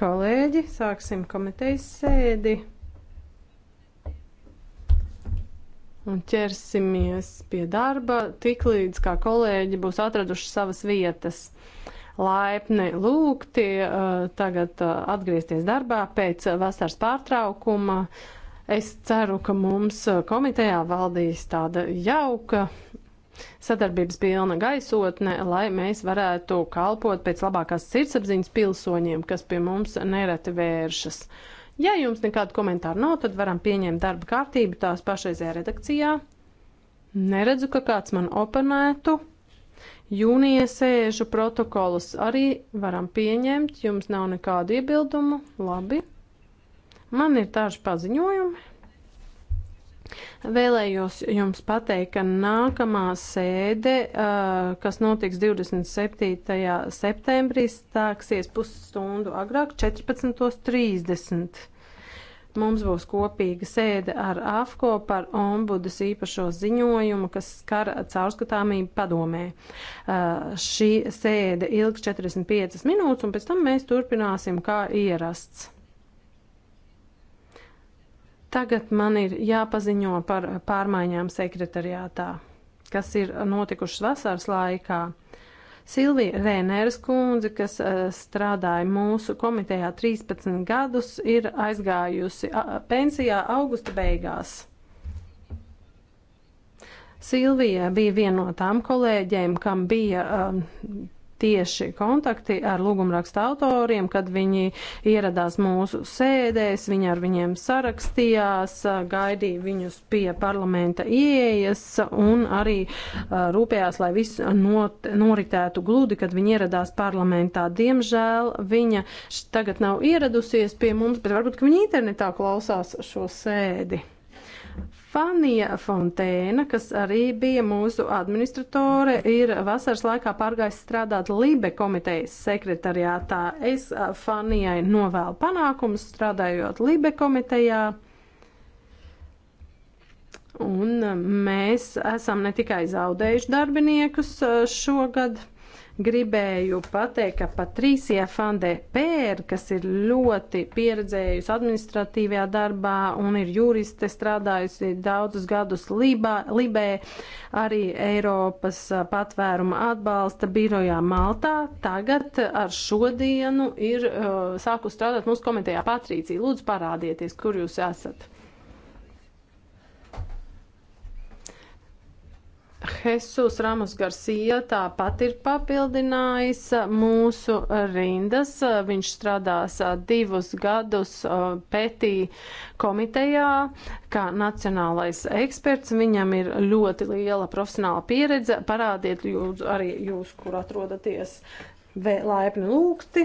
Kolēģi, sāksim komitejas sēdi un ķersimies pie darba, tiklīdz kā kolēģi būs atraduši savas vietas. Laipni lūgti eh, tagad eh, atgriezties darbā pēc vasaras pārtraukuma. Es ceru, ka mums eh, komitejā valdīs tāda jauka sadarbības pilna gaisotne, lai mēs varētu kalpot pēc labākās sirdsapziņas pilsoņiem, kas pie mums nereti vēršas. Ja jums nekādu komentāru nav, tad varam pieņemt darba kārtību tās pašreizējā redakcijā. Neredzu, ka kāds man oponētu. Jūnija sēžu protokolus arī varam pieņemt, jums nav nekādu iebildumu, labi. Man ir daži paziņojumi. Vēlējos jums pateikt, ka nākamā sēde, kas notiks 27. septembrī, stāksies pusstundu agrāk, 14.30. Mums būs kopīga sēde ar AFCO par ombudas īpašo ziņojumu, kas skar caurskatāmību padomē. Šī sēde ilgs 45 minūtes, un pēc tam mēs turpināsim kā ierasts. Tagad man ir jāpaziņo par pārmaiņām sekretariātā, kas ir notikušas vasaras laikā. Silvija Rēnēras kundze, kas eh, strādāja mūsu komitejā 13 gadus, ir aizgājusi pensijā augusta beigās. Silvija bija viena no tām kolēģiem, kam bija um, tieši kontakti ar lūgumraksta autoriem, kad viņi ieradās mūsu sēdēs, viņi ar viņiem sarakstījās, gaidīja viņus pie parlamenta ieejas un arī rūpējās, lai viss not, noritētu gludi, kad viņi ieradās parlamentā. Diemžēl viņa tagad nav ieradusies pie mums, bet varbūt, ka viņa internetā klausās šo sēdi. Fanija Fontēna, kas arī bija mūsu administratore, ir vasaras laikā pārgājis strādāt Libe komitejas sekretariātā. Es Fanijai novēlu panākumus strādājot Libe komitejā. Un mēs esam ne tikai zaudējuši darbiniekus šogad, gribēju pateikt, ka Patrīsija Fandē Pēr, kas ir ļoti pieredzējusi administratīvajā darbā un ir juriste strādājusi daudzus gadus Libā, Libē, arī Eiropas patvēruma atbalsta birojā Maltā, tagad ar šodienu ir uh, sāku strādāt mūsu komitejā. Patrīcija, lūdzu parādieties, kur jūs esat. Jesus Ramos Garcia tāpat ir papildinājis mūsu rindas. Viņš strādās divus gadus uh, pētī komitejā kā nacionālais eksperts. Viņam ir ļoti liela profesionāla pieredze. Parādiet jūs, arī jūs, kur atrodaties, laipni lūgti.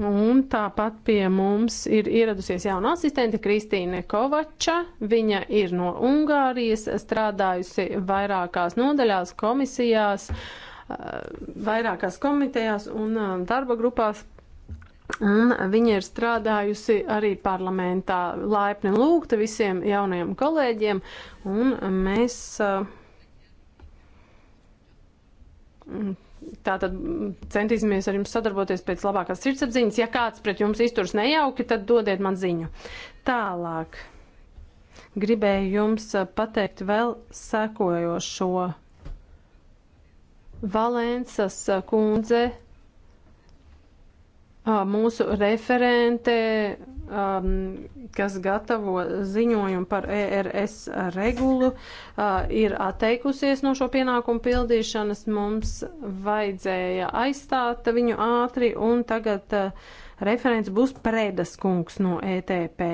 Un tāpat pie mums ir ieradusies jauna asistente Kristīne Kovača. Viņa ir no Ungārijas, strādājusi vairākās nodaļās, komisijās, eh, vairākās komitejās un eh, darba grupās. Un viņa ir strādājusi arī parlamentā, laipni lūgta visiem jaunajiem kolēģiem, un mēs eh, Tātad mm, centīsimies ar jums sadarboties pēc labākās sirdsapziņas. Ja kāds pret jums izturs nejauki, tad dodiet man ziņu. Tālāk gribēju jums eh, pateikt vēl sekojošo. Valensas eh, kundze, eh, mūsu referente, um, kas gatavo ziņojumu par ERS regulu, uh, ir atteikusies no šo pienākumu pildīšanas. Mums vajadzēja aizstāt viņu ātri, un tagad uh, referents būs Prēdas kungs no ETP.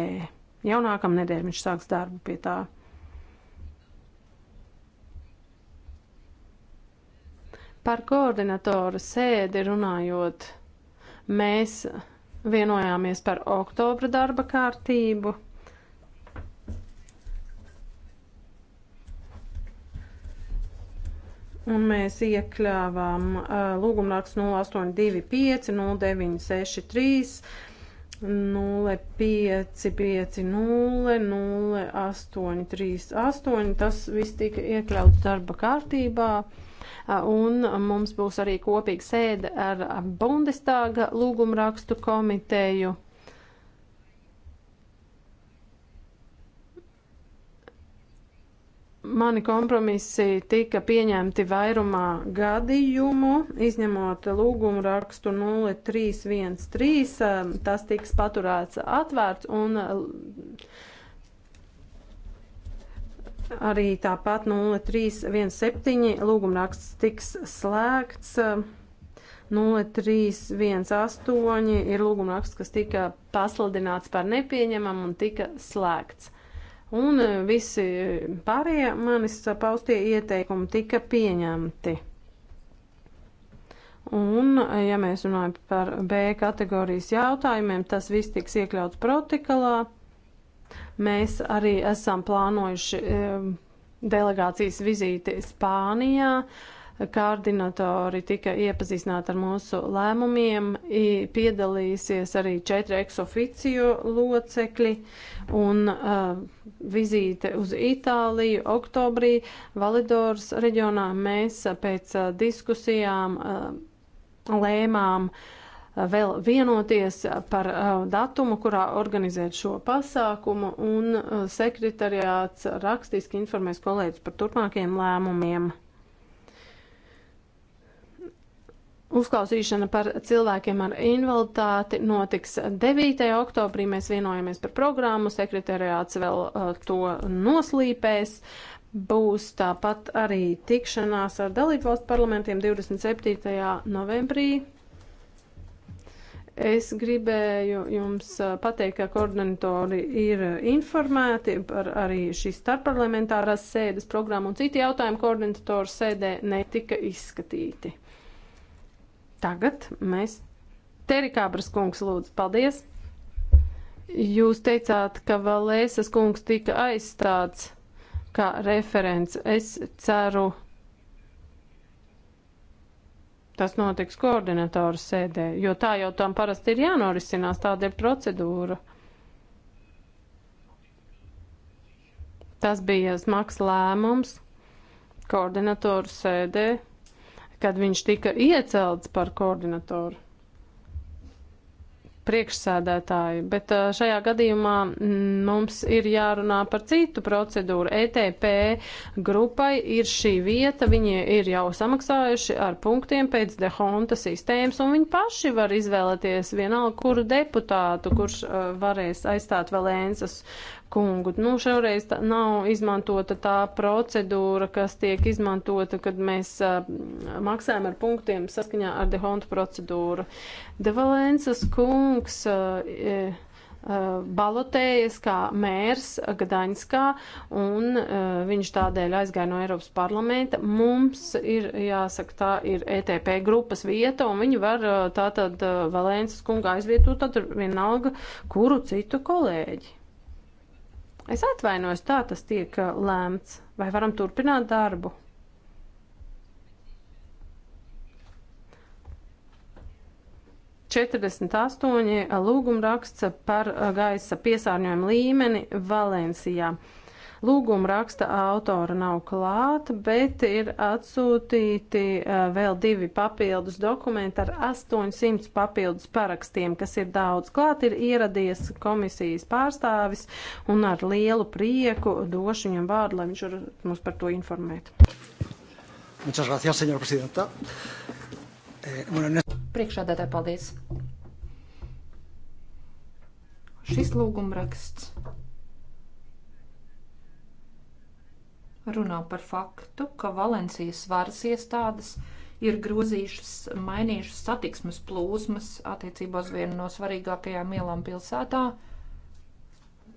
Jau nākamā nedēļa viņš sāks darbu pie tā. Par koordinatoru sēdi runājot, mēs vienojāmies par oktobra darba kārtību. Un mēs iekļāvām uh, lūgumrakstu 0825, 0963, 0550, 0838. Tas viss tika iekļauts darba kārtībā. Uh, un mums būs arī kopīga sēde ar Bundestāga lūgumrakstu komiteju. Mani kompromisi tika pieņemti vairumā gadījumu, izņemot lūgumu rakstu 0313. Tas tiks paturēts atvērts un Arī tāpat 0317 lūgumraksts tiks slēgts. 0318 ir lūgumraksts, kas tika pasludināts par nepieņemamu un tika slēgts. Un visi pārējie manis paustie ieteikumi tika pieņemti. Un, ja mēs runājam par B kategorijas jautājumiem, tas viss tiks iekļauts protokolā. Mēs arī esam plānojuši delegācijas vizīti Spānijā. Kārdinatori tika iepazīstināti ar mūsu lēmumiem, piedalīsies arī četri eksoficijo locekļi un uh, vizīte uz Itāliju oktobrī Validors reģionā mēs pēc uh, diskusijām uh, lēmām uh, vēl vienoties par uh, datumu, kurā organizēt šo pasākumu, un uh, sekretariāts rakstiski informēs kolēģis par turpmākajiem lēmumiem. Uzklausīšana par cilvēkiem ar invaliditāti notiks 9. oktobrī. Mēs vienojamies par programmu, sekretariāts vēl uh, to noslīpēs. Uh, būs tāpat arī tikšanās ar dalībvalstu parlamentiem 27. novembrī. Es gribēju jums pateikt, ka koordinatori ir informēti par arī šīs starpparlamentārās sēdes programmu un citi jautājumi koordinatoru sēdē netika izskatīti. Tagad mēs. Terikābras kungs lūdzu, paldies! Jūs teicāt, ka Valēsas kungs tika aizstāts kā referents. Es ceru, ka Tas notiks koordinatoru sēdē, jo tā jau tam parasti ir jānorisinās, tāda ir procedūra. Tas bija smags lēmums koordinatoru sēdē, kad viņš tika iecelts par koordinatoru priekšsēdētāji, bet šajā gadījumā mums ir jārunā par citu procedūru. ETP grupai ir šī vieta, viņi ir jau samaksājuši ar punktiem pēc dehonta sistēmas, un viņi paši var izvēlēties vienalga, kuru deputātu, kurš varēs aizstāt Valēnsas kungu. Nu, šoreiz tā nav izmantota tā procedūra, kas tiek izmantota, kad mēs uh, maksājam ar punktiem saskaņā ar dehontu procedūru. Devalences kungs. Uh, e, balotējies kā mērs Gdaņskā, un uh, viņš tādēļ aizgāja no Eiropas parlamenta. Mums ir, jāsaka, tā ir ETP grupas vieta, un viņi var uh, tātad uh, Valēnsas kunga aizvietot tad vienalga kuru citu kolēģi. Es atvainojos, tā tas tiek uh, lēmts. Vai varam turpināt darbu? Četrdesmit astoņi uh, lūgumraksts par uh, gaisa piesārņojumu līmeni Valensijā. Lūguma raksta autora nav klāta, bet ir atsūtīti eh, vēl divi papildus dokumenti ar 800 papildus parakstiem, kas ir daudz klāt. Ir ieradies komisijas pārstāvis un ar lielu prieku došu viņam vārdu, lai viņš var mums par to informēt. Muchas gracias, señora presidenta. Eh, bueno, en... Priekšādātāji, paldies! Šis lūgumraksts runā par faktu, ka Valencijas varas iestādes ir grozījušas, mainījušas satiksmes plūsmas attiecībā uz vienu no svarīgākajām ielām pilsētā,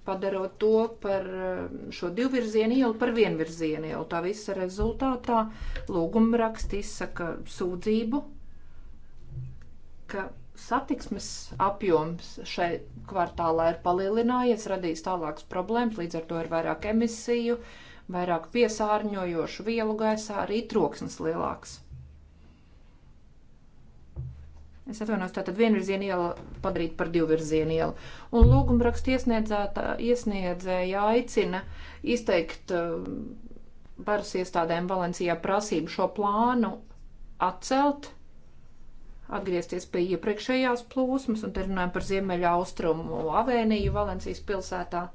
padarot to par eh, šo divvirzienu ielu par vienvirzienu ielu. Tā visa rezultātā lūgumraksts izsaka sūdzību, ka satiksmes apjoms šai kvartālā ir palielinājies, radījis tālākas problēmas, līdz ar to ir vairāk emisiju, uh, vairāk piesārņojošu vielu gaisā, arī troksnis lielāks. Es atvainojos, tātad vienvirziena iela padarīt par divvirziena ielu. Un lūgumrakstu iesniedzēja aicina izteikt um, varas iestādēm Valencijā prasību šo plānu atcelt, atgriezties pie iepriekšējās plūsmas, un te runājam par Ziemeļa austrumu avēniju Valencijas pilsētā.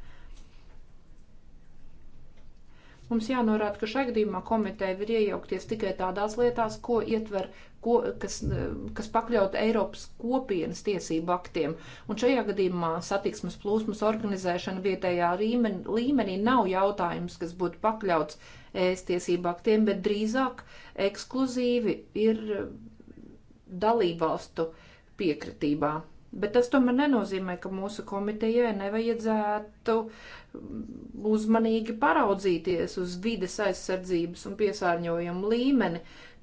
Mums jānorāda, ka šai gadījumā komiteja var iejaukties tikai tādās lietās, ko ietver, ko, kas, kas pakļauta Eiropas kopienas tiesību aktiem. Un šajā gadījumā satiksmes plūsmas organizēšana vietējā rīmen, līmenī nav jautājums, kas būtu pakļauts ēst tiesību aktiem, bet drīzāk ekskluzīvi ir dalībvalstu piekritībā. Bet tas tomēr nenozīmē, ka mūsu komitejai nevajadzētu uzmanīgi paraudzīties uz vides aizsardzības un piesārņojumu līmeni,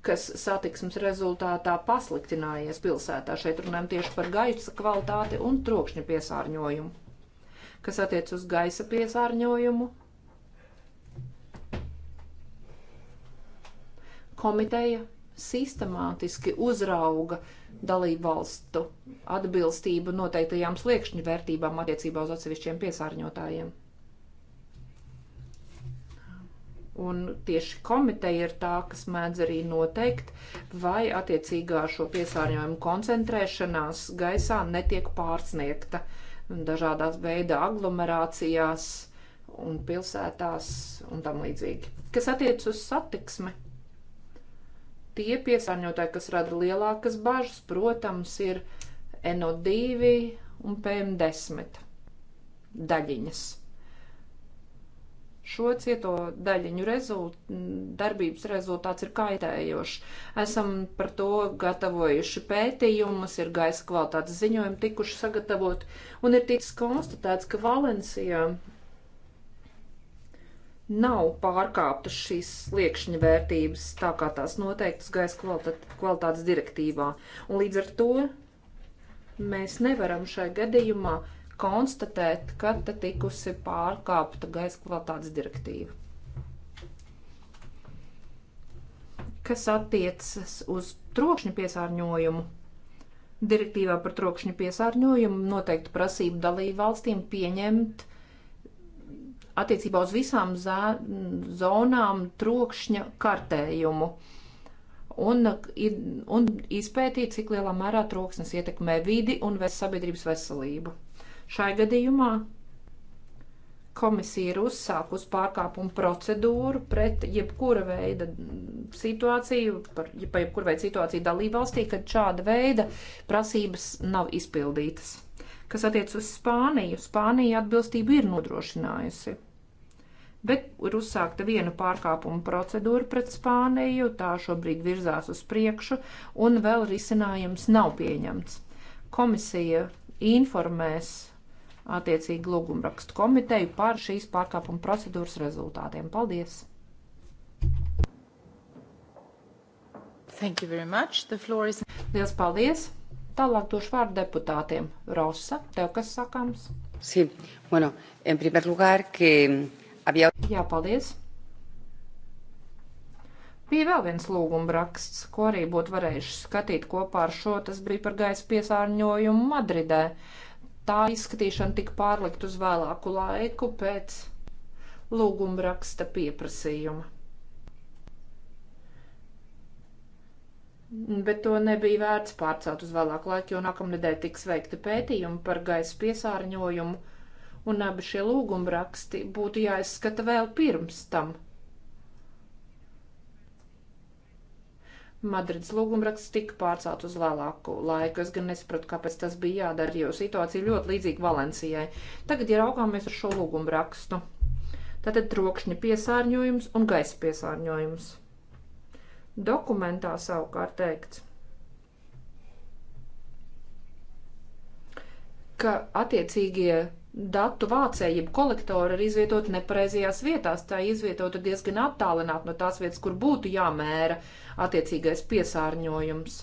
kas satiksmes rezultātā pasliktinājies pilsētā. Šeit runājam tieši par gaisa kvalitāti un trokšņa piesārņojumu. Kas attiec uz gaisa piesārņojumu? Komiteja sistemātiski uzrauga uh, dalību valstu atbilstību noteiktajām sliekšņu vērtībām attiecībā uz atsevišķiem piesārņotājiem. Un tieši komiteja ir tā, kas mēdz arī noteikt, vai attiecīgā šo piesārņojumu koncentrēšanās gaisā netiek pārsniegta dažādās veidā aglomerācijās un pilsētās un tam līdzīgi. Kas attiec uz satiksmi? Tie piesārņotāji, kas rada lielākas bažas, protams, ir NO2 un PM10 daļiņas. Šo cieto daļiņu rezult, darbības rezultāts ir kaitējošs. Esam par to gatavojuši pētījumus, ir gaisa kvalitātes ziņojumi tikuši sagatavot, un ir tiks konstatēts, ka Valencijā nav pārkāptas šīs sliekšņa vērtības, tā kā tās noteiktas gaisa kvalitāt, kvalitātes direktīvā. Un līdz ar to mēs nevaram šai gadījumā konstatēt, ka te tikusi pārkāpta gaisa kvalitātes direktīva. Kas attiecas uz trokšņa piesārņojumu? Direktīvā par trokšņa piesārņojumu noteikti prasību dalību valstīm pieņemt attiecībā uz visām zā, zonām trokšņa kartējumu un, un izpētīt, cik lielā mērā troksnes ietekmē vidi un ves sabiedrības veselību. Šai gadījumā komisija ir uzsākusi pārkāpumu procedūru pret jebkura veida situāciju, par jeb, jebkura veida situāciju dalībvalstī, kad šāda veida prasības nav izpildītas. Kas attiec uz Spāniju, Spānija atbilstību ir nodrošinājusi. Bet ir uzsākta viena pārkāpuma procedūra pret Spāniju, tā šobrīd virzās uz priekšu, un vēl risinājums nav pieņemts. Komisija informēs attiecīgi lūgumrakstu komiteju par šīs pārkāpuma procedūras rezultātiem. Paldies! Thank you very much. The floor is... Liels paldies! Tālāk došu vārdu deputātiem. Rosa, tev kas sakāms? Sí. Bueno, en primer lugar, que había... Jā, paldies. Bija vēl viens lūgumraksts, ko arī būtu varējuši skatīt kopā ar šo. Tas bija par gaisa piesārņojumu Madridē. Tā izskatīšana tika pārlikt uz vēlāku laiku pēc lūgumraksta pieprasījuma. bet to nebija vērts pārcelt uz vēlāku laiku, jo nākamnedēļ tiks veikti pētījumi par gaisa piesārņojumu, un abi šie lūgumraksti būtu jāizskata vēl pirms tam. Madrids lūgumraksts tika pārcelt uz vēlāku laiku. Es gan nesapratu, kāpēc tas bija jādara, jo situācija ļoti līdzīga Valencijai. Tagad, ja raugāmies uz šo lūgumrakstu, tad trokšņa piesārņojums un gaisa piesārņojums. Dokumentā savukārt teikts, ka attiecīgie datu vācēji, jeb kolektori ir izvietoti nepareizajās vietās. Tā izvietota diezgan attālināti no tās vietas, kur būtu jāmēra attiecīgais piesārņojums,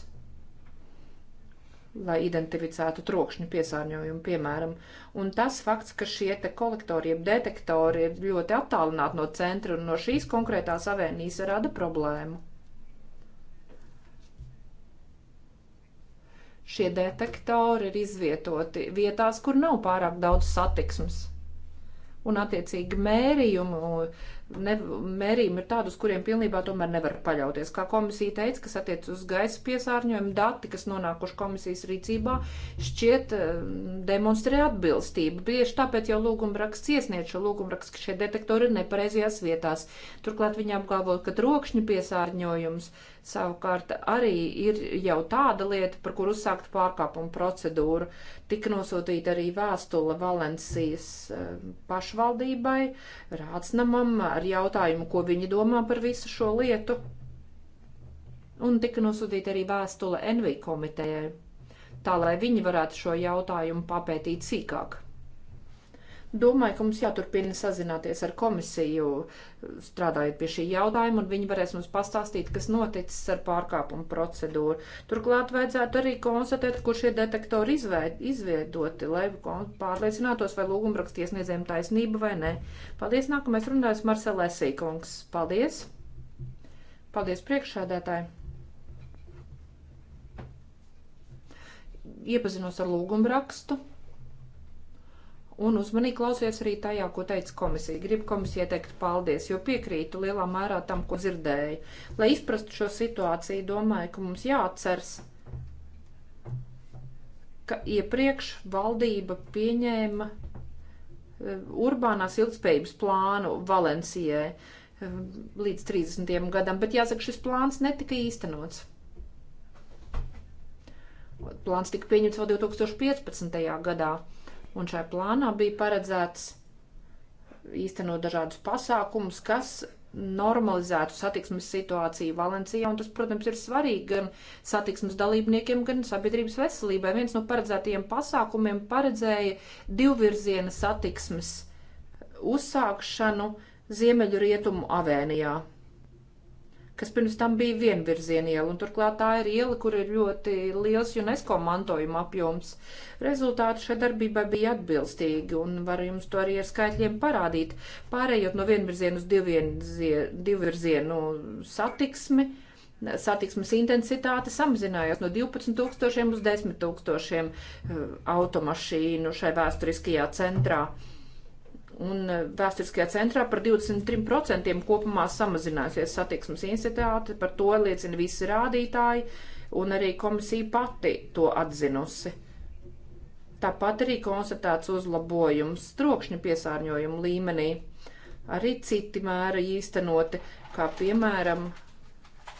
lai identificētu trokšņu piesārņojumu, piemēram. Un tas fakts, ka šie te kolektori, jeb detektori ir ļoti attālināti no centra un no šīs konkrētās avēnijas, rada problēmu. Šie detektori ir izvietoti vietās, kur nav pārāk daudz satiksmes. Un, attiecīgi, mērījumu, ne, mērījumi ir tādi, uz kuriem pilnībā tomēr nevar paļauties. Kā komisija teica, kas attiec uz gaisa piesārņojumu, dati, kas nonākuši komisijas rīcībā, šķiet eh, demonstrē atbilstību. Bieži tāpēc jau lūgumraksts iesniedz šo lūgumrakstu, ka šie detektori ir nepareizajās vietās. Turklāt viņi apgalvo, ka trokšņu piesārņojums Savukārt arī ir jau tāda lieta, par kuru uzsākt pārkāpumu procedūru. Tik nosūtīta arī vēstule Valencijas eh, pašvaldībai, Rācnamam ar jautājumu, ko viņi domā par visu šo lietu. Un tika nosūtīta arī vēstule NV komitejai, tā lai viņi varētu šo jautājumu papētīt sīkāk. Domāju, ka mums jāturpina sazināties ar komisiju, strādājot pie šī jautājuma, un viņi varēs mums pastāstīt, kas noticis ar pārkāpumu procedūru. Turklāt vajadzētu arī konstatēt, kur šie detektori izveid, izveidoti, lai pārliecinātos, vai lūgumraksts iesniedzējiem taisnība vai nē. Paldies, nākamais runājas Marcela Esīkungs. Paldies! Paldies priekšsēdētāji! iepazinos ar lūgumu rakstu un uzmanīgi klausījos arī tajā, ko teica komisija. Gribu komisijai teikt paldies, jo piekrītu lielā mērā tam, ko dzirdēju. Lai izprastu šo situāciju, domāju, ka mums jāatceras, ka iepriekš valdība pieņēma eh, urbānās ilgspējības plānu Valencijai eh, līdz 30. gadam, bet jāsaka, šis plāns netika īstenots. Plāns tika pieņemts vēl 2015. gadā un šai plānā bija paredzēts īstenot dažādus pasākumus, kas normalizētu satiksmes situāciju Valencijā, un tas, protams, ir svarīgi gan satiksmes dalībniekiem, gan sabiedrības veselībai. Viens no paredzētajiem pasākumiem paredzēja divvirziena satiksmes uzsākšanu ziemeļu rietumu avēnijā kas pirms tam bija vienvirziena iela, un turklāt tā ir iela, kur ir ļoti liels UNESCO mantojuma apjoms. Rezultāti šai darbībai bija atbilstīgi, un var jums to arī ar skaitļiem parādīt. Pārējot no vienvirziena uz divvirzienu satiksmi, satiksmes intensitāte samazinājās no 12,000 uz 10,000 eh, automašīnu šai vēsturiskajā centrā un e, vēsturiskajā centrā par 23% kopumā samazināsies satiksmes institāti, par to liecina visi rādītāji, un arī komisija pati to atzinusi. Tāpat arī konstatēts uzlabojums trokšņa piesārņojuma līmenī, arī citi mēra īstenoti, kā piemēram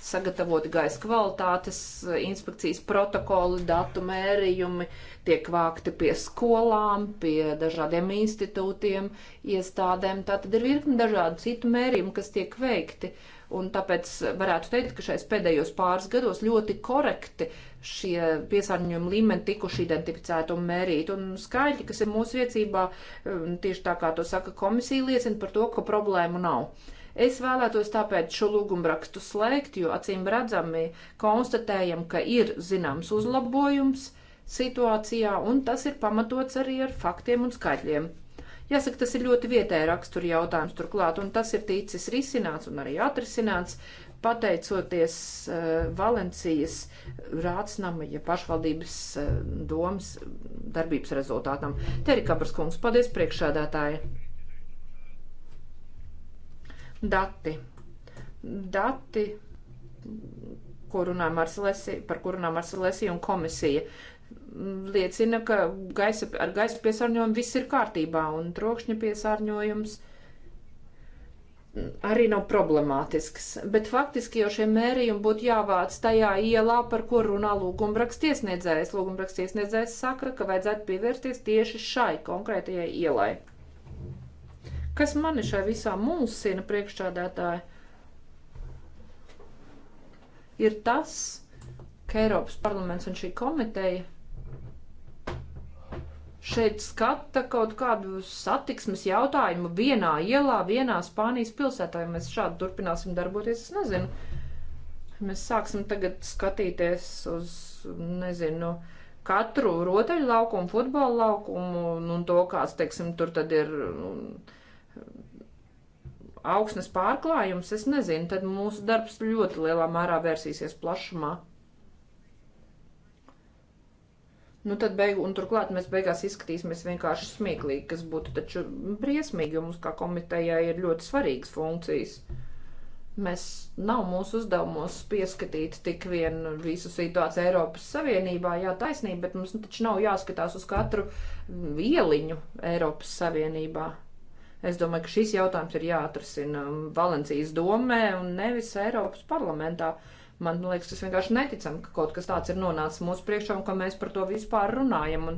sagatavoti gaisa kvalitātes eh, inspekcijas protokoli, datu mērījumi, tiek vākti pie skolām, pie dažādiem institūtiem, iestādēm. Tā tad ir virkni dažādu citu mērījumu, kas tiek veikti. Un tāpēc varētu teikt, ka šais pēdējos pāris gados ļoti korekti šie piesārņojuma līmeni tikuši identificēti un mērīti. Un skaidri, kas ir mūsu viecībā, eh, tieši tā kā to saka komisija, liecina par to, ka problēmu nav. Es vēlētos tāpēc šo lūgumrakstu slēgt, jo acīm redzami konstatējam, ka ir zināms uzlabojums situācijā, un tas ir pamatots arī ar faktiem un skaitļiem. Jāsaka, tas ir ļoti vietēja rakstura jautājums turklāt, un tas ir ticis risināts un arī atrisināts pateicoties uh, Valencijas rātsnama, ja pašvaldības uh, domas darbības rezultātam. Terika Kapras kungs, paldies priekšādātāji! Dati. Dati, ko runā Marselesi, par kur runā Marselesi un komisija, liecina, ka gaisa, ar gaisa piesārņojumu viss ir kārtībā un trokšņa piesārņojums arī nav problemātisks, bet faktiski jau šie mērījumi būtu jāvāc tajā ielā, par ko runā lūgumrakstiesniedzējs. Lūgumrakstiesniedzējs saka, ka vajadzētu pievērsties tieši šai konkrētajai ielai. Kas mani šai visā mulsina priekšādātāji, ir tas, ka Eiropas parlaments un šī komiteja šeit skata kaut kādu satiksmes jautājumu vienā ielā, vienā Spānijas pilsētā. Ja mēs šādi turpināsim darboties, es nezinu. Mēs sāksim tagad skatīties uz, nezinu, katru rotaļu laukumu, futbola laukumu un, un to, kāds, teiksim, tur tad ir. Un, augsnes pārklājums, es nezinu, tad mūsu darbs ļoti lielā mērā vērsīsies plašumā. Nu, tad beigu, un turklāt mēs beigās izskatīsimies vienkārši smieklīgi, kas būtu taču briesmīgi, jo mums kā komitejai ir ļoti svarīgas funkcijas. Mēs nav mūsu uzdevumos pieskatīt tik vien visu situāciju Eiropas Savienībā, jā, taisnība, bet mums taču nav jāskatās uz katru vieliņu Eiropas Savienībā. Es domāju, ka šis jautājums ir jāatrisina Valencijas domē un nevis Eiropas parlamentā. Man liekas, tas vienkārši neticam, ka kaut kas tāds ir nonācis mūsu priekšā un ka mēs par to vispār runājam. Un,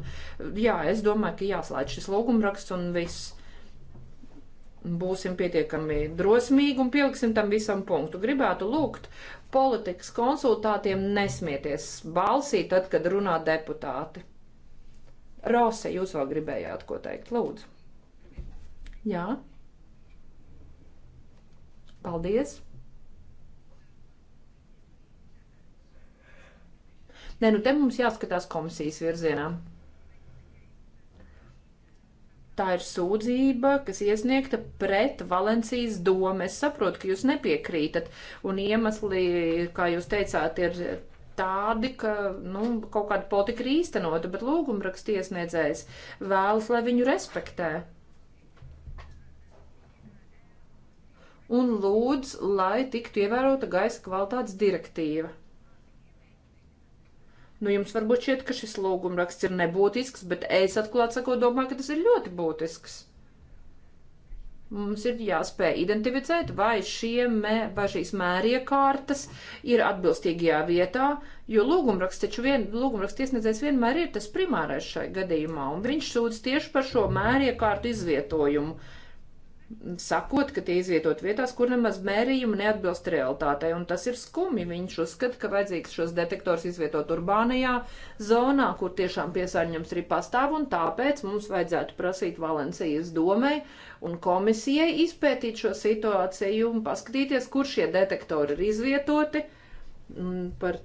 jā, es domāju, ka jāslēdz šis lūgumraksts un viss. Būsim pietiekami drosmīgi un pieliksim tam visam punktu. Gribētu lūgt politikas konsultātiem nesmieties balsī tad, kad runā deputāti. Rose, jūs vēl gribējāt ko teikt? Lūdzu. Jā. Paldies. Nē, nu te mums jāskatās komisijas virzienā. Tā ir sūdzība, kas iesniegta pret Valencijas domu. Es saprotu, ka jūs nepiekrītat, un iemesli, kā jūs teicāt, ir tādi, ka nu, kaut kāda politika ir īstenota, bet lūgumraksta iesniedzējs vēlas, lai viņu respektē. un lūdz, lai tiktu ievērota gaisa kvalitātes direktīva. Nu, jums varbūt šķiet, ka šis lūgumraksts ir nebūtisks, bet es atklāt sakot domāju, ka tas ir ļoti būtisks. Mums ir jāspēj identificēt, vai, šie mē, vai šīs mēriekārtas ir atbilstīgajā vietā, jo lūgumraksts taču vien, lūgumraksts iesniedzējs vienmēr ir tas primārais šai gadījumā, un viņš sūdz tieši par šo mēriekārtu izvietojumu. Uh, sakot, ka tie izvietot vietās, kur nemaz mērījumi neatbilst realitātei, un tas ir skumi. Viņš uzskata, ka vajadzīgs šos detektors izvietot urbānajā zonā, kur tiešām piesārņums arī pastāv, un tāpēc mums vajadzētu prasīt Valencijas domē un komisijai izpētīt šo situāciju un paskatīties, kur šie detektori ir izvietoti. Par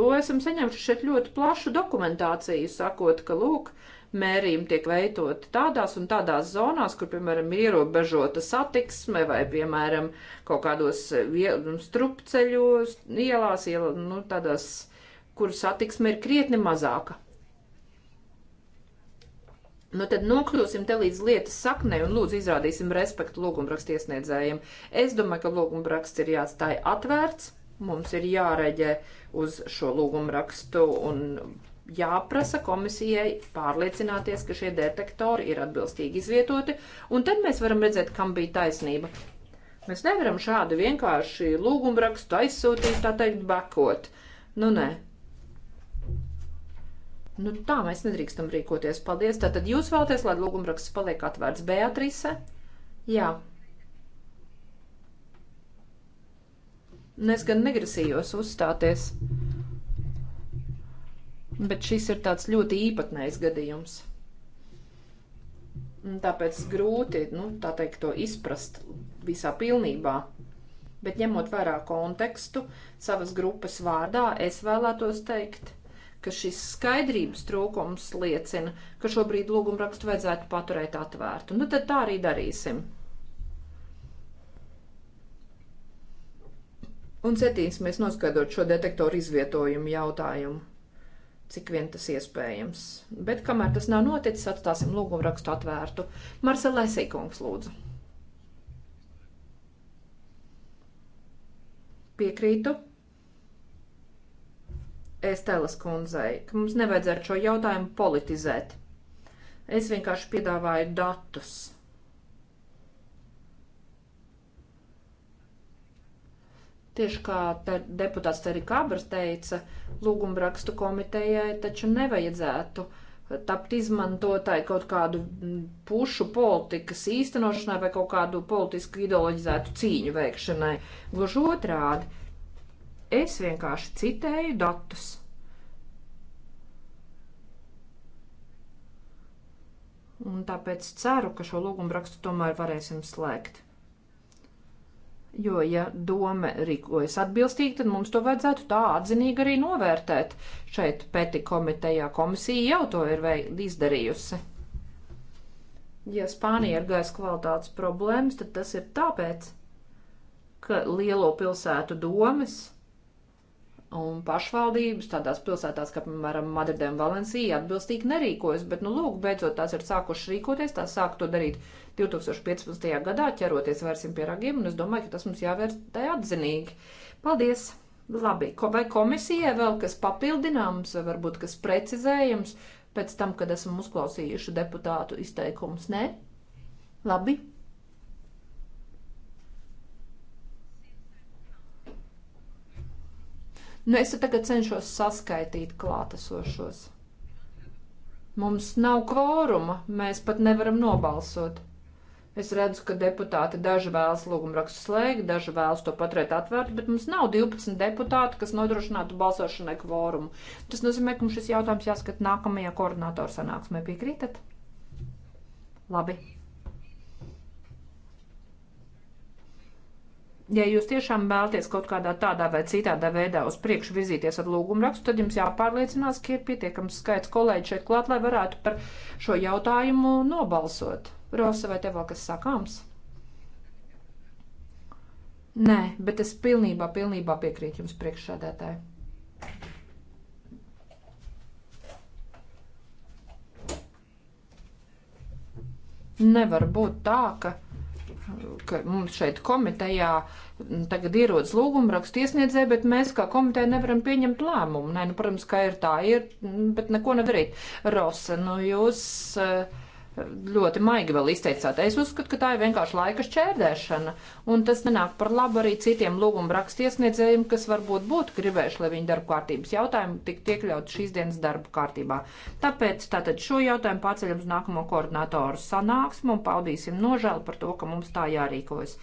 to esam saņēmuši šeit ļoti plašu dokumentāciju, sakot, ka, lūk, uh, mērījumi tiek veitoti tādās un tādās zonās, kur, piemēram, ir ierobežota satiksme vai, piemēram, kaut kādos eh, nu, strupceļos, ielās, ielā, nu, tādās, kur satiksme ir krietni mazāka. Nu tad nokļūsim te līdz lietas saknē un lūdzu izrādīsim respektu lūgumrakstu iesniedzējiem. Es domāju, ka lūgumraksts ir jāatstāja atvērts, mums ir jāreģē uz šo lūgumrakstu un jāprasa komisijai pārliecināties, ka šie detektori ir atbilstīgi izvietoti, un tad mēs varam redzēt, kam bija taisnība. Mēs nevaram šādu vienkārši lūgumrakstu aizsūtīt, tā teikt, bakot. Nu, nē. Nu, tā mēs nedrīkstam rīkoties. Paldies. Tātad jūs vēlaties, lai lūgumraksts paliek atvērts Beatrise? Jā. Un es gan negrasījos uzstāties bet šis ir tāds ļoti īpatnējs gadījums. Tāpēc grūti, nu, tā teikt, to izprast visā pilnībā. Bet ņemot vērā kontekstu savas grupas vārdā, es vēlētos teikt, ka šis skaidrības trūkums liecina, ka šobrīd lūgumrakstu vajadzētu paturēt atvērtu. Nu, tad tā arī darīsim. Un centīsimies noskaidrot šo detektoru izvietojumu jautājumu cik vien tas iespējams. Bet kamēr tas nav noticis, atstāsim lūgumu rakstu atvērtu. Marcelē Sīkungs lūdzu. Piekrītu. Estelas kundzei, ka mums nevajadzētu šo jautājumu politizēt. Es vienkārši piedāvāju datus Tieši kā te, deputāts Terri Kabras teica, lūgumrakstu komitejai taču nevajadzētu tapt izmantotāji kaut kādu pušu politikas īstenošanai vai kaut kādu politisku ideoloģizētu cīņu veikšanai. Gluži otrādi, es vienkārši citēju datus. Un tāpēc ceru, ka šo lūgumrakstu tomēr varēsim slēgt. Jo, ja doma rīkojas atbilstīgi, tad mums to vajadzētu tā atzinīgi arī novērtēt. Šeit pēti komitejā komisija jau to ir izdarījusi. Ja Spānija ir gaisa kvalitātes problēmas, tad tas ir tāpēc, ka lielo pilsētu domas Un pašvaldības tādās pilsētās, kā piemēram Madridē un Valencija, atbilstīgi nerīkojas, bet, nu, lūk, beidzot tās ir sākušas rīkoties, tās sāk to darīt 2015. gadā, ķeroties vērsim pie ragiem, un es domāju, ka tas mums jāvērtē atzinīgi. Paldies! Labi, Ko, vai komisijai vēl kas papildināms, vai varbūt kas precizējams pēc tam, kad esam uzklausījuši deputātu izteikumus? Nē? Labi, Nu, es tagad cenšos saskaitīt klātesošos. Mums nav kvoruma, mēs pat nevaram nobalsot. Es redzu, ka deputāti daži vēlas lūgumrakstu slēgt, daži vēlas to paturēt atvērtu, bet mums nav 12 deputāti, kas nodrošinātu balsošanai kvorumu. Tas nozīmē, ka mums šis jautājums jāskat nākamajā koordinātoru sanāksmē. Piekrītat? Labi. ja jūs tiešām vēlaties kaut kādā tādā vai citādā veidā uz priekšu virzīties ar lūgumrakstu, tad jums jāpārliecinās, ka ir pietiekams skaits kolēģi šeit klāt, lai varētu par šo jautājumu nobalsot. Rosa, vai tev vēl kas sakāms? Nē, bet es pilnībā, pilnībā piekrītu jums priekšsādētāji. Nevar būt tā, ka ka mums šeit komitejā mm, tagad ierodas lūguma raksts iesniedzē, bet mēs kā komiteja nevaram pieņemt lēmumu. Nē, nu, protams, kā ir tā, ir, mm, bet neko nedarīt. Rosa, nu jūs. Uh, ļoti maigi vēl izteicāt. Es uzskatu, ka tā ir vienkārši laika šķērdēšana, un tas nenāk par labu arī citiem lūgumu rakstiesniedzējiem, kas varbūt būtu gribējuši, lai viņu darba kārtības jautājumi tiktu iekļaut šīs dienas darba kārtībā. Tāpēc tātad šo jautājumu pārceļam uz nākamo koordinātoru sanāksmu un paudīsim nožēlu par to, ka mums tā jārīkojas.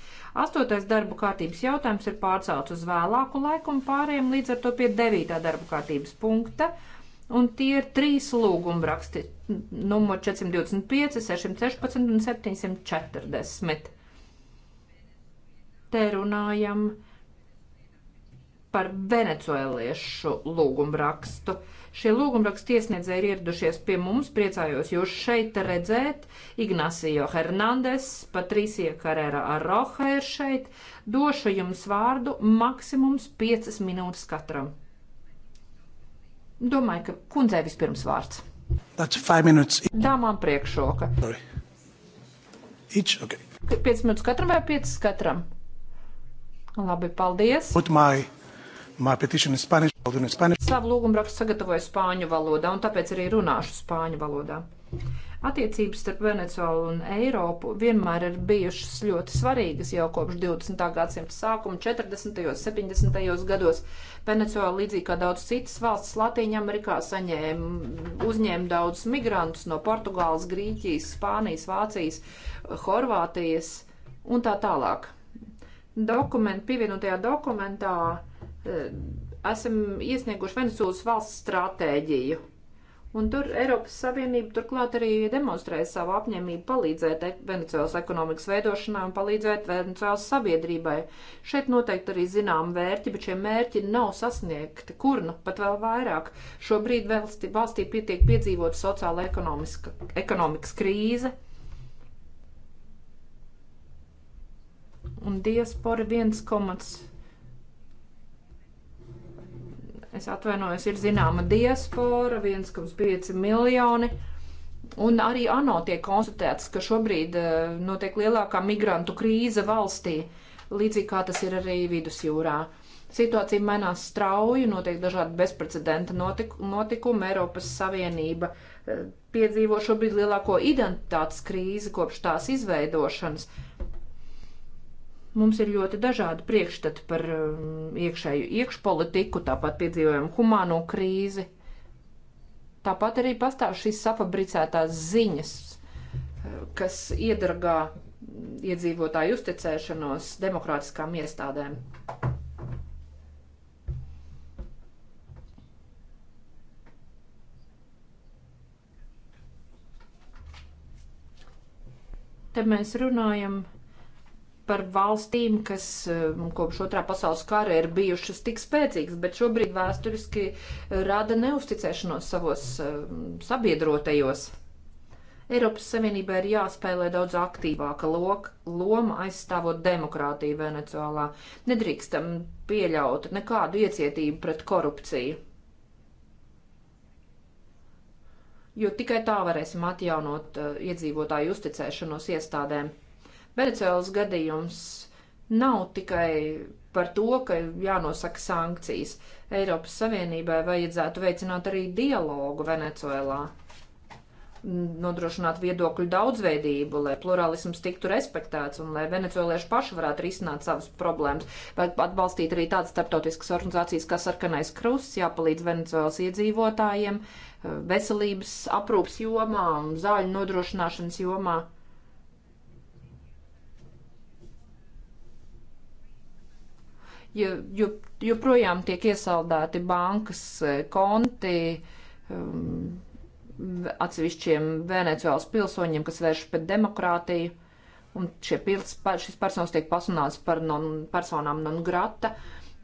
Astotais darba kārtības jautājums ir pārcelts uz vēlāku laiku un pārējiem līdz ar to pie devītā darba kārtības punkta. Un tie ir trīs lūguma raksti numur 425, 616 un 740. Te runājam par venecuēliešu lūgumrakstu. Šie lūgumrakstu iesniedzēji ir ieradušies pie mums, priecājos jūs šeit redzēt. Ignacio Hernandez, Patricija Carrera Arroha ir šeit. Došu jums vārdu maksimums 5 minūtes katram. Domāju, ka kundzei vispirms vārds. Tā man priekšroka. Each, okay. 5 minūtes katram vai 5 katram? Labi, paldies. Put my, my petition in Spanish, in Spanish. Savu lūgumu rakstu sagatavoju spāņu valodā, un tāpēc arī runāšu spāņu valodā. Attiecības starp Venecuālu un Eiropu vienmēr ir bijušas ļoti svarīgas jau kopš 20. gadsimta sākuma, 40. un 70. gados. Venecuāla, līdzīgi kā daudz citas valsts Latīņamerikā, saņēma, uzņēma daudz migrantus no Portugāles, Grīķijas, Spānijas, Vācijas, Horvātijas un tā tālāk. Dokument, pievienotajā dokumentā eh, esam iesnieguši Venecuālas valsts stratēģiju Un tur Eiropas Savienība turklāt arī demonstrēja savu apņēmību palīdzēt e- Venecijas ekonomikas veidošanā un palīdzēt Venecijas sabiedrībai. Šeit noteikti arī zinām mērķi, bet šie mērķi nav sasniegti. Kur nu pat vēl vairāk? Šobrīd valstī, valstī pietiek piedzīvot sociāla ekonomikas krīze. Un diaspora 1,5 es atvainojos, ir zināma diaspora, 1,5 miljoni. Un arī ANO tiek konstatēts, ka šobrīd eh, notiek lielākā migrantu krīze valstī, līdzīgi kā tas ir arī vidusjūrā. Situācija mainās strauji, notiek dažādi bezprecedenta notikumi. Eiropas Savienība eh, piedzīvo šobrīd lielāko identitātes krīzi kopš tās izveidošanas. Mums ir ļoti dažādi priekšstati par um, iekšēju iekšpolitiku, tāpat piedzīvojam humāno krīzi. Tāpat arī pastāv šīs safabricētās ziņas, uh, kas iedragā iedzīvotāju uzticēšanos demokrātiskām iestādēm. Te mēs runājam par par valstīm, kas eh, kopš otrā pasaules kara ir bijušas tik spēcīgas, bet šobrīd vēsturiski rada neusticēšanos savos eh, sabiedrotajos. Eiropas Savienībā ir jāspēlē daudz aktīvāka loka, loma aizstāvot demokrātiju Venecuālā. Nedrīkstam pieļaut nekādu iecietību pret korupciju. Jo tikai tā varēsim atjaunot uh, iedzīvotāju uzticēšanos iestādēm. Venecēlas gadījums nav tikai par to, ka jānosaka sankcijas. Eiropas Savienībai vajadzētu veicināt arī dialogu Venecuēlā, nodrošināt viedokļu daudzveidību, lai plurālisms tiktu respektēts un lai venecuēlieši paši varētu risināt savas problēmas, vai atbalstīt arī tādas starptautiskas organizācijas kā Sarkanais Krusts, jāpalīdz Venecuēlas iedzīvotājiem veselības aprūpas jomā un zāļu nodrošināšanas jomā jo, jo, joprojām tiek iesaldēti bankas eh, konti um, atsevišķiem Venecuēlas pilsoņiem, kas vērš pret demokrātiju. Un pils, šis personas tiek pasunāts par non, personām non grata.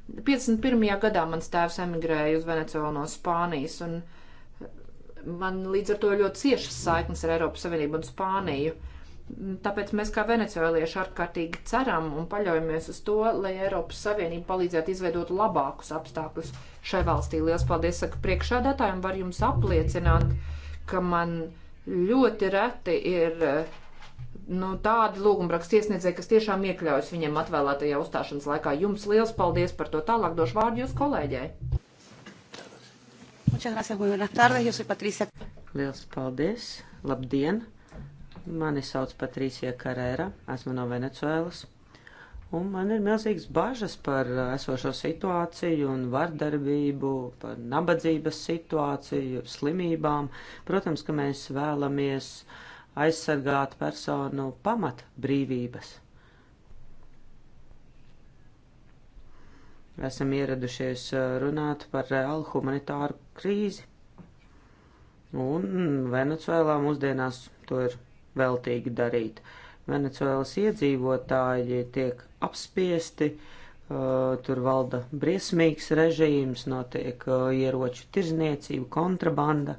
51. gadā mans tēvs emigrēja uz Venecuēlu no Spānijas, un eh, man līdz ar to ļoti ciešas saiknes ar Eiropas Savienību un Spāniju. Uh, Tāpēc mēs kā venecuēlieši ārkārtīgi ceram un paļaujamies uz to, lai Eiropas Savienība palīdzētu izveidot labākus apstākļus šai valstī. Lielas paldies, saka priekšādātājiem, var jums apliecināt, ka man ļoti reti ir nu, tādi lūgumraksts iesniedzēji, kas tiešām iekļaujas viņiem atvēlētajā uzstāšanas laikā. Jums liels paldies par to. Tālāk došu vārdu jūs kolēģei. Muchas gracias, muy buenas tardes. Yo soy Patricia. Lielas paldies. Labdien. Mani sauc Patrīsija Karēra, esmu no Venecuēlas. Un man ir milzīgas bažas par uh, esošo situāciju un vardarbību, par nabadzības situāciju, slimībām. Protams, ka mēs vēlamies aizsargāt personu pamat brīvības. Esam ieradušies uh, runāt par reālu humanitāru krīzi. Un Venecuēlā mūsdienās to ir veltīgi darīt. Venecuēlas iedzīvotāji tiek apspiesti, uh, tur valda briesmīgs režīms, notiek uh, ieroču tirzniecība, kontrabanda.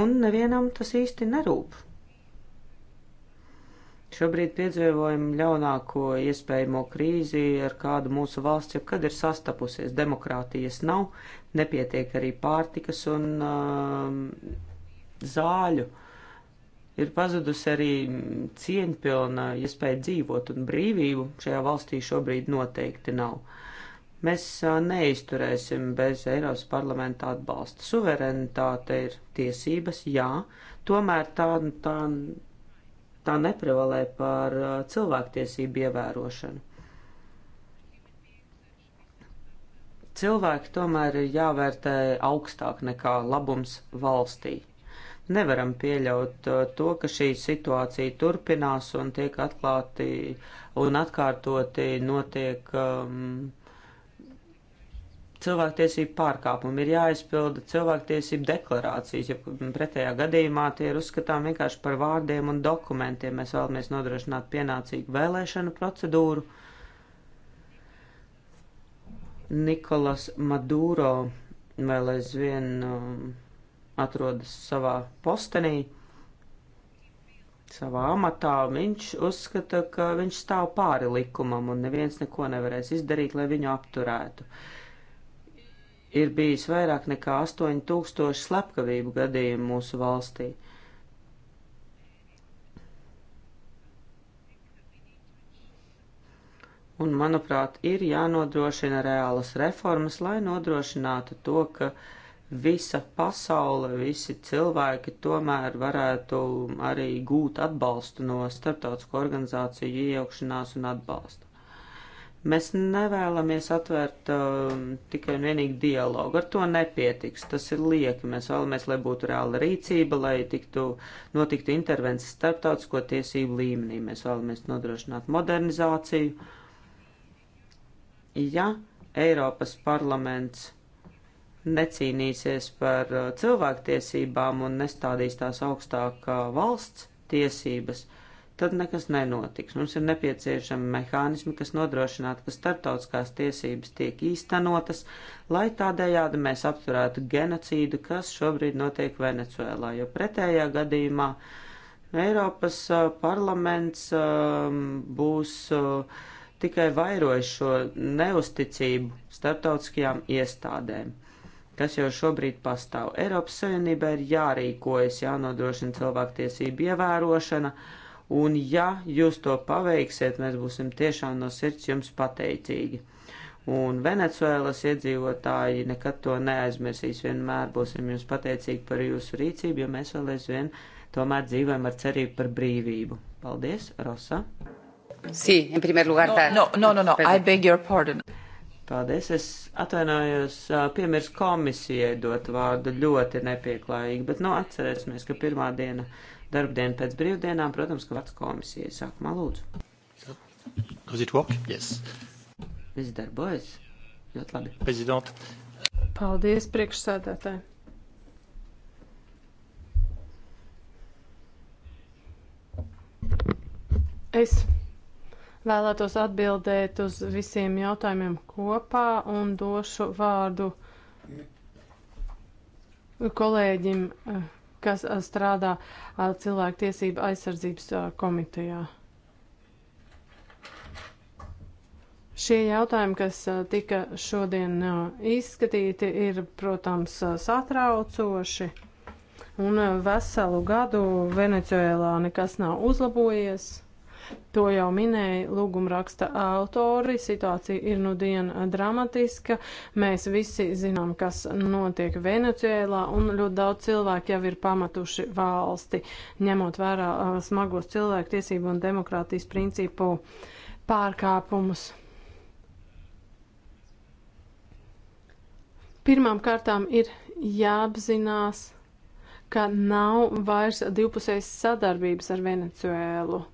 Un nevienam tas īsti nerūp. Šobrīd piedzīvojam ļaunāko iespējamo krīzi, ar kādu mūsu valsts jebkad ir sastapusies. Demokrātijas nav, nepietiek arī pārtikas un um, zāļu. Ir pazudusi arī cieņpilna iespēja dzīvot, un brīvību šajā valstī šobrīd noteikti nav. Mēs neizturēsim bez Eiropas parlamenta atbalsta. Suverenitāte ir tiesības, jā, tomēr tā, tā, tā neprevalē par cilvēktiesību ievērošanu. cilvēki tomēr ir jāvērtē augstāk nekā labums valstī. Nevaram pieļaut uh, to, ka šī situācija turpinās un tiek atklāti un atkārtoti notiek um, cilvēktiesību pārkāpumi. Ir jāizpilda cilvēktiesību deklarācijas, jo pretējā gadījumā tie ir uzskatām vienkārši par vārdiem un dokumentiem. Mēs vēlamies nodrošināt pienācīgu vēlēšanu procedūru. Nikolas Maduro vēl aizvien. Um, atrodas savā postenī, savā amatā, viņš uzskata, ka viņš stāv pāri likumam un neviens neko nevarēs izdarīt, lai viņu apturētu. Ir bijis vairāk nekā 8000 slepkavību gadījumu mūsu valstī. un, manuprāt, ir jānodrošina reālas reformas, lai nodrošinātu to, ka visa pasaule, visi cilvēki tomēr varētu arī gūt atbalstu no starptautisko organizāciju iejaukšanās un atbalsta. Mēs nevēlamies atvērt uh, tikai un vienīgi dialogu. Ar to nepietiks. Tas ir lieki. Mēs vēlamies, lai būtu reāla rīcība, lai tiktu, notiktu intervences starptautisko tiesību līmenī. Mēs vēlamies nodrošināt modernizāciju. Ja Eiropas parlaments necīnīsies par uh, cilvēktiesībām un nestādīs tās augstāk kā uh, valsts tiesības, tad nekas nenotiks. Mums ir nepieciešami mehānismi, kas nodrošinātu, ka starptautiskās tiesības tiek īstenotas, lai tādējādi mēs apturētu genocīdu, kas šobrīd notiek Venecuēlā, jo pretējā gadījumā Eiropas uh, parlaments um, būs tikai vairojis šo neusticību starptautiskajām iestādēm kas jau šobrīd pastāv. Eiropas Savienībā ir jārīkojas, jānodrošina cilvēktiesību ievērošana, un ja jūs to paveiksiet, mēs būsim tiešām no sirds jums pateicīgi. Un Venecuēlas iedzīvotāji nekad to neaizmirsīs, vienmēr būsim jums pateicīgi par jūsu rīcību, jo mēs vēl aizvien tomēr dzīvojam ar cerību par brīvību. Paldies, Rosa! Sí, en primer lugar. No, no, no, no, no. I beg your pardon. Paldies, es atvainojos, piemirs komisijai dot vārdu ļoti nepieklājīgi, bet, nu, atcerēsimies, ka pirmā diena, darbdiena pēc brīvdienām, protams, ka vats komisijai sākumā lūdzu. Does it work? Yes. Viss darbojas. Ļoti labi. Prezident. Paldies, priekšsēdētāji. Es Vēlētos atbildēt uz visiem jautājumiem kopā un došu vārdu kolēģim, eh, kas eh, strādā eh, cilvēktiesību aizsardzības komitejā. Šie jautājumi, kas tika šodien izskatīti, ir, protams, satraucoši. Un veselu gadu Venecijā nekas nav uzlabojies. To jau minēja lūgumraksta autori. Situācija ir nu diena dramatiska. Mēs visi zinām, kas notiek Venecijēlā, un ļoti daudz cilvēku jau ir pametuši valsti, ņemot vērā uh, smagos cilvēku tiesību un demokrātijas principu pārkāpumus. Pirmām kārtām ir jāapzinās, ka nav vairs divpusējas sadarbības ar Venecuēlu.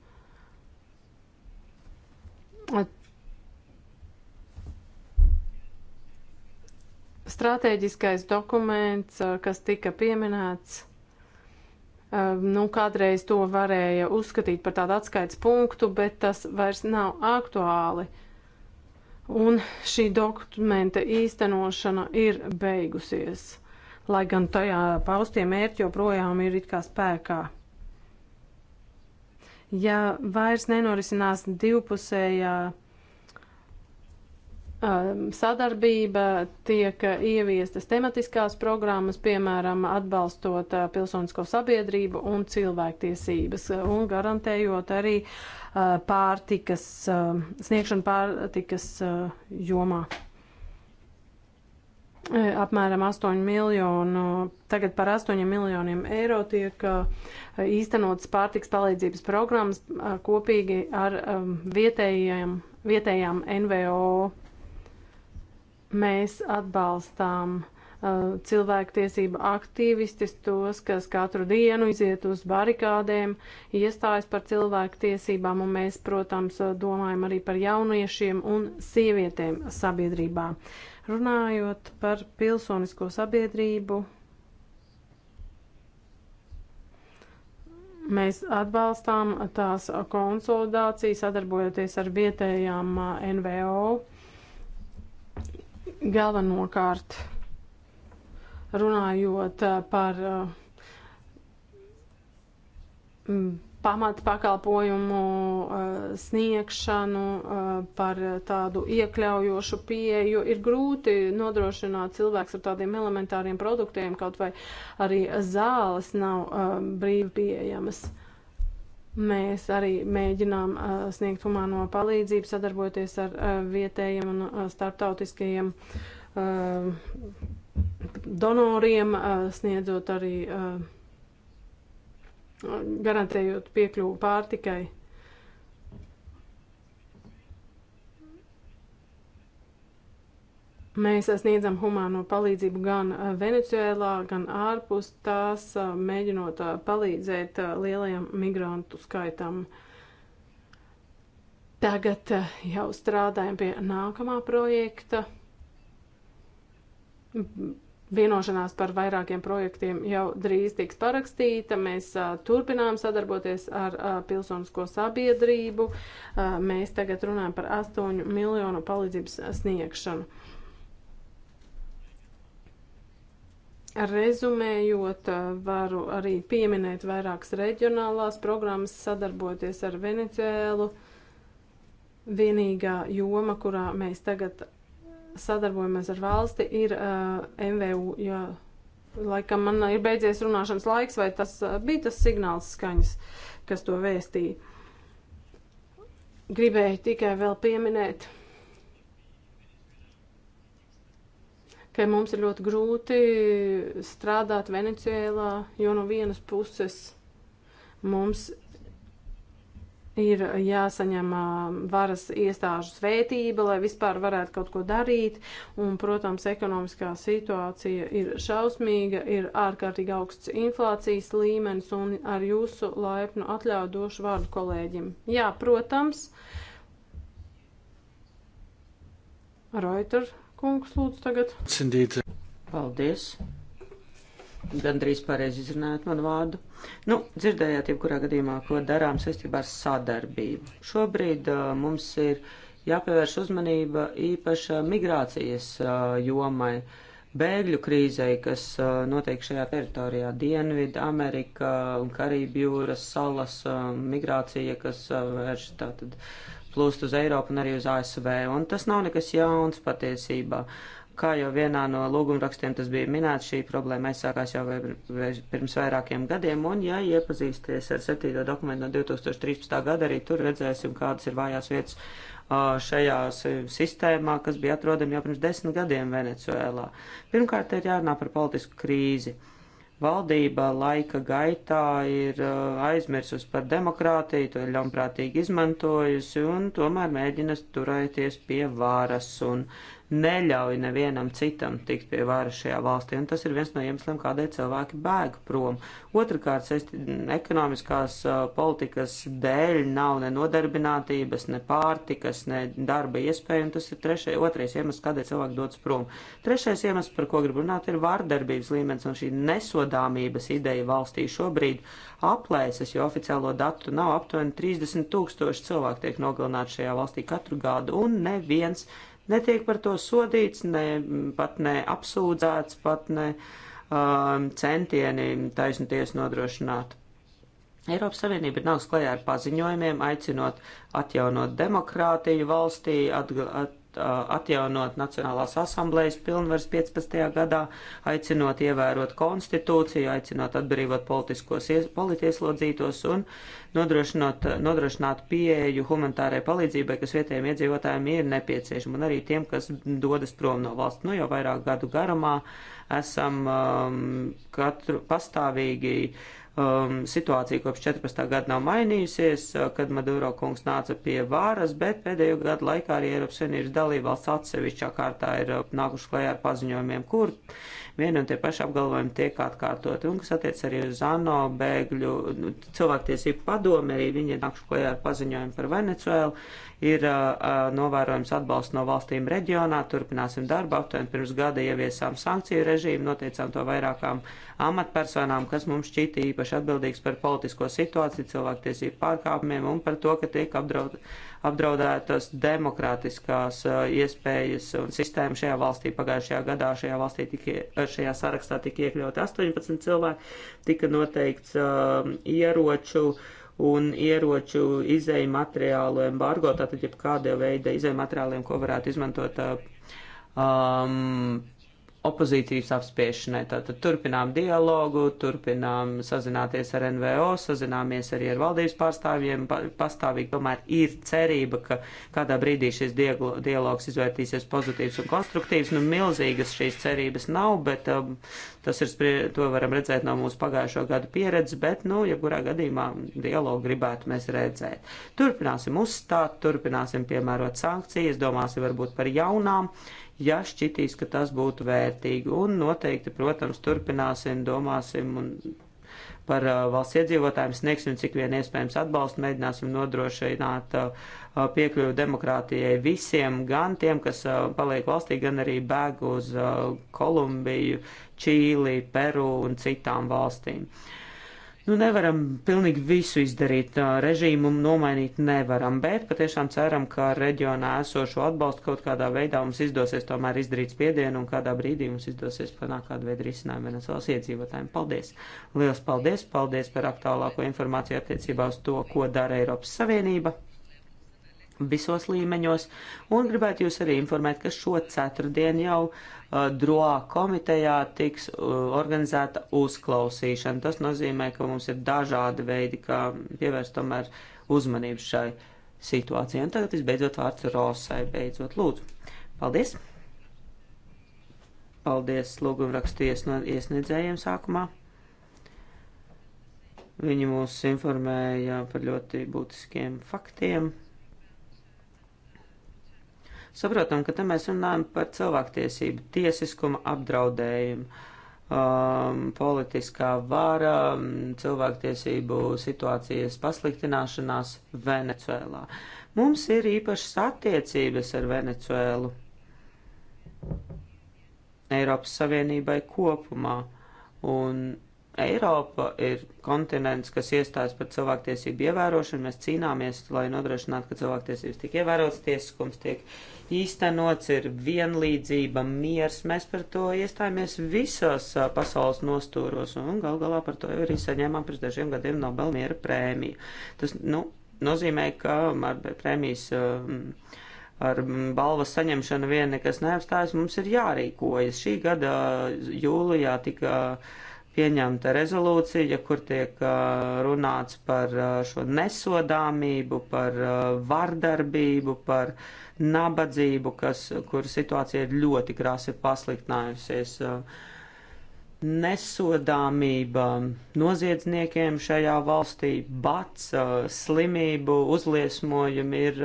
Stratēģiskais dokuments, eh, kas tika pieminēts, eh, nu, kādreiz to varēja uzskatīt par tādu atskaits punktu, bet tas vairs nav aktuāli. Un šī dokumenta īstenošana ir beigusies, lai gan tajā paustie mērķi joprojām ir it kā spēkā ja vairs nenorisinās divpusējā um, sadarbība, tiek ieviestas tematiskās programmas, piemēram, atbalstot uh, pilsonisko sabiedrību un cilvēktiesības uh, un garantējot arī uh, pārtikas, um, sniegšanu pārtikas jomā. E, apmēram 8 miljonu, tagad par 8 miljoniem eiro tiek e, īstenotas pārtiks palīdzības programmas e, kopīgi ar vietējiem, vietējām NVO. Mēs atbalstām cilvēktiesību aktīvistis, tos, kas katru dienu iziet uz barikādēm, iestājas par cilvēktiesībām, un mēs, protams, domājam arī par jauniešiem un sievietēm sabiedrībā. Uh, Runājot par pilsonisko sabiedrību, mēs atbalstām tās konsolidāciju, sadarbojoties ar vietējām NVO galvenokārt runājot par pamatpakalpojumu eh, sniegšanu, eh, par tādu iekļaujošu pieeju. Ir grūti nodrošināt cilvēks ar tādiem elementāriem produktiem, kaut vai arī zāles nav eh, brīvi pieejamas. Mēs arī mēģinām sniegt humāno palīdzību, sadarboties ar vietējiem un starptautiskajiem donoriem, sniedzot arī garantējot piekļuvu pārtikai. Mēs sniedzam humāno palīdzību gan Venecijā, gan ārpus tās, mēģinot palīdzēt lielajam migrantu skaitam. Tagad jau strādājam pie nākamā projekta. Vienošanās par vairākiem projektiem jau drīz tiks parakstīta. Mēs a, turpinām sadarboties ar a, pilsonisko sabiedrību. A, mēs tagad runājam par 8 miljonu palīdzības sniegšanu. Rezumējot, varu arī pieminēt vairākas reģionālās programmas, sadarboties ar Venecēlu. Vienīgā joma, kurā mēs tagad sadarbojamies ar valsti, ir uh, eh, MVU. Jā. Laikam man ir beidzies runāšanas laiks, vai tas uh, bija tas signāls skaņas, kas to vēstīja. Gribēju tikai vēl pieminēt, ka mums ir ļoti grūti strādāt Venecijā, jo no vienas puses mums ir jāsaņem varas iestāžu svētība, lai vispār varētu kaut ko darīt. Un, protams, ekonomiskā situācija ir šausmīga, ir ārkārtīgi augsts inflācijas līmenis un ar jūsu laipnu atļauju došu vārdu kolēģim. Jā, protams. Reuter kungs lūdzu tagad. Cindīt. Paldies gandrīz pareizi izrunājāt manu vārdu. Nu, dzirdējāt, jebkurā gadījumā, ko darām saistībā ar sadarbību. Šobrīd uh, mums ir jāpievērš uzmanība īpaša uh, migrācijas uh, jomai, bēgļu krīzei, kas uh, notiek šajā teritorijā - Dienvidu, Amerika un Karību jūras salas uh, migrācija, kas uh, vērš tātad plūst uz Eiropu un arī uz ASV. Un tas nav nekas jauns patiesībā. Uh, Kā jau vienā no lūgumrakstiem tas bija minēts, šī problēma aizsākās jau vai, vai pirms vairākiem gadiem, un, ja iepazīsties ar septīto dokumentu no 2013. gada, arī tur redzēsim, kādas ir vājās vietas šajā sistēmā, kas bija atrodama jau pirms desmit gadiem Venecuēlā. Pirmkārt, ir jārunā par politisku krīzi. Valdība laika gaitā ir aizmirsus par demokrātiju, to ir ļaunprātīgi izmantojusi un tomēr mēģina turēties pie varas un neļauj nevienam citam tikt pie varas šajā valstī, un tas ir viens no iemesliem, kādēļ cilvēki bēg prom. Otrakārt, ekonomiskās politikas dēļ nav ne nodarbinātības, ne pārtikas, ne darba iespēja, un tas ir trešais, otrais iemesls, kādēļ cilvēki dodas prom. Trešais iemesls, par ko gribu runāt, ir vārdarbības līmenis un šī nesodāmības ideja valstī šobrīd aplēses, jo oficiālo datu nav aptuveni 30 tūkstoši cilvēku tiek nogalināti šajā valstī katru gadu, un neviens netiek par to sodīts, ne pat ne apsūdzēts, pat ne um, centieni taisnoties nodrošināt. Eiropas Savienība ir nāks klajā ar paziņojumiem, aicinot atjaunot demokrātiju valstī, atg at Uh, atjaunot Nacionālās asamblējas pilnvaras 15. gadā, aicinot ievērot konstitūciju, aicinot atbrīvot politiskos politieslodzītos un nodrošinot, nodrošināt pieeju humanitārai palīdzībai, kas vietējiem iedzīvotājiem ir nepieciešama, un arī tiem, kas dodas prom no valsts. Nu, jau vairāk gadu garumā esam um, katru pastāvīgi uh, um, situācija kopš 14. gada nav mainījusies, uh, kad Maduro kungs nāca pie vāras, bet pēdējo gadu laikā arī Eiropas Savienības dalībvalsts atsevišķā kārtā ir uh, nākuši klajā ar paziņojumiem, kur uh, viena un tie paši apgalvojumi tiek atkārtoti. Un kas attiec arī uz ANO bēgļu nu, cilvēktiesību padomi, arī viņi nākšu klajā ar paziņojumu par Venecuēlu, ir uh, novērojams atbalsts no valstīm reģionā, turpināsim darbu, aptuveni pirms gada ieviesām sankciju režīmu, noteicām to vairākām amatpersonām, kas mums šķita īpaši atbildīgs par politisko situāciju, cilvēktiesību pārkāpumiem un par to, ka tiek apdraud, apdraudētas demokrātiskās uh, iespējas un sistēma šajā valstī. Pagājušajā gadā šajā valstī tika, uh, šajā sarakstā tika iekļauti 18 cilvēki, tika noteikts um, ieroču un ieroču izēju materiālu embargo, tātad jebkāda veida izēju materiāliem, ko varētu izmantot uh, um, opozīcijas apspiešanai. Tātad turpinām dialogu, turpinām sazināties ar NVO, sazināmies arī ar valdības pārstāvjiem. Pastāvīgi tomēr ir cerība, ka kādā brīdī šis dialogs izvērtīsies pozitīvs un konstruktīvs. Nu, milzīgas šīs cerības nav, bet um, tas ir, sprie, to varam redzēt no mūsu pagājušo gadu pieredzes, bet, nu, ja kurā gadījumā dialogu gribētu mēs redzēt. Turpināsim uzstāt, turpināsim piemērot sankcijas, domāsim varbūt par jaunām ja šķitīs, ka tas būtu vērtīgi. Un noteikti, protams, turpināsim, domāsim un par uh, valsts iedzīvotājiem sniegsim cik vien iespējams atbalstu, mēģināsim nodrošināt uh, uh piekļuvu demokrātijai visiem, gan tiem, kas uh, paliek valstī, gan arī bēg uz uh, Kolumbiju, Čīli, Peru un citām valstīm. Uh, Nu, nevaram pilnīgi visu izdarīt, režīmu nomainīt nevaram, bet patiešām ceram, ka reģionā esošo atbalstu kaut kādā veidā mums izdosies tomēr izdarīt spiedienu un kādā brīdī mums izdosies panākt kādu veidu risinājumu Venezuelas iedzīvotājiem. Paldies! Lielas paldies! Paldies par aktuālāko informāciju attiecībā uz to, ko dara Eiropas Savienība! visos līmeņos, un gribētu jūs arī informēt, ka šo ceturtdienu jau uh, droā komitejā tiks uh, organizēta uzklausīšana. Tas nozīmē, ka mums ir dažādi veidi, kā pievērst tomēr uzmanību šai situācijai. Un tagad visbeidzot vārds Rosai, beidzot lūdzu. Paldies! Paldies lūgumrakstu iesniedzējiem sākumā. Viņi mūs informēja par ļoti būtiskiem faktiem Saprotam, ka te mēs runājam par cilvēktiesību, tiesiskuma apdraudējumu, um, politiskā vāra, um, cilvēktiesību situācijas pasliktināšanās Venecuēlā. Mums ir īpašas attiecības ar Venecuēlu. Eiropas Savienībai kopumā. Un Eiropa ir kontinents, kas iestājas par cilvēktiesību ievērošanu. Mēs cīnāmies, lai nodrošinātu, ka cilvēktiesības tiek ievērotas, tiesiskums tiek īstenots, ir vienlīdzība, miers. Mēs par to iestājāmies visos pasaules nostūros un gal galā par to arī saņēmām pirms dažiem gadiem Nobel miera prēmiju. Tas nu, nozīmē, ka ar prēmijas. Ar balvas saņemšanu vien nekas neapstājas, mums ir jārīkojas. Šī gada jūlijā tika uh, pieņemta rezolūcija, kur tiek uh, runāts par uh, šo nesodāmību, par uh, vardarbību, par nabadzību, kas, kur situācija ir ļoti krasi pasliktinājusies. Uh, nesodāmība noziedzniekiem šajā valstī, bats, slimību uzliesmojumi ir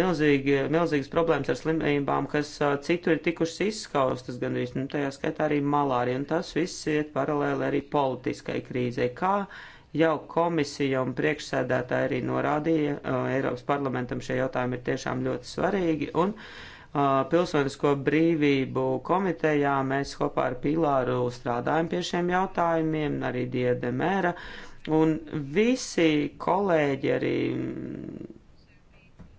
milzīgi, milzīgas problēmas ar slimībām, kas citur ir tikušas izskaustas gandrīz, nu, tajā skaitā arī malāri, un tas viss iet paralēli arī politiskai krīzē. Kā jau komisija un priekšsēdētāji arī norādīja, Eiropas parlamentam šie jautājumi ir tiešām ļoti svarīgi, un uh, Pilsonisko brīvību komitejā mēs kopā ar Pilāru strādājam pie šiem jautājumiem, arī Diedemēra, un visi kolēģi arī mm,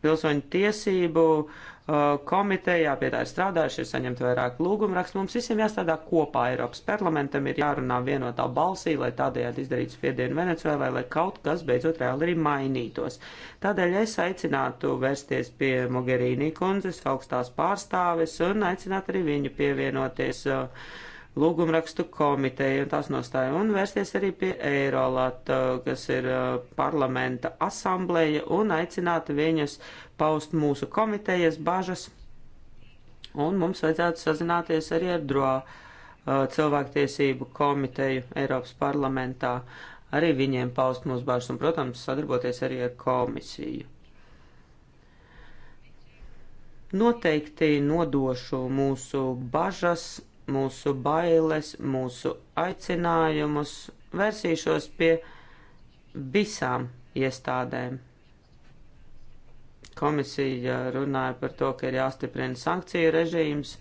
pilsoņu tiesību uh, Uh, komitejā pie tā ir strādājuši, ir saņemt vairāk lūgumrakstu. Mums visiem jāstrādā kopā. Eiropas parlamentam ir jārunā vienotā balsī, lai tādējādi izdarītu spiedienu Venecuēlai, lai kaut kas beidzot reāli arī mainītos. Tādēļ es aicinātu vērsties pie Mogherīnī kundzes, augstās pārstāves, un aicināt arī viņu pievienoties uh, lūgumrakstu komiteju un tās nostāju un vērsties arī pie Eirolata, uh, kas ir uh, parlamenta asambleja, un aicināt viņus paust mūsu komitejas bažas. Un mums vajadzētu sazināties arī ar DRO uh, cilvēktiesību komiteju Eiropas parlamentā, arī viņiem paust mūsu bažas un, protams, sadarboties arī ar komisiju noteikti nodošu mūsu bažas mūsu bailes, mūsu aicinājumus, vērsīšos pie visām iestādēm. Komisija runāja par to, ka ir jāstiprina sankciju režīms.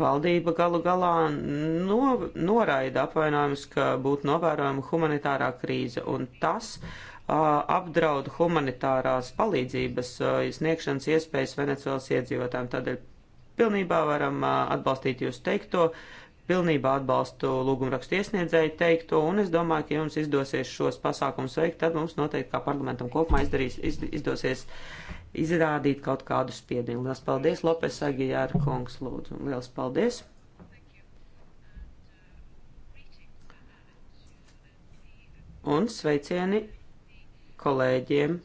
Valdība galu galā no, noraida apvainojumus, ka būtu novērojama humanitārā krīze, un tas uh, apdraud humanitārās palīdzības uh, sniegšanas iespējas Venecijas iedzīvotājiem. Tādēļ Pilnībā varam atbalstīt jūs teikto, pilnībā atbalstu lūgumrakstu iesniedzēju teikto, un es domāju, ka jums izdosies šos pasākumus veikt, tad mums noteikti kā parlamentam kopumā izdarīs, iz, izdosies izrādīt kaut kādu spiedienu. Lielas paldies, Lopes Agijāra kungs, lūdzu. Lielas paldies! Un sveicieni kolēģiem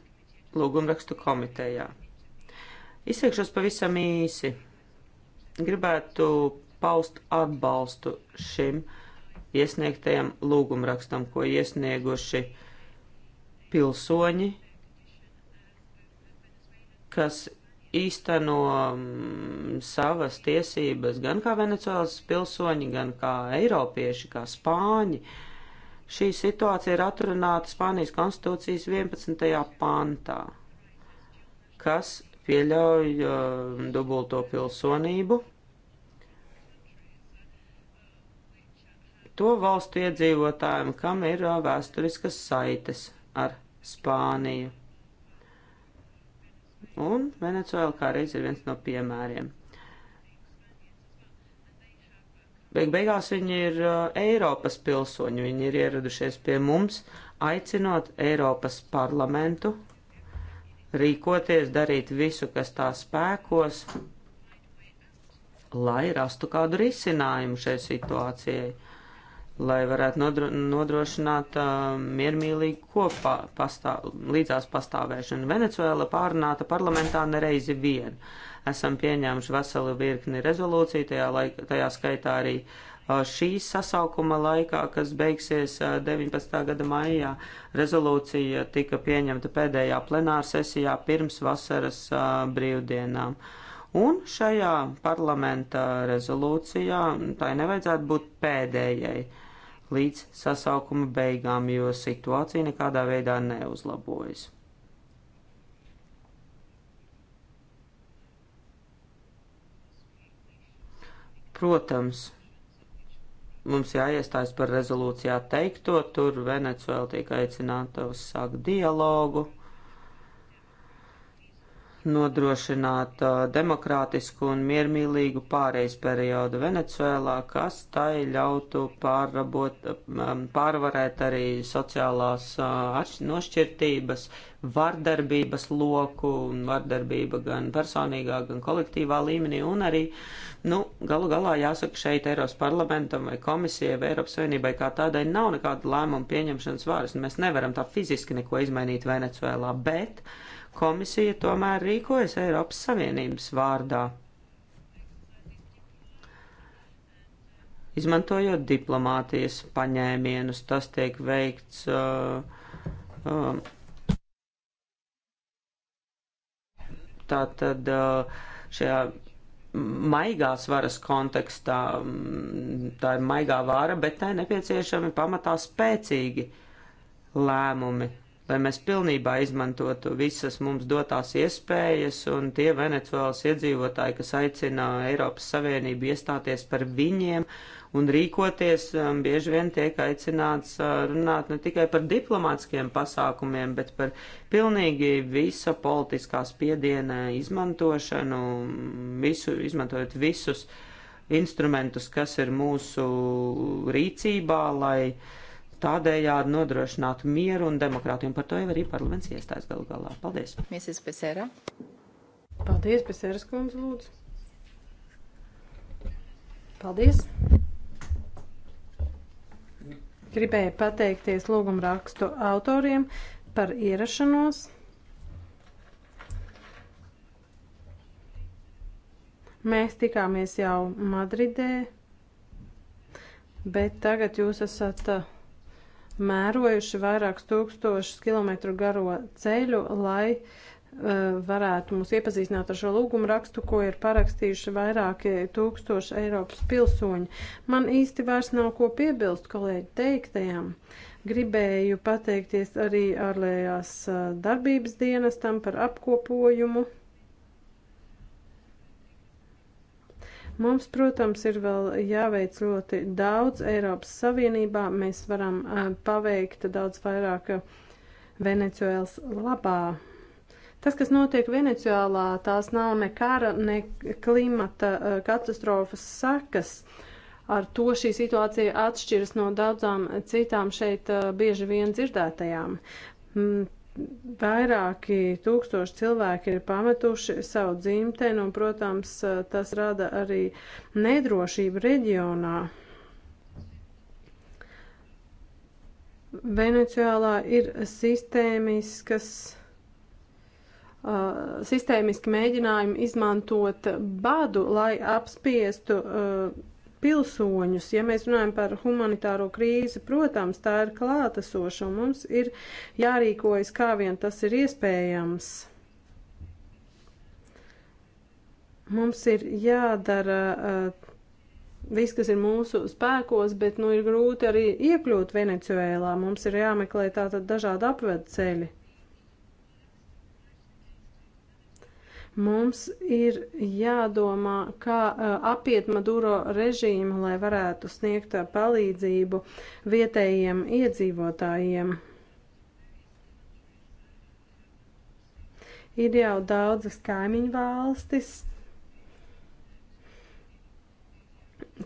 lūgumrakstu komitejā. Izteikšos pavisam īsi gribētu paust atbalstu šim iesniegtajam lūgumrakstam, ko iesnieguši pilsoņi, kas īsteno mm, savas tiesības gan kā Venecuēlas pilsoņi, gan kā eiropieši, kā spāņi. Šī situācija ir atrunāta Spānijas konstitūcijas 11. pantā, kas pieļauj uh, dubulto pilsonību to valstu iedzīvotājiem, kam ir vēsturiskas saites ar Spāniju. Un Venecuēla kā reiz ir viens no piemēriem. Beig beigās viņi ir Eiropas pilsoņi, viņi ir ieradušies pie mums, aicinot Eiropas parlamentu rīkoties, darīt visu, kas tā spēkos, lai rastu kādu risinājumu šai situācijai lai varētu nodro, nodrošināt uh, miermīlīgu kopā pastāv, līdzās pastāvēšanu. Venecuēla pārunāta parlamentā nereizi vien. Esam pieņēmuši veselu virkni rezolūciju, tajā, laika, tajā skaitā arī uh, šīs sasaukuma laikā, kas beigsies uh, 19. gada maijā. Rezolūcija tika pieņemta pēdējā plenāra sesijā pirms vasaras uh, brīvdienām. Un šajā parlamenta rezolūcijā tai nevajadzētu būt pēdējai. Uh, līdz sasaukuma beigām, jo situācija nekādā veidā neuzlabojas. Protams, mums jāiestājas par rezolūcijā teikto, tur Venecuēla tiek aicināta uzsākt dialogu nodrošināt uh, demokrātisku un miermīlīgu pārejas periodu Venecuēlā, kas tai ļautu pārrabot, um, pārvarēt arī sociālās uh, nošķirtības, vardarbības loku, vardarbība gan personīgā, gan kolektīvā līmenī, un arī, nu, galu galā jāsaka šeit Eiropas parlamentam vai komisijai vai Eiropas Savienībai kā tādai nav nekāda lēmuma pieņemšanas vāras, un mēs nevaram tā fiziski neko izmainīt Venecuēlā, bet uh, komisija tomēr rīkojas Eiropas Savienības vārdā, izmantojot diplomātijas paņēmienus. Tas tiek veikts. Uh, uh, Tātad uh, šajā maigās varas kontekstā, mm, tā ir maigā vara, bet tai nepieciešami pamatā spēcīgi lēmumi, lai mēs pilnībā izmantotu visas mums dotās iespējas, un tie Venecuēlas iedzīvotāji, kas aicina Eiropas Savienību iestāties par viņiem un rīkoties, um, bieži vien tiek aicināts uh, runāt ne tikai par diplomātiskiem pasākumiem, bet par pilnīgi visa politiskā spiediena izmantošanu, visu, izmantojot visus instrumentus, kas ir mūsu rīcībā, lai uh, tādējādi nodrošinātu mieru un demokrātiju, un par to jau arī parlaments iestājas galu galā. Paldies! Mrs. Pesera. Paldies, Peseras kundze, lūdzu. Paldies! Gribēju pateikties lūgumu rakstu autoriem par ierašanos. Mēs tikāmies jau Madridē, bet tagad jūs esat uh, mērojuši vairākus tūkstošus kilometru garo ceļu, lai uh, varētu mūs iepazīstināt ar šo lūgumu rakstu, ko ir parakstījuši vairāki tūkstoši Eiropas pilsoņi. Man īsti vairs nav ko piebilst kolēģi teiktajām. Gribēju pateikties arī ārlējās e, darbības dienestam par apkopojumu Mums, protams, ir vēl jāveic ļoti daudz Eiropas Savienībā. Mēs varam paveikt daudz vairāk Venecuēlas labā. Tas, kas notiek Venecijālā, tās nav ne kara, ne klimata katastrofas sekas. Ar to šī situācija atšķiras no daudzām citām šeit bieži vien dzirdētajām mm, Vairāki tūkstoši cilvēki ir pametuši savu dzimteni, un, protams, tas rada arī nedrošību reģionā. Venecijālā ir sistēmiskas, uh, sistēmiski mēģinājumi izmantot badu, lai apspiestu uh, pilsoņus. Ja mēs runājam par humanitāro krīzi, protams, tā ir klātesoša un mums ir jārīkojas, kā vien tas ir iespējams. Mums ir jādara uh, viss, kas ir mūsu spēkos, bet nu ir grūti arī iekļūt Venecuēlā. Mums ir jāmeklē tātad dažādi apvedceļi. ceļi. Mums ir jādomā, kā apiet Maduro režīmu, lai varētu sniegt palīdzību vietējiem iedzīvotājiem. Ir jau daudzas kaimiņu valstis,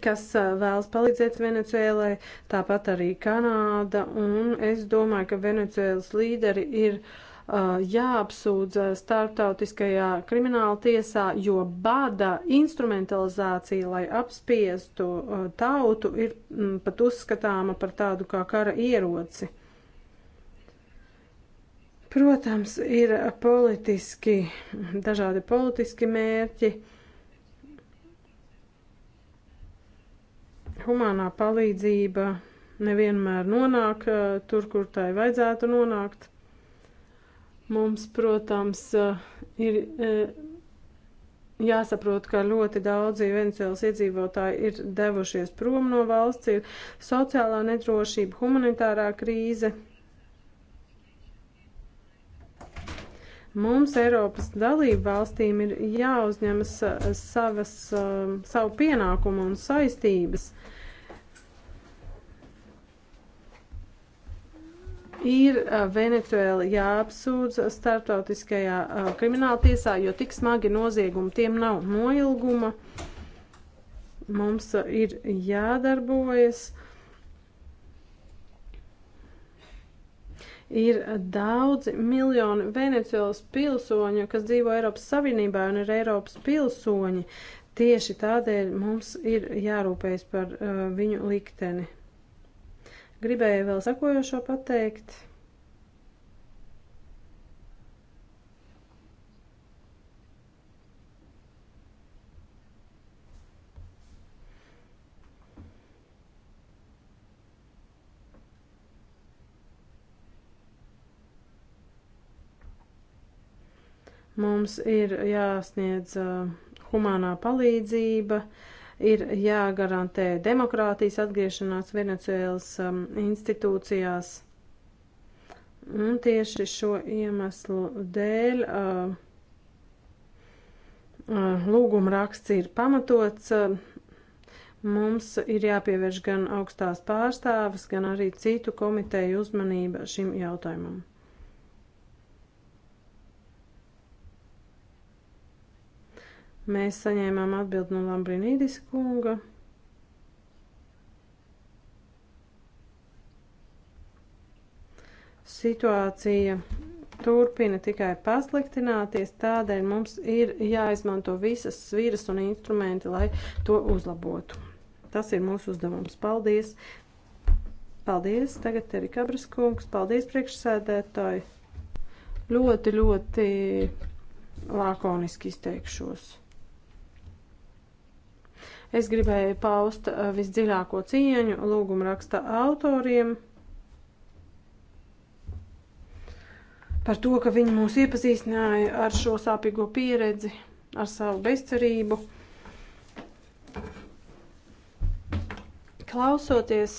kas vēlas palīdzēt Venecijai, tāpat arī Kanāda. Un es domāju, ka Venecijas līderi ir uh, Uh, jāapsūdz uh, starptautiskajā krimināla tiesā, jo bada instrumentalizācija, lai apspiestu uh, tautu, ir mm, pat uzskatāma par tādu kā kara ieroci. Protams, ir politiski, dažādi politiski mērķi. Humānā palīdzība nevienmēr nonāk tur, kur tai vajadzētu nonākt. Mums, protams, eh, ir eh, jāsaprot, ka ļoti daudzi Venecijas iedzīvotāji ir devušies prom no valsts, ir sociālā nedrošība, humanitārā krīze. Mums, Eiropas dalību valstīm, ir jāuzņemas eh, savas, savu pienākumu un saistības. ir Venecuēla jāapsūdz starptautiskajā krimināla tiesā, jo tik smagi noziegumi tiem nav noilguma. Mums ir jādarbojas. ir daudzi miljoni Venecijas pilsoņu, kas dzīvo Eiropas Savienībā un ir Eiropas pilsoņi. Tieši tādēļ mums ir jārūpējas par uh, viņu likteni. Gribēju vēl sakojošo pateikt. Mums ir jāsniedz uh, humānā palīdzība, uh, ir jāgarantē demokrātijas atgriešanās Venecuēlas um, institūcijās. Un tieši šo iemeslu dēļ uh, uh, lūguma raksts ir pamatots. Uh, Mums ir jāpievērš gan augstās pārstāvis, gan arī citu komiteju uzmanība šim jautājumam. Mēs saņēmām atbildi no Lambrinīdis kunga. Situācija turpina tikai pasliktināties, tādēļ mums ir jāizmanto visas sviras un instrumenti, lai to uzlabotu. Tas ir mūsu uzdevums. Paldies! Paldies! Tagad ir Kabras kungs. Paldies, priekšsēdētāji! Ļoti, ļoti lakoniski izteikšos. Es gribēju paust uh, visdziļāko cieņu lūguma raksta autoriem par to, ka viņi mūs iepazīstināja ar šo sāpīgo pieredzi, ar savu bezcerību. Klausoties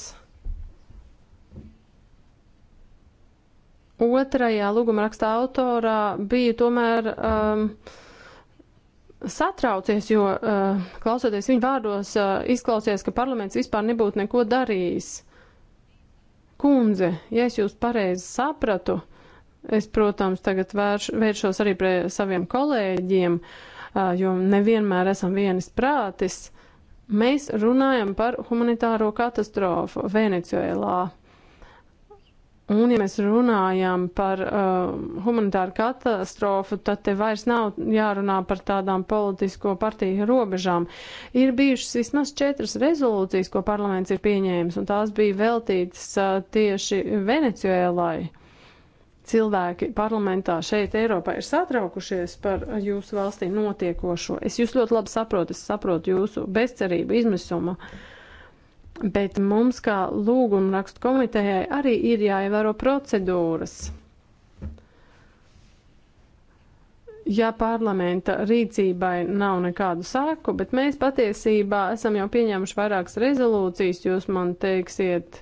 otrajā lūguma raksta autorā, bija tomēr. Um, satraucies, jo eh, klausoties viņu vārdos, eh, izklausies, ka parlaments vispār nebūtu neko darījis. Kundze, ja es jūs pareizi sapratu, es, protams, tagad vērš, vēršos arī pie saviem kolēģiem, eh, jo nevienmēr esam vienas prātis. Mēs runājam par humanitāro katastrofu Venecijolā. Un, ja mēs runājam par uh, humanitāru katastrofu, tad te vairs nav jārunā par tādām politisko partiju robežām. Ir bijušas vismaz četras rezolūcijas, ko parlaments ir pieņēmis, un tās bija veltītas uh, tieši Venecijēlai. Cilvēki parlamentā šeit Eiropā ir satraukušies par jūsu valstī notiekošo. Es jūs ļoti labi saprotu, es saprotu jūsu bezcerību, izmisumu. Uh, Bet mums, kā lūguma rakstu komitejai, arī ir jāievēro procedūras. ja parlamenta rīcībai nav nekādu sēku, bet mēs patiesībā esam jau pieņēmuši vairākas rezolūcijas, jūs man teiksiet,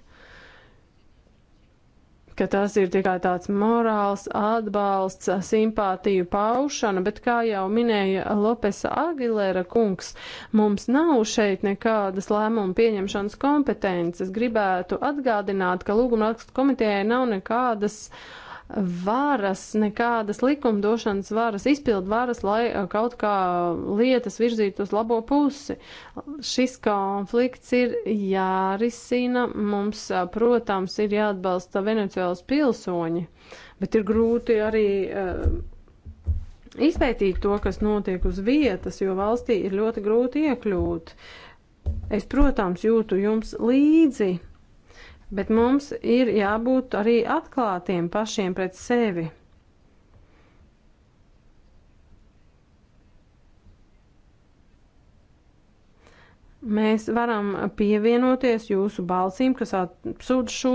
ka tas ir tikai tāds morāls atbalsts, simpātiju paušana, bet kā jau minēja Lopesa Agilera kungs, mums nav šeit nekādas lēmumu pieņemšanas kompetences. Gribētu atgādināt, ka lūguma rakstu komitejai nav nekādas uh, varas, nekādas likumdošanas varas, izpildu varas, lai eh, kaut kā lietas virzītu uz labo pusi. Šis konflikts ir jārisina. Mums, eh, protams, ir jāatbalsta Venecijālas pilsoņi, bet ir grūti arī. Uh, Izpētīt to, kas notiek uz vietas, jo valstī ir ļoti grūti iekļūt. Es, protams, jūtu jums līdzi, Bet mums ir jābūt arī atklātiem pašiem pret sevi. Mēs varam pievienoties jūsu balsīm, kas apsūdz šo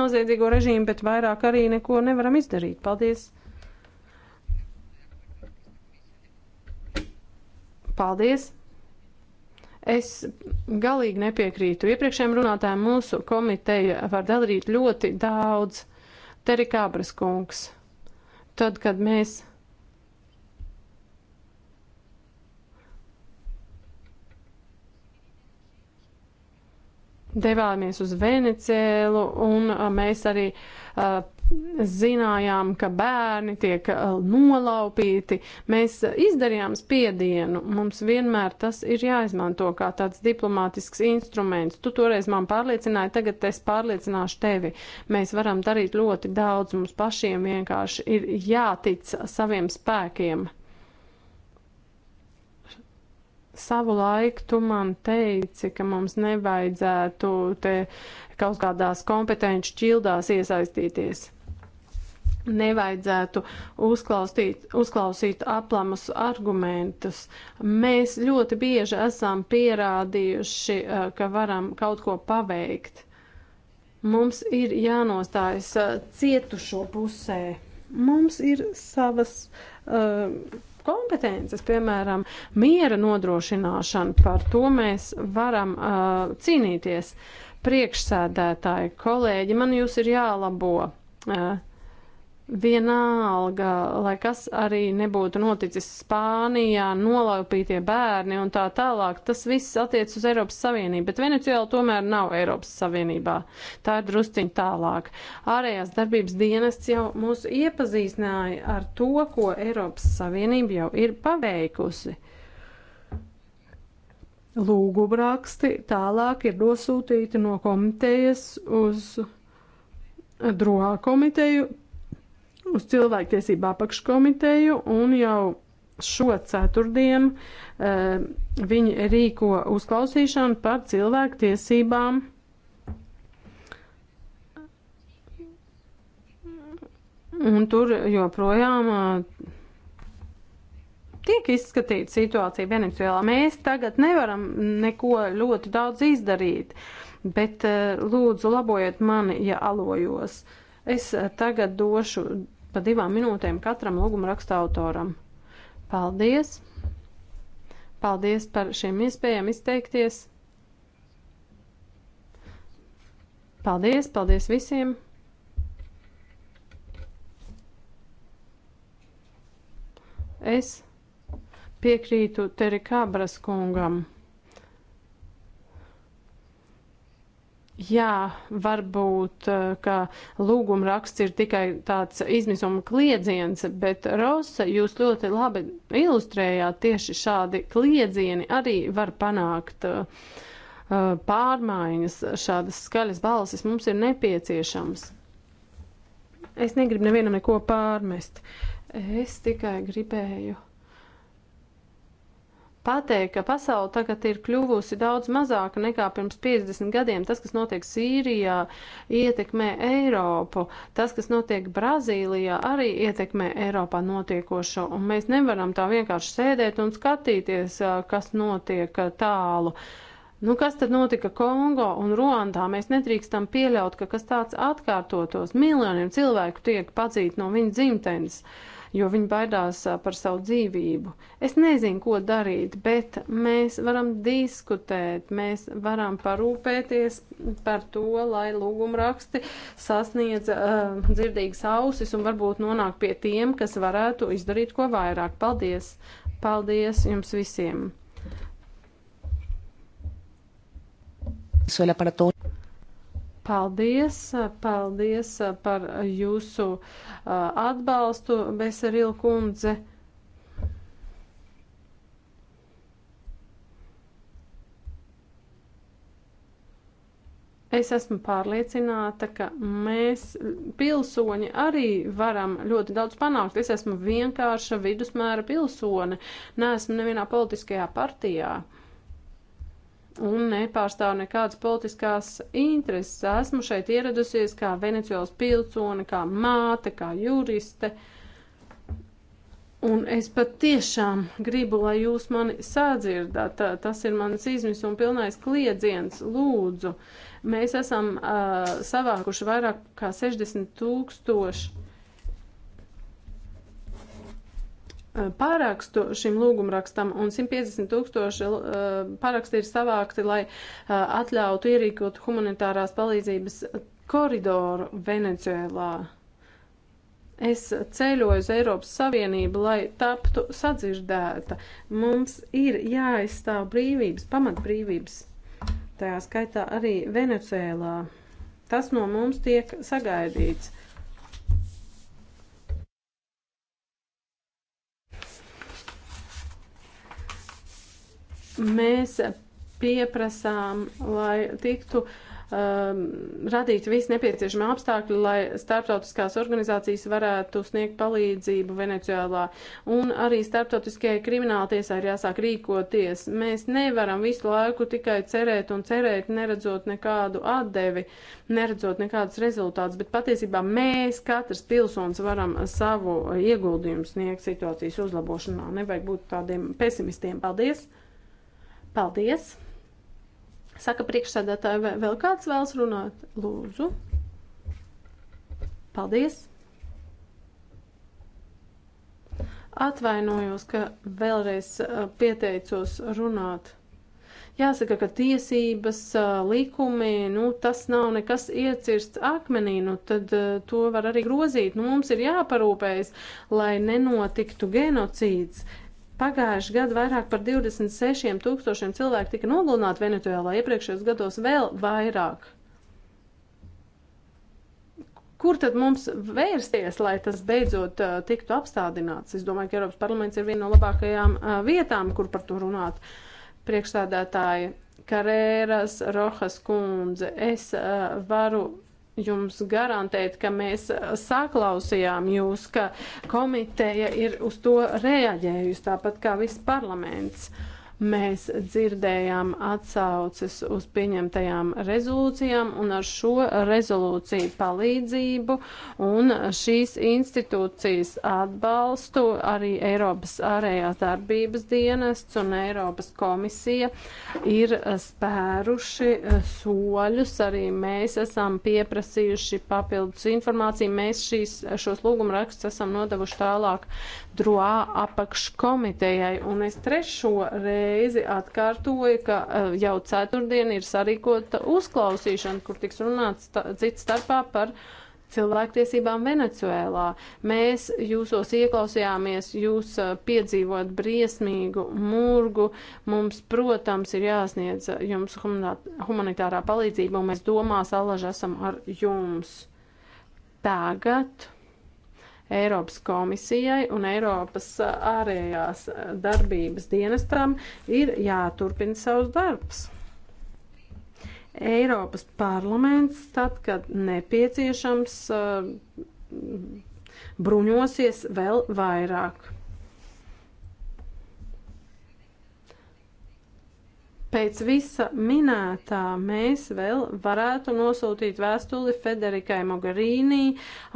noziedzīgo režīmu, bet vairāk arī neko nevaram izdarīt. Paldies! Paldies! Es galīgi nepiekrītu iepriekšējiem runātājiem. Mūsu komiteja var darīt ļoti daudz. Terikābras kungs. Tad, kad mēs. Devāmies uz Venecēlu, un mēs arī uh, zinājām, ka bērni tiek eh, nolaupīti. Mēs eh, izdarījām spiedienu. Mums vienmēr tas ir jāizmanto kā tāds diplomātisks instruments. Tu toreiz man pārliecināji, tagad es pārliecināšu tevi. Mēs varam darīt ļoti daudz. Mums pašiem vienkārši ir jātic saviem spēkiem. Savu laiku tu man teici, ka mums nevajadzētu te kaut kādās kompetenci šķildās iesaistīties nevajadzētu uzklausīt, uzklausīt aplamus argumentus. Mēs ļoti bieži esam pierādījuši, eh, ka varam kaut ko paveikt. Mums ir jānostājas eh, cietušo pusē. Mums ir savas uh, kompetences, piemēram, miera nodrošināšana. Par to mēs varam uh, cīnīties. Priekšsēdētāji, kolēģi, man jūs ir jālabo. Uh, Vienalga, lai kas arī nebūtu noticis Spānijā, nolaupītie bērni un tā tālāk, tas viss attiec uz Eiropas Savienību, bet Venecijāla tomēr nav Eiropas Savienībā. Tā ir drusciņ tālāk. Ārējās darbības dienests jau mūs iepazīstināja ar to, ko Eiropas Savienība jau ir paveikusi. Lūgubraksti tālāk ir dosūtīti no komitejas uz droā komiteju uz cilvēktiesību apakškomiteju un jau šo ceturtdienu uh, viņi rīko uzklausīšanu par cilvēktiesībām. Un tur joprojām uh, tiek izskatīta situācija Venecijā. Mēs tagad nevaram neko ļoti daudz izdarīt, bet uh, lūdzu labojiet mani, ja alojos. Es tagad došu pa divām minūtēm katram lūguma raksta autoram. Paldies! Paldies par šiem iespējām izteikties. Paldies, paldies visiem! Es piekrītu Terikābras kungam. Jā, varbūt, eh, ka lūguma raksts ir tikai tāds izmisuma kliedziens, bet Rosa, jūs ļoti labi ilustrējāt tieši šādi kliedzieni arī var panākt uh, pārmaiņas, šādas skaļas balsis mums ir nepieciešams. Es negribu nevienam neko pārmest. Es tikai gribēju pateikt, ka pasaule tagad ir kļuvusi daudz mazāka nekā pirms 50 gadiem. Tas, kas notiek Sīrijā, ietekmē Eiropu. Tas, kas notiek Brazīlijā, arī ietekmē Eiropā notiekošo. Un mēs nevaram tā vienkārši sēdēt un skatīties, kas notiek tālu. Nu, kas tad notika Kongo un Ruandā? Mēs nedrīkstam pieļaut, ka kas tāds atkārtotos. Miljoniem cilvēku tiek padzīti no viņa dzimtenes. Uh, jo viņi baidās par savu dzīvību. Es nezinu, ko darīt, bet mēs varam diskutēt, mēs varam parūpēties par to, lai lūgumraksti sasniedz uh, dzirdīgas ausis un varbūt nonāk pie tiem, kas varētu izdarīt ko vairāk. Paldies! Paldies jums visiem! Suela para todos. Paldies, paldies par jūsu atbalstu, Besaril kundze. Es esmu pārliecināta, ka mēs, pilsoņi, arī varam ļoti daudz panākt. Es esmu vienkārša vidusmēra pilsone, neesmu nevienā politiskajā partijā. Uh, un nepārstāv nekādas politiskās intereses. Esmu šeit ieradusies kā Venecijas pilsone, kā māte, kā juriste. Un es pat tiešām gribu, lai jūs mani sādzirdat. Tas ir mans izmis un pilnais kliedziens. Lūdzu, mēs esam uh, savākuši vairāk kā 60 tūkstoši Eh, pārakstu šim lūgumrakstam, un 150 tūkstoši eh, pāraksti ir savākti, lai eh, atļautu ierīkot humanitārās palīdzības koridoru Venecijā. Es ceļoju uz Eiropas Savienību, lai taptu sadzirdēta. Mums ir jāaizstāv brīvības, pamatbrīvības, tajā skaitā arī Venecijā. Tas no mums tiek sagaidīts. Mēs pieprasām, lai tiktu um, radīt visi nepieciešami apstākļi, lai starptautiskās organizācijas varētu sniegt palīdzību Venecijālā. Un arī starptautiskajai krimināltiesai ir jāsāk rīkoties. Mēs nevaram visu laiku tikai cerēt un cerēt, neredzot nekādu atdevi, neredzot nekādus rezultātus, bet patiesībā mēs, katrs pilsonis, varam savu ieguldījumu sniegt situācijas uzlabošanā. Nevajag būt tādiem pesimistiem. Paldies! Paldies! Saka priekšsēdētāji, vai vēl kāds vēlas runāt? Lūdzu. Paldies! Atvainojos, ka vēlreiz uh, pieteicos runāt jāsaka, ka tiesības, uh, likumi, nu, tas nav nekas iecirsts akmenī, nu, tad uh, to var arī grozīt. Nu, mums ir jāparūpējas, lai nenotiktu genocīds. Pagājuši gadu vairāk par 26 tūkstošiem cilvēku tika nogalināti Venecijā, iepriekšējos gados vēl vairāk. Kur tad mums vērsties, lai tas beidzot uh, tiktu apstādināts? Es domāju, ka Eiropas parlaments ir viena no labākajām uh, vietām, kur par to runāt. Priekšstādātāji Karēras, Rohas kundze, es uh, varu jums garantēt, ka mēs saklausījām jūs, ka komiteja ir uz to reaģējusi, tāpat kā viss parlaments. Uh, Mēs dzirdējām atsauces uz pieņemtajām rezolūcijām un ar šo rezolūciju palīdzību un šīs institūcijas atbalstu arī Eiropas ārējās darbības dienests un Eiropas komisija ir spēruši soļus. Arī mēs esam pieprasījuši papildus informāciju. Mēs šīs, šos lūgumrakstus esam nodevuši tālāk droā apakškomitejai. Un es trešo reizi atkārtoju, ka eh, jau ceturtdien ir sarīkota uzklausīšana, kur tiks runāts cits starpā par cilvēktiesībām Venecuēlā. Mēs jūsos ieklausījāmies, jūs eh, piedzīvot briesmīgu murgu. Mums, protams, ir jāsniedz eh, jums humanitārā palīdzība, un mēs domās allaž esam ar jums. Tagad Eiropas komisijai un Eiropas ārējās darbības dienestam ir jāturpina savs darbs. Eiropas parlaments, tad, kad nepieciešams, bruņosies vēl vairāk. Pēc visa minētā mēs vēl varētu nosūtīt vēstuli Federikai Mogherīnī,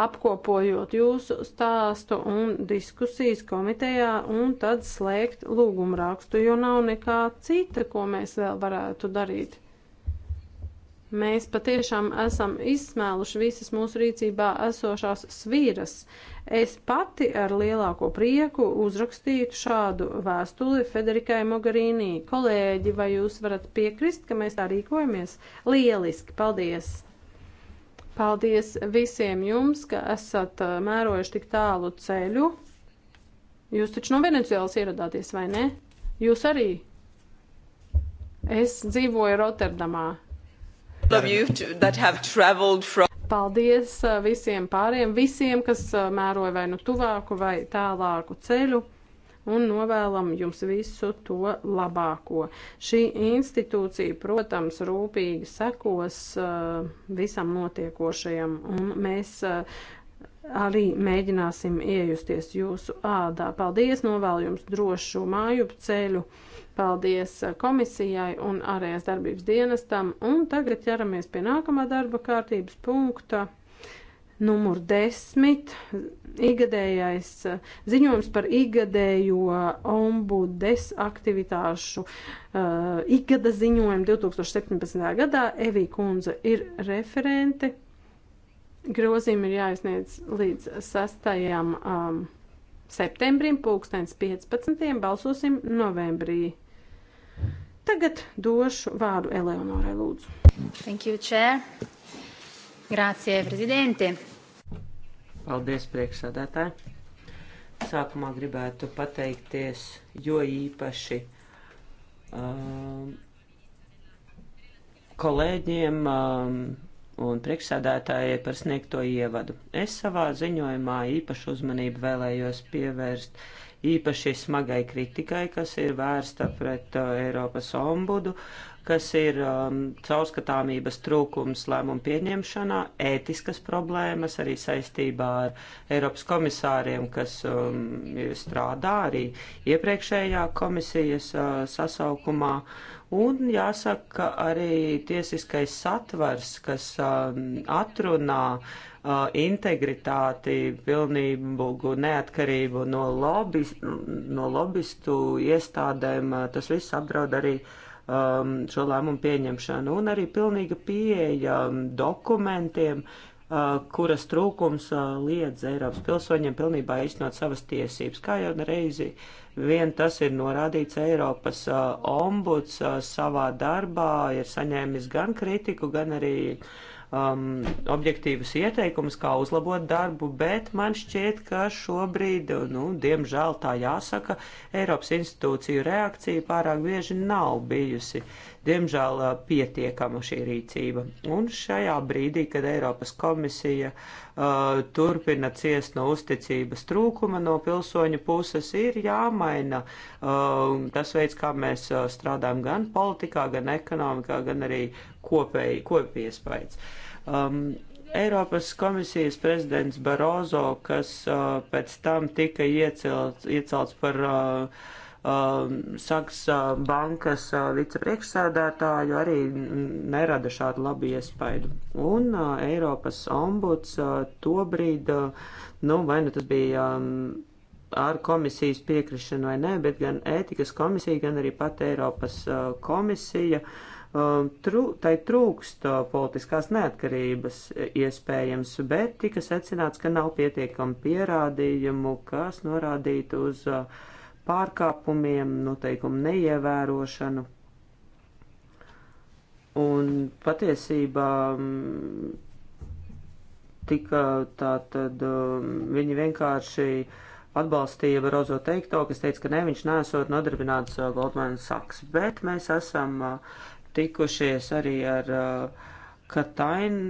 apkopojot jūsu stāstu un diskusijas komitejā un tad slēgt lūgumrakstu, jo nav nekā cita, ko mēs vēl varētu darīt. Mēs patiešām esam izsmēluši visas mūsu rīcībā esošās svīras. Es pati ar lielāko prieku uzrakstītu šādu vēstuli Federikai Mogarīnī. Kolēģi, vai jūs varat piekrist, ka mēs tā rīkojamies? Lieliski, paldies! Paldies visiem jums, ka esat uh, mērojuši tik tālu ceļu. Jūs taču no Venecijas ieradāties, vai ne? Jūs arī. Es dzīvoju Rotterdamā. From... Paldies uh, visiem pāriem, visiem, kas uh, mēroja vai nu tuvāku vai tālāku ceļu un novēlam jums visu to labāko. Šī institūcija, protams, rūpīgi sekos uh, visam notiekošajam, un mēs uh, arī mēģināsim iejusties jūsu ādā. Paldies, novēlu jums drošu māju ceļu Paldies uh, komisijai un ārējās darbības dienestam. Un tagad ķeramies pie nākamā darba kārtības punkta. Numur desmit - igadējais uh, ziņojums par igadējo ombudes aktivitāšu uh, igada ziņojumu 2017. gadā. Evī kundze ir referente. Grozījumi ir jāizniedz līdz 6. Um, septembrim, pulkstens 15. balsosim novembrī. Tagad došu vārdu Eleonorai Lūdzu. Thank you, Chair. Grācie, prezidente. Paldies, priekšsādātāji. Sākumā gribētu pateikties, jo īpaši um, kolēģiem um, un priekšsādātājai par sniegto ievadu. Es savā ziņojumā īpašu uzmanību vēlējos pievērst uh, īpaši smagai kritikai, kas ir vērsta pret uh, Eiropas ombudu, kas ir um, caurskatāmības trūkums lēmumu pieņemšanā, ētiskas problēmas arī saistībā ar Eiropas komisāriem, kas um, strādā arī iepriekšējā komisijas uh, sasaukumā. Un jāsaka, arī tiesiskais satvers, kas um, atrunā uh, Uh, integritāti, pilnību, neatkarību no, lobis, no lobistu iestādēm, uh, tas viss apdraud arī um, šo lēmumu pieņemšanu. Un arī pilnīga pieeja um, dokumentiem, Uh, kuras trūkums uh, liedz Eiropas pilsoņiem pilnībā īstenot savas tiesības. Kā jau reizi vien tas ir norādīts Eiropas uh, ombuds uh, savā darbā, ir saņēmis gan kritiku, gan arī uh, um, objektīvus ieteikumus, kā uzlabot darbu, bet man šķiet, ka šobrīd, nu, diemžēl tā jāsaka, Eiropas institūciju reakcija pārāk bieži nav bijusi Diemžēl pietiekama šī rīcība. Un šajā brīdī, kad Eiropas komisija uh, turpina ciest no uzticības trūkuma no pilsoņu puses, ir jāmaina uh, tas veids, kā mēs uh, strādājam gan politikā, gan ekonomikā, gan arī kopēji, kopiespējas. Um, Eiropas komisijas prezidents Barozo, kas uh, pēc tam tika iecelts, iecelts par uh, Um, Saks uh, bankas uh, vicepriekšsēdētāju arī nerada šādu labu iespaidu. Un uh, Eiropas ombuds to brīdi, nu, vai nu tas bija um, ar komisijas piekrišanu vai nē, bet gan ētikas komisija, gan arī pat Eiropas komisija. Um, trū, tai trūkst politiskās neatkarības iespējams, bet tika secināts, ka nav pietiekami pierādījumu, kas norādītu uz uh, pārkāpumiem, noteikumu neievērošanu. Un patiesībā mm, tika tā tad mm, viņi vienkārši atbalstīja Barozo teikto, kas teica, ka ne, viņš nesot nodarbināts uh, Goldman Sachs, bet mēs esam uh, tikušies arī ar uh, Katain,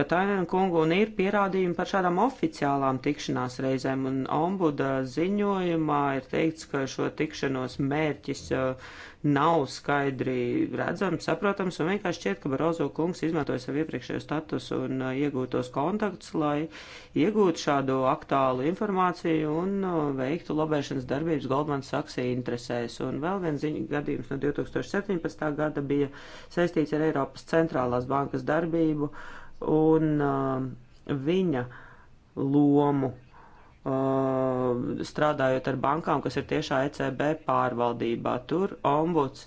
ka Tainēna kungu un ir pierādījumi par šādām oficiālām tikšanās reizēm, un ombuda ziņojumā ir teikts, ka šo tikšanos mērķis uh, nav skaidri redzams, saprotams, un vienkārši šķiet, ka Barozo kungs izmantoja savu iepriekšējo statusu un uh, iegūtos kontaktus, lai iegūtu šādu aktuālu informāciju un uh, veiktu lobēšanas darbības Goldman Sachs interesēs. Un vēl viens gadījums no 2017. gada bija saistīts ar Eiropas centrālās bankas darbību. Uh, un uh, viņa lomu uh, strādājot ar bankām, kas ir tiešā ECB pārvaldībā. Tur ombuds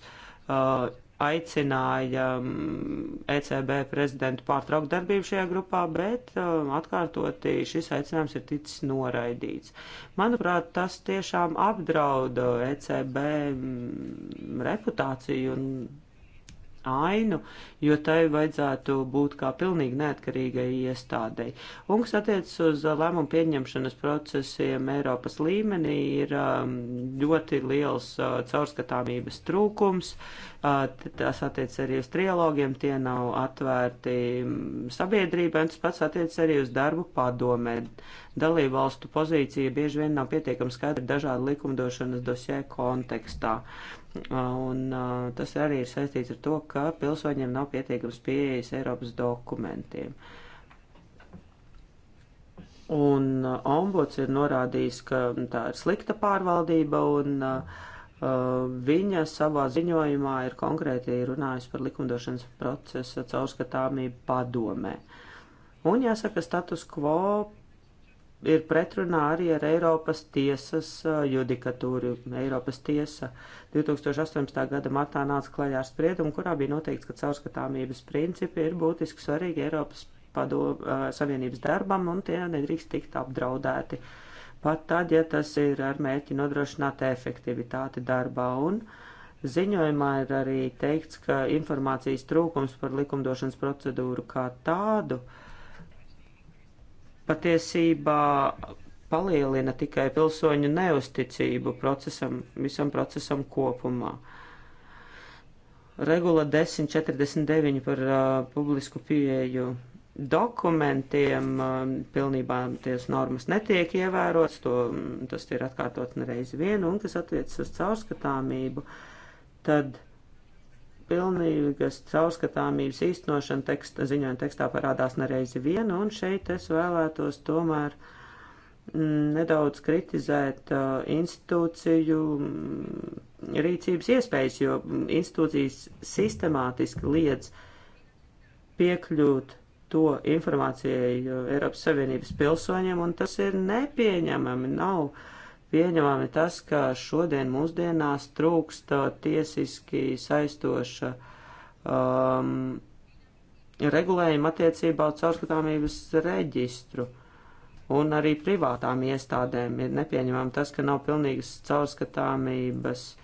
uh, aicināja um, ECB prezidentu pārtraukt darbību šajā grupā, bet um, atkārtoti šis aicinājums ir ticis noraidīts. Manuprāt, tas tiešām apdrauda ECB mm, reputāciju un ainu, jo tai vajadzētu būt kā pilnīgi neatkarīgai iestādei. Un, kas attiecas uz uh, lēmumu pieņemšanas procesiem Eiropas līmenī, ir um, ļoti liels uh, caurskatāmības trūkums. Uh, tas attiec arī uz trialogiem, tie nav atvērti mm, sabiedrībai, un tas pats attiec arī uz darbu padomē. Dalību valstu pozīcija bieži vien nav pietiekami skaidra dažādu likumdošanas dosē kontekstā. Uh, Un tas arī ir saistīts ar to, ka pilsoņiem nav pietiekams pieejas Eiropas dokumentiem. Un ombuds ir norādījis, ka tā ir slikta pārvaldība, un uh, viņa savā ziņojumā ir konkrēti runājusi par likumdošanas procesa caurskatāmību padomē. Un jāsaka, status quo ir pretrunā arī ar Eiropas tiesas judikatūru. Eiropas tiesa 2018. gada martā nāca klajā ar spriedumu, kurā bija noteikts, ka caurskatāmības principi ir būtiski svarīgi Eiropas padom, Savienības darbam un tie nedrīkst tikt apdraudēti. Pat tad, ja tas ir ar mērķi nodrošināt efektivitāti darbā un ziņojumā ir arī teikts, ka informācijas trūkums par likumdošanas procedūru kā tādu uh, patiesībā palielina tikai pilsoņu neusticību procesam, visam procesam kopumā. Regula 1049 par uh, publisku pieeju dokumentiem uh, pilnībā tiesas normas netiek ievērots, to, mm, tas ir atkārtot nereiz vienu, un kas attiecas uz caurskatāmību, tad uh, pilnīgas caurskatāmības īstenošana teksta, ziņojuma tekstā parādās nereizi viena, un šeit es vēlētos tomēr mm, nedaudz kritizēt uh, institūciju mm, rīcības iespējas, jo institūcijas sistemātiski liedz piekļūt to informācijai uh, Eiropas Savienības pilsoņiem, un tas ir nepieņemami. Nav uh, pieņemami tas, ka šodien mūsdienās trūkst uh, tiesiski saistoša um, regulējuma attiecībā uz caurskatāmības reģistru. Un arī privātām iestādēm ir nepieņemami tas, ka nav pilnīgas caurskatāmības uh,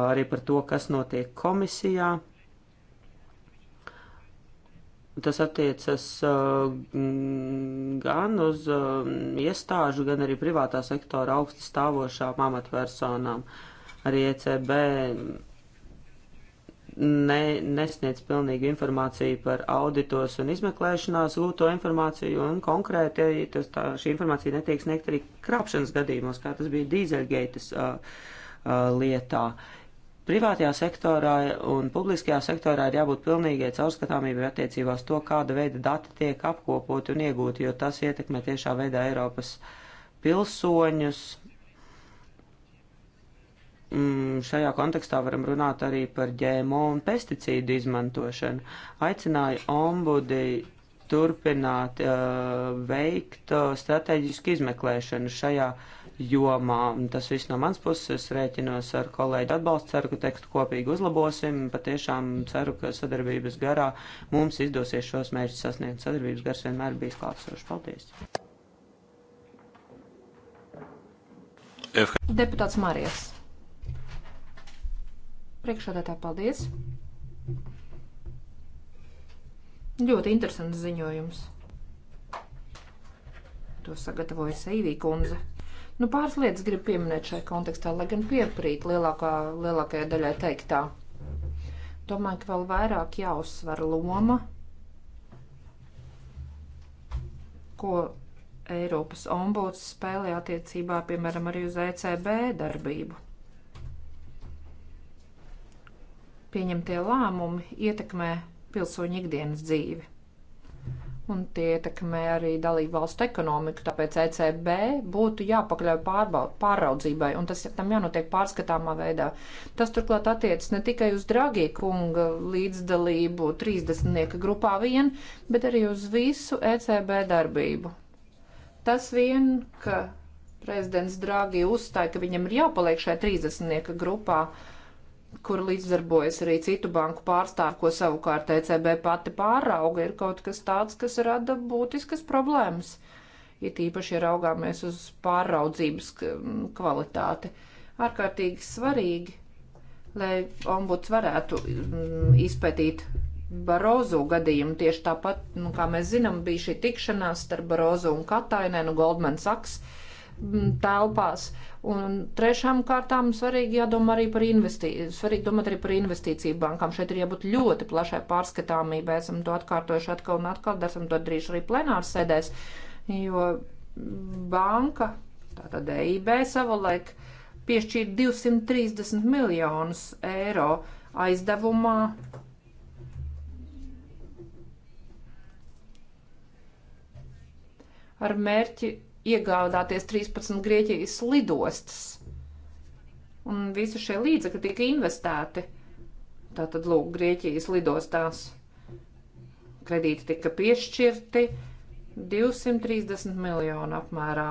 arī par to, kas notiek komisijā. Tas attiecas uh, gan uz uh, iestāžu, gan arī privātā sektora augsti stāvošām amatpersonām. Arī ECB ne, nesniedz pilnīgu informāciju par auditos un izmeklēšanās gūto informāciju, un konkrēti tas, tā, šī informācija netiek sniegta arī krāpšanas gadījumos, kā tas bija dīzeļgeitas uh, uh, lietā. Uh, Privātajā sektorā un publiskajā sektorā ir jābūt pilnīgai caurskatāmībai attiecībās to, kāda veida dati tiek apkopoti un iegūti, jo tas ietekmē tiešā veidā Eiropas pilsoņus. Mm, šajā kontekstā varam runāt arī par ģēmo un pesticīdu izmantošanu. Aicināju ombudi turpināt uh, veikt uh, strateģisku izmeklēšanu šajā uh, jomā. Tas viss no mans puses. Es rēķinos ar kolēģi atbalstu. Ceru, ka tekstu kopīgi uzlabosim. Patiešām ceru, ka sadarbības garā mums izdosies šos mērķus sasniegt. Sadarbības gars vienmēr bijis klātsošs. Paldies! Deputāts Marijas. Priekšādātā paldies. Ļoti interesants ziņojums. To sagatavoja Seivī kundze. Nu, pāris lietas gribu pieminēt šai kontekstā, lai gan piekrīt lielākā, lielākajai daļai teiktā. Domāju, ka vēl vairāk jāuzsver loma, ko Eiropas ombuds spēlē attiecībā, piemēram, arī uz ECB darbību. Pieņemtie lēmumi ietekmē pilsoņu ikdienas dzīvi un tie ietekmē arī dalību valstu ekonomiku, tāpēc ECB būtu jāpakļauj pārraudzībai, un tas tam jānotiek pārskatāmā veidā. Tas turklāt attiecas ne tikai uz Dragī kunga līdzdalību 30 grupā vien, bet arī uz visu ECB darbību. Tas vien, ka prezidents Dragī uzstāja, ka viņam ir jāpaliek šajā 30 grupā, uh, kur līdzdarbojas arī citu banku pārstāvi, ko savukārt ECB pati pārauga, ir kaut kas tāds, kas rada būtiskas problēmas. It īpaši, ja raugāmies uz pāraudzības kvalitāti. Ārkārtīgi svarīgi, lai ombuds varētu izpētīt Barozu gadījumu. Tieši tāpat, nu, kā mēs zinām, bija šī tikšanās starp Barozu un Katainēnu Goldman Sachs telpās, Un trešām kārtām svarīgi jādomā arī par investīciju, svarīgi domāt arī par investīciju bankām. Šeit ir jābūt ļoti plašai pārskatāmībai, esam to atkārtojuši atkal un atkal, esam to darījuši arī plenāru sēdēs, jo banka, tātad EIB savulaik piešķīra 230 miljonus eiro aizdevumā. Ar mērķi iegādāties 13 Grieķijas lidostas. Un visi šie līdzekļi tika investēti. Tātad, lūk, Grieķijas lidostās kredīti tika piešķirti 230 miljonu apmērā.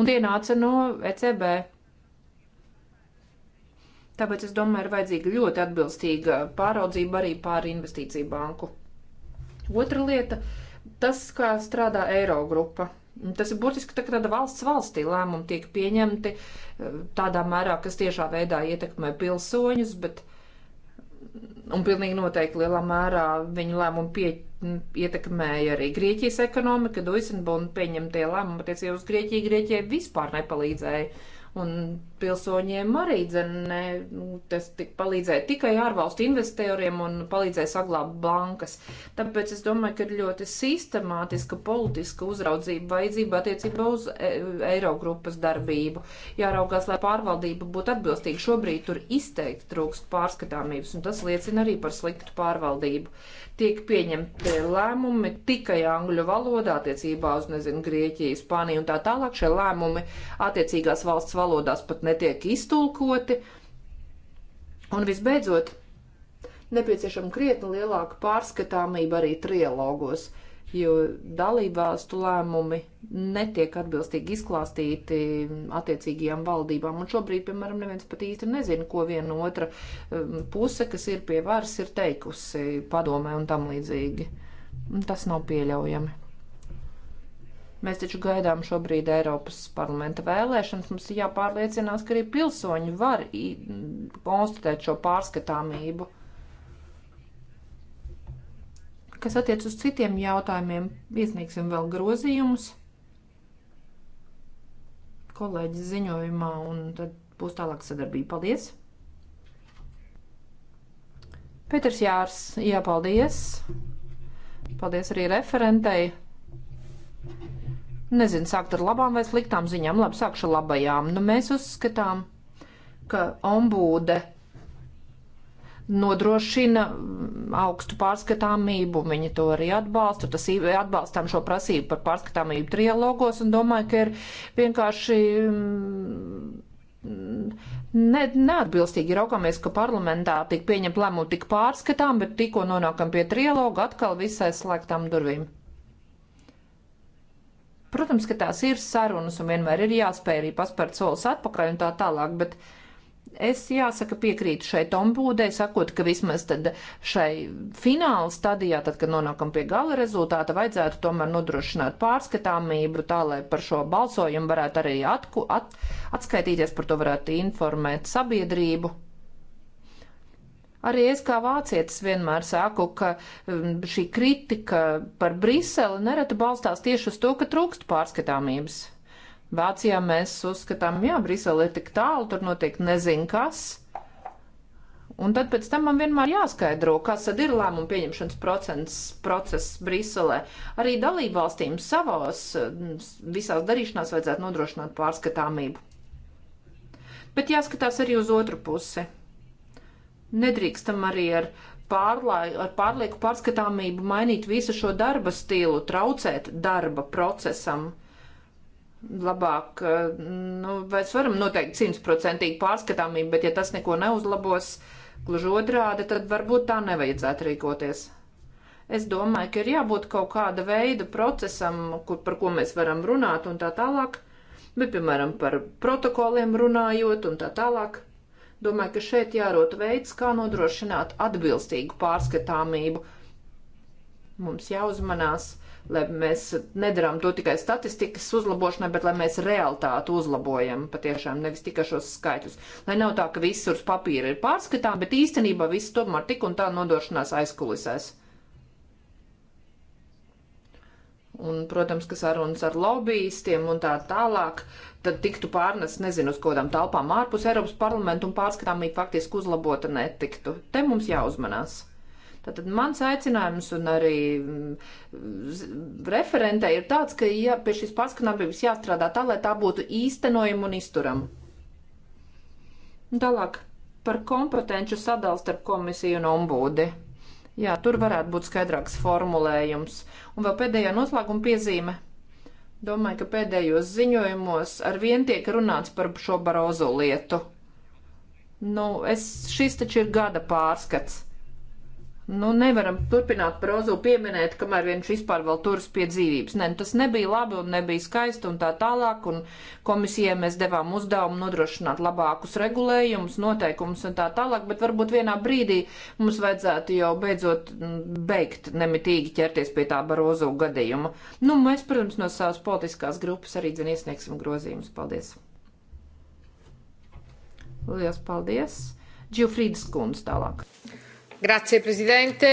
Un tie nāca no ECB. Tāpēc es domāju, ir vajadzīga ļoti atbilstīga pāraudzība arī pār investīciju banku. Otra lieta - tas, kā strādā Eirogrupa. Tas ir būtiski, ka tāda valsts valstī lēmumi tiek pieņemti eh, tādā mērā, kas tiešā veidā ietekmē pilsoņus, bet mm, un pilnīgi noteikti lielā mērā viņu lēmumu pie, ietekmēja arī Grieķijas ekonomika, Duisenbuna pieņemtie lēmumi, patiesībā uz Grieķiju, Grieķijai vispār nepalīdzēja un pilsoņiem arī dzenē, nu, tas tik palīdzēja tikai ārvalstu investoriem un palīdzēja saglābt bankas. Tāpēc es domāju, ka ir ļoti sistemātiska politiska uzraudzība vajadzība attiecībā uz e Eirogrupas darbību. Jāraugās, lai pārvaldība būtu atbilstīga. Šobrīd tur izteikti trūkst pārskatāmības, un tas liecina arī par sliktu pārvaldību tiek pieņemti lēmumi tikai angļu valodā attiecībā uz, nezinu, Grieķiju, Spāniju un tā tālāk. Šie lēmumi attiecīgās valsts valodās pat netiek iztulkoti. Un visbeidzot, nepieciešama krietni lielāka pārskatāmība arī trialogos. Uh, jo dalībvalstu lēmumi netiek atbilstīgi izklāstīti attiecīgajām valdībām. Un šobrīd, piemēram, neviens pat īsti nezina, ko viena otra um, puse, kas ir pie varas, ir teikusi padomē un tam līdzīgi. Tas nav pieļaujami. Mēs taču gaidām šobrīd Eiropas parlamenta vēlēšanas. Mums ir jāpārliecinās, ka arī pilsoņi var konstatēt šo pārskatāmību. Kas attiec uz citiem jautājumiem, iesniegsim vēl grozījumus kolēģis ziņojumā, un tad būs tālāk sadarbība. Paldies! Pēters Jārs, jā, paldies! Paldies arī referentei. Nezinu, sākt ar labām vai sliktām ziņām. Labi, sākšu ar labajām. Nu, mēs uzskatām, ka ombude nodrošina mm, augstu pārskatāmību, viņi to arī atbalsta. Tas atbalstām šo prasību par pārskatāmību trialogos un domāju, ka ir vienkārši mm, ne, neatbilstīgi raukāmies, ka parlamentā tiek pieņemt lēmumu tik pārskatām, bet tikko nonākam pie trialoga atkal visai slēgtām durvīm. Protams, ka tās ir sarunas un vienmēr ir jāspēj arī paspērt solis atpakaļ un tā tālāk, bet Es jāsaka piekrītu šai tombūdē, sakot, ka vismaz tad šai fināla stadijā, tad, kad nonākam pie gala rezultāta, vajadzētu tomēr nodrošināt pārskatāmību tā, lai par šo balsojumu varētu arī atku, at, atskaitīties, par to varētu informēt sabiedrību. Arī es kā vācietis vienmēr saku, ka um, šī kritika par Briseli nereti balstās tieši uz to, ka trūkst pārskatāmības. Vācijā mēs uzskatām, jā, Brisele ir tik tālu, tur notiek nezin kas. Un tad pēc tam man vienmēr jāskaidro, kas tad ir lēmumu pieņemšanas procents, process Briselē. Arī dalībvalstīm savās mm, visās darīšanās vajadzētu nodrošināt pārskatāmību. Bet jāskatās arī uz otru pusi. Nedrīkstam arī ar, pārlai, ar pārlieku pārskatāmību mainīt visu šo darba stilu, traucēt darba procesam. Uh, labāk, eh, nu, mēs varam noteikt simtprocentīgi pārskatāmību, bet ja tas neko neuzlabos, gluži otrādi, tad varbūt tā nevajadzētu rīkoties. Es domāju, ka ir jābūt kaut kāda veida procesam, kur, par ko mēs varam runāt un tā tālāk, bet, piemēram, par protokoliem runājot un tā tālāk. Domāju, ka šeit jārot veids, kā nodrošināt atbilstīgu pārskatāmību. Mums jāuzmanās lai mēs nedarām to tikai statistikas uzlabošanai, bet lai mēs realtātu uzlabojam patiešām, nevis tikai šos skaitļus. Lai nav tā, ka viss uz papīra ir pārskatām, bet īstenībā viss tomēr tik un tā nodošanās aizkulisēs. Un, protams, ka sarunas ar lobbyistiem un tā tālāk, tad tiktu pārnest, nezinu, uz kodām telpām ārpus Eiropas parlamentu un pārskatāmība faktiski uzlabota netiktu. Te mums jāuzmanās. Tātad mans aicinājums un arī mm, referentē ir tāds, ka jā, pie šīs paskanābības jāstrādā tā, lai tā būtu īstenojama un izturama. Tālāk par kompetenču sadalu starp komisiju un ombūdi. Jā, tur varētu būt skaidrāks formulējums. Un vēl pēdējā noslēguma piezīme. Domāju, ka pēdējos ziņojumos ar vien tiek runāts par šo barozo lietu. Nu, es, šis taču ir gada pārskats. Nu, nevaram turpināt prozu pieminēt, kamēr viņš vispār vēl turas pie dzīvības. Nē, nu, tas nebija labi un nebija skaisti un tā tālāk, un komisijai mēs devām uzdevumu nodrošināt labākus regulējumus, noteikumus un tā tālāk, bet varbūt vienā brīdī mums vajadzētu jau beidzot mm, beigt nemitīgi ķerties pie tā barozu gadījuma. Nu, mēs, protams, no savas politiskās grupas arī dzin iesniegsim grozījumus. Paldies! Lielas paldies! Džufrīdas kundze tālāk. Grazie, prezidente!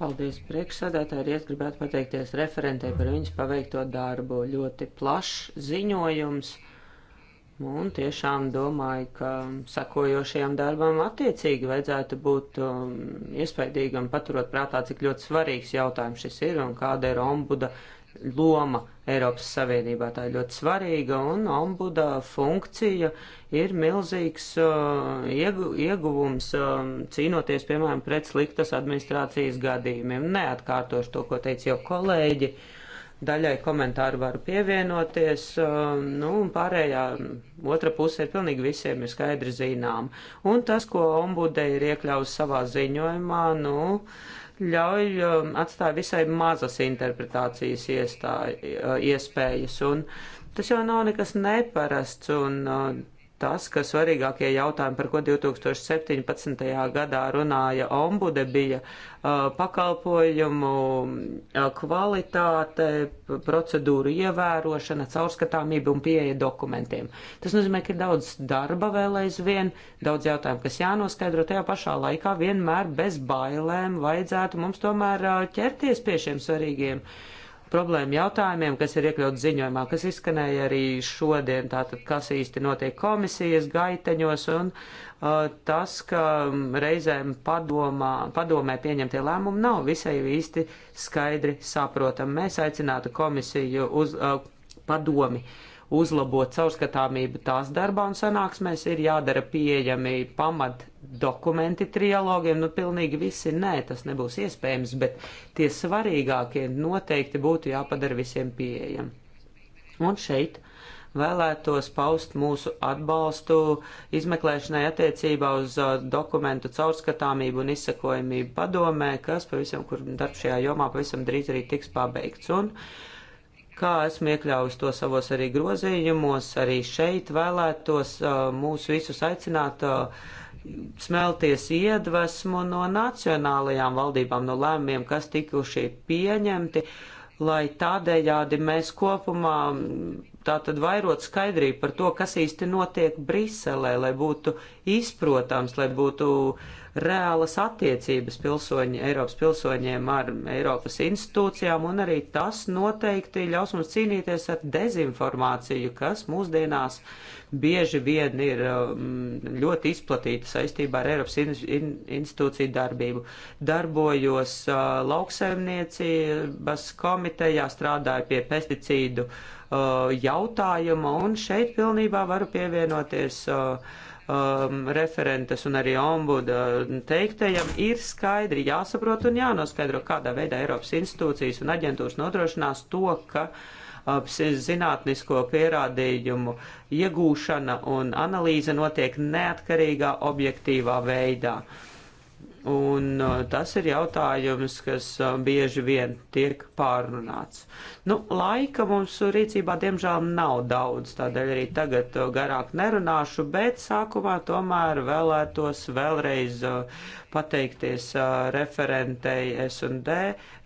Paldies priekšsādātāji, arī es gribētu pateikties referentei par viņas paveikto darbu. Ļoti plašs ziņojums, nu, un tiešām domāju, ka sakojošajam darbam attiecīgi vajadzētu būt um, iespējīgam paturot prātā, cik ļoti svarīgs jautājums šis ir un kāda ir ombuda uh, loma Eiropas Savienībā. Tā ir ļoti svarīga un ombuda funkcija ir milzīgs uh, iegu, ieguvums um, cīnoties, piemēram, pret sliktas administrācijas gadījumiem. Neatkārtošu to, ko teica jau kolēģi. Daļai komentāru varu pievienoties, um, nu, un pārējā um, otra puse ir pilnīgi visiem ir skaidri zinām. Un tas, ko ombude ir iekļauts savā ziņojumā, nu, uh, ļauj um, atstāja visai mazas interpretācijas iestāja, uh, iespējas, un tas jau nav nekas neparasts, un uh, tas, ka svarīgākie jautājumi, par ko 2017. gadā runāja ombude, bija uh, pakalpojumu uh, kvalitāte, procedūru ievērošana, caurskatāmība un pieeja dokumentiem. Tas nozīmē, ka ir daudz darba vēl aizvien, daudz jautājumu, kas jānoskaidro tajā pašā laikā, vienmēr bez bailēm vajadzētu mums tomēr uh, ķerties pie šiem svarīgiem jautājumiem problēmu jautājumiem, kas ir iekļauts ziņojumā, kas izskanēja arī šodien, tātad kas īsti notiek komisijas gaiteņos un uh, tas, ka reizēm padomā, padomē pieņemtie lēmumi nav visai īsti skaidri saprotami. Mēs aicinātu komisiju uz uh, padomi uzlabot caurskatāmību tās darbā un sanāksmēs ir jādara pieejami pamat dokumenti trialogiem, nu pilnīgi visi nē, tas nebūs iespējams, bet tie svarīgākie noteikti būtu jāpadara visiem pieejam. Un šeit vēlētos paust mūsu atbalstu izmeklēšanai attiecībā uz uh, dokumentu caurskatāmību un izsakojamību padomē, kas pavisam, kur darbs šajā jomā pavisam drīz arī tiks pabeigts. Un, kā esmu iekļāvusi to savos arī grozījumos, arī šeit vēlētos uh, mūs visus aicināt uh, smelties iedvesmu no nacionālajām valdībām, no lēmumiem, kas tikuši pieņemti, lai tādējādi mēs kopumā tātad vairot skaidrību par to, kas īsti notiek Briselē, lai būtu izprotams, lai būtu uh, reālas attiecības pilsoņi, Eiropas pilsoņiem ar Eiropas institūcijām, un arī tas noteikti ļaus mums cīnīties ar dezinformāciju, kas mūsdienās bieži vien ir mm, ļoti izplatīta saistībā ar Eiropas in, in, institūciju darbību. Darbojos uh, lauksaimniecības komitejā, strādāju pie pesticīdu uh, jautājuma, un šeit pilnībā varu pievienoties. Uh, um, referentes un arī ombuda teiktajam, ir skaidri jāsaprot un jānoskaidro, kādā veidā Eiropas institūcijas un aģentūras nodrošinās to, ka uh, zinātnisko pierādījumu iegūšana un analīze notiek neatkarīgā, objektīvā veidā. Uh, Un uh, tas ir jautājums, kas uh, bieži vien tiek pārrunāts. Nu, laika mums rīcībā, diemžēl, nav daudz, tādēļ arī tagad uh, garāk nerunāšu, bet sākumā tomēr vēlētos vēlreiz uh, pateikties uh, referentei S&D uh,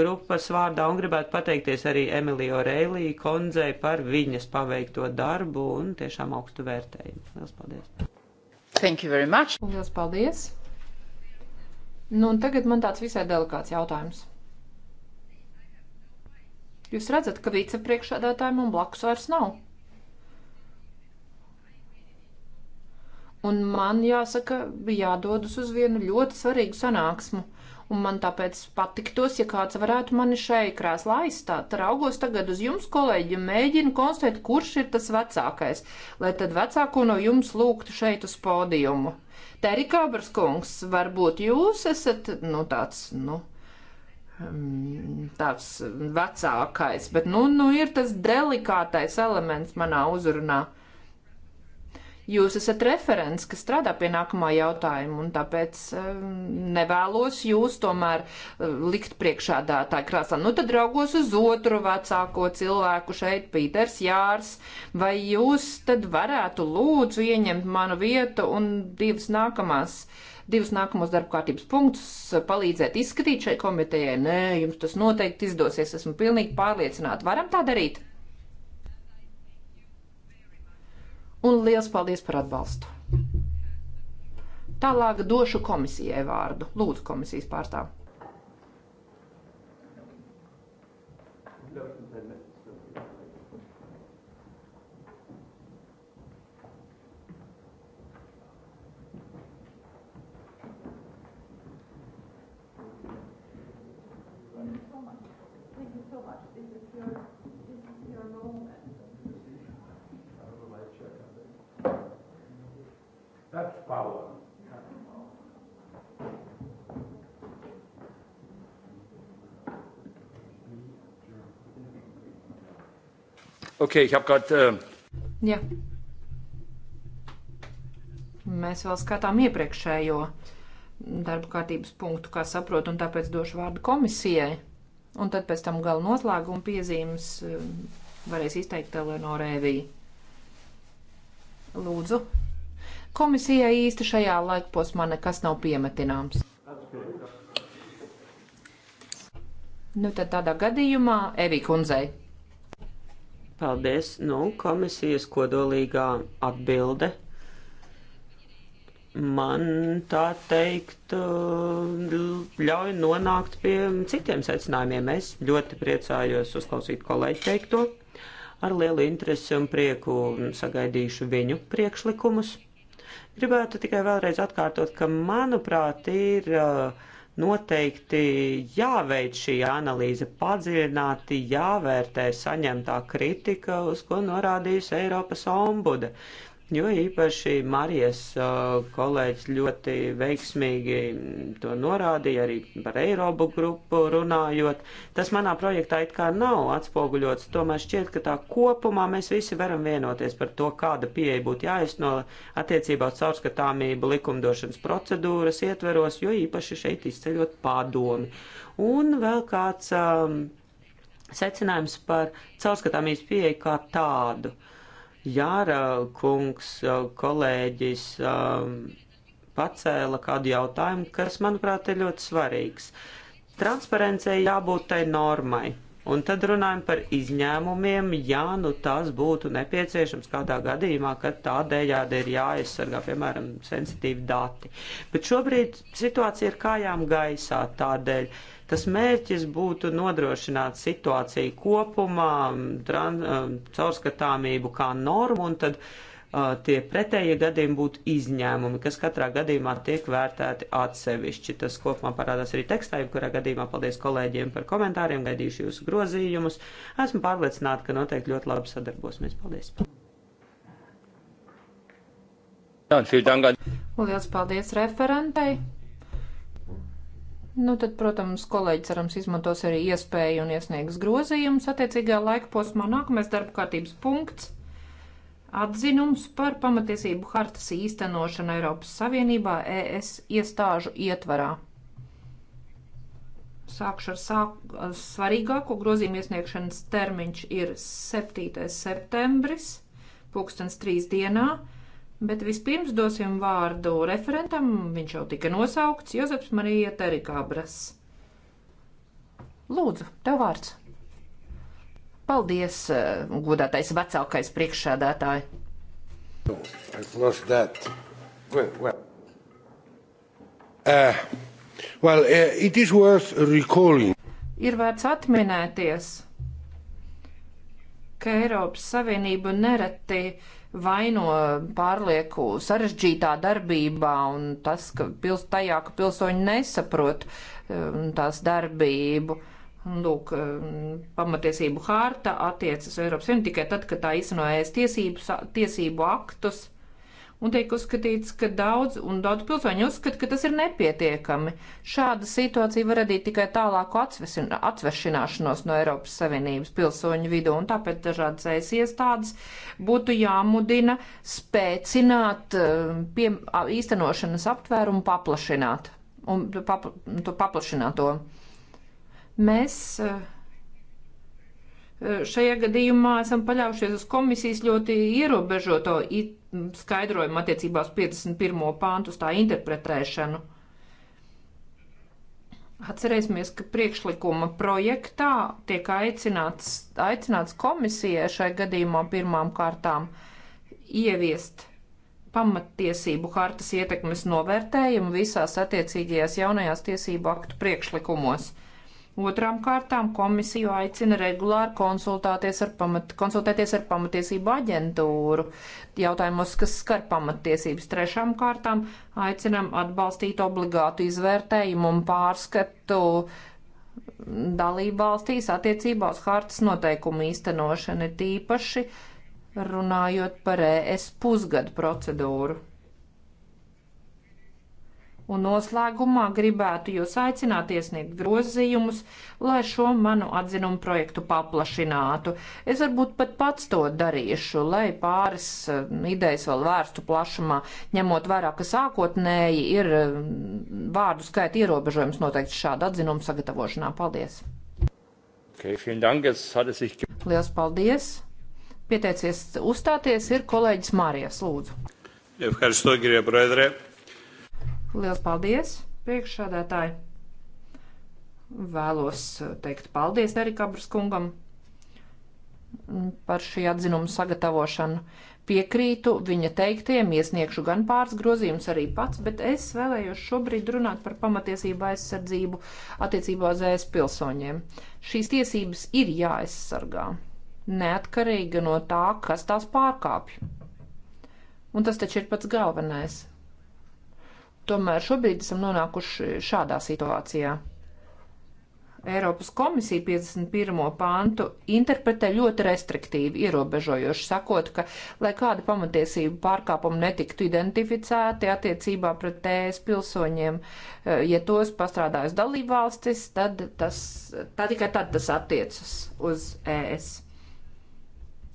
grupas vārdā un gribētu pateikties arī Emilio Reilī kondzei par viņas paveikto darbu un tiešām augstu vērtējumu. Lielas paldies! Thank you very much! Lielas paldies! Nu, un tagad man tāds visai delikāts jautājums. Jūs redzat, ka vicepriekšādātāji man blakus vairs nav. Un man jāsaka, bija jādodas uz vienu ļoti svarīgu sanāksmu. Un man tāpēc patiktos, ja kāds varētu mani šai krēslā aizstāt. Raugos tagad uz jums, kolēģi, mēģinu konstatēt, kurš ir tas vecākais, lai tad vecāko no jums lūgtu šeit uz pódiumu. Terikābras kungs, varbūt jūs esat, nu, tāds, nu, hmm, tāds vecākais, bet, nu, nu, ir tas delikātais elements manā uzrunā. Uh, Jūs esat referents, kas strādā pie nākamā jautājuma, un tāpēc um, nevēlos jūs tomēr uh, likt priekšā tā krāsā. Nu, tad raugos uz otru vecāko cilvēku šeit, Pīters Jārs, vai jūs tad varētu lūdzu ieņemt manu vietu un divas nākamās divus nākamos darba kārtības punktus, uh, palīdzēt izskatīt šai komitejai. Nē, jums tas noteikti izdosies, esmu pilnīgi pārliecināta. Varam tā darīt? un liels paldies par atbalstu. Tālāk došu komisijai vārdu. Lūdzu, komisijas pārstāv. Thank you so much. This is your That's power. Okay, ich habe gerade. Äh... Ja. Mēs vēl skatām iepriekšējo darba kārtības punktu, kā saprotu, un tāpēc došu vārdu komisijai. Un tad pēc tam gala noslēguma piezīmes eh, varēs izteikt Eleonora Evija. Lūdzu, Komisijai īsti šajā laikposmā nekas nav piemetināms. Nu, tad tādā gadījumā Evī kundzei. Paldies. Nu, komisijas kodolīgā atbilde man tā teikt uh, ļauj nonākt pie citiem secinājumiem. Es ļoti priecājos uzklausīt kolēģi teikto. Ar lielu interesi un prieku sagaidīšu viņu priekšlikumus. Gribētu tikai vēlreiz atkārtot, ka manuprāt ir uh, noteikti jāveic šī analīze padziļināti, jāvērtē saņemtā kritika, uz ko norādījusi Eiropas ombude. Jo īpaši Marijas uh, kolēģis ļoti veiksmīgi to norādīja, arī par Eirobu grupu runājot. Tas manā projektā it kā nav atspoguļots, tomēr šķiet, ka tā kopumā mēs visi varam vienoties par to, kāda pieeja būtu jāizno attiecībā uz caurskatāmību likumdošanas procedūras ietveros, jo īpaši šeit izceļot padomi. Un vēl kāds um, secinājums par caurskatāmības pieeju kā tādu. Uh, Jāra kungs, kolēģis, pacēla kādu jautājumu, kas, manuprāt, ir ļoti svarīgs. Transparencija jābūt tai normai. Un tad runājam par izņēmumiem, ja nu tas būtu nepieciešams kādā gadījumā, kad tādējādi ir jāaizsargā, piemēram, sensitīvi dati. Bet šobrīd situācija ir kājām gaisā, tādēļ Tas mērķis būtu nodrošināt situāciju kopumā, tran, eh, caurskatāmību kā normu, un tad uh, tie pretējie gadījumi būtu izņēmumi, kas katrā gadījumā tiek vērtēti atsevišķi. Tas kopumā parādās arī tekstā, kurā gadījumā paldies kolēģiem par komentāriem, gaidīšu jūsu grozījumus. Esmu pārliecināta, ka noteikti ļoti labi sadarbosimies. Paldies! Lielas paldies referentei! Nu, tad, protams, kolēģi cerams izmantos arī iespēju un iesniegs grozījumus attiecīgā laika posmā. Nākamais darba kārtības punkts - atzinums par pamatiesību hartas īstenošanu Eiropas Savienībā ES iestāžu ietvarā. Sākšu ar sāk, svarīgāko grozījumu iesniegšanas termiņš ir 7. septembris, pulkstens trīs dienā. Bet vispirms dosim vārdu referentam, viņš jau tika nosaukts, Jozeps Marija Terikābras. Lūdzu, tev vārds. Paldies, eh, godātais vecākais priekšsēdētāji. Well, well. Uh, well, uh, Ir vērts atminēties, ka Eiropas Savienība nereti uh, vaino pārlieku sarežģītā darbībā un tas, ka pils, tajā, ka pilsoņi nesaprot eh, tās darbību. Lūk, eh, pamatiesību hārta attiecas Eiropas Savienībai tikai tad, kad tā izsanojas tiesību, tiesību aktus un tiek uzskatīts, ka daudz un daudz pilsoņu uzskata, ka tas ir nepietiekami. Šāda situācija var radīt tikai tālāku atvešināšanos no Eiropas Savienības pilsoņu vidū, un tāpēc dažādas ES iestādes būtu jāmudina spēcināt eh, pie, īstenošanas aptvērumu paplašināt, un pap, to paplašināto. Mēs uh, Šajā gadījumā esam paļaujušies uz komisijas ļoti ierobežoto skaidrojumu attiecībā uz 51. pāntu, uz tā interpretēšanu. Atcerēsimies, ka priekšlikuma projektā tiek aicināts, aicināts komisijai šai gadījumā pirmām kārtām ieviest pamattiesību hartas ietekmes novērtējumu visās attiecīgajās jaunajās tiesību aktu priekšlikumos. Otrām kārtām komisiju aicina regulāri konsultēties ar, pamat, konsultēties ar pamatiesību aģentūru jautājumos, kas skar pamatiesības. Trešām kārtām aicinam atbalstīt obligātu izvērtējumu un pārskatu dalību valstīs attiecībā uz hartas noteikumu īstenošanu, tīpaši runājot par ES pusgadu procedūru. Un noslēgumā gribētu jūs aicināt iesniegt grozījumus, lai šo manu atzinumu projektu paplašinātu. Es varbūt pat pats to darīšu, lai pāris mm, idejas vēl vērstu plašumā, ņemot vērā, ka sākotnēji ir mm, vārdu skaita ierobežojums noteikti šāda atzinuma sagatavošanā. Paldies! Okay, dank, ich... Lielas paldies! Pieteicies uzstāties ir kolēģis Mārijas Lūdzu. Ευχαριστώ κύριε Πρόεδρε. Liels paldies, priekšsādātāji! Vēlos eh, teikt paldies Erikabras kungam mm, par šī atzinuma sagatavošanu. Piekrītu viņa teiktiem, iesniegšu gan pāris grozījumus arī pats, bet es vēlējos šobrīd runāt par pamatiesību aizsardzību attiecībā uz ES pilsoņiem. Šīs tiesības ir jāaizsargā, neatkarīgi no tā, kas tās pārkāpj. Un tas taču ir pats galvenais Tomēr šobrīd esam nonākuši šādā situācijā. Eiropas komisija 51. pāntu interpretē ļoti restriktīvi, ierobežojoši, sakot, ka, lai kāda pamatiesība pārkāpuma netiktu identificēti attiecībā pret tēs pilsoņiem, eh, ja tos pastrādājas dalībvalstis, tad, tas, tad tikai tad tas attiecas uz ES.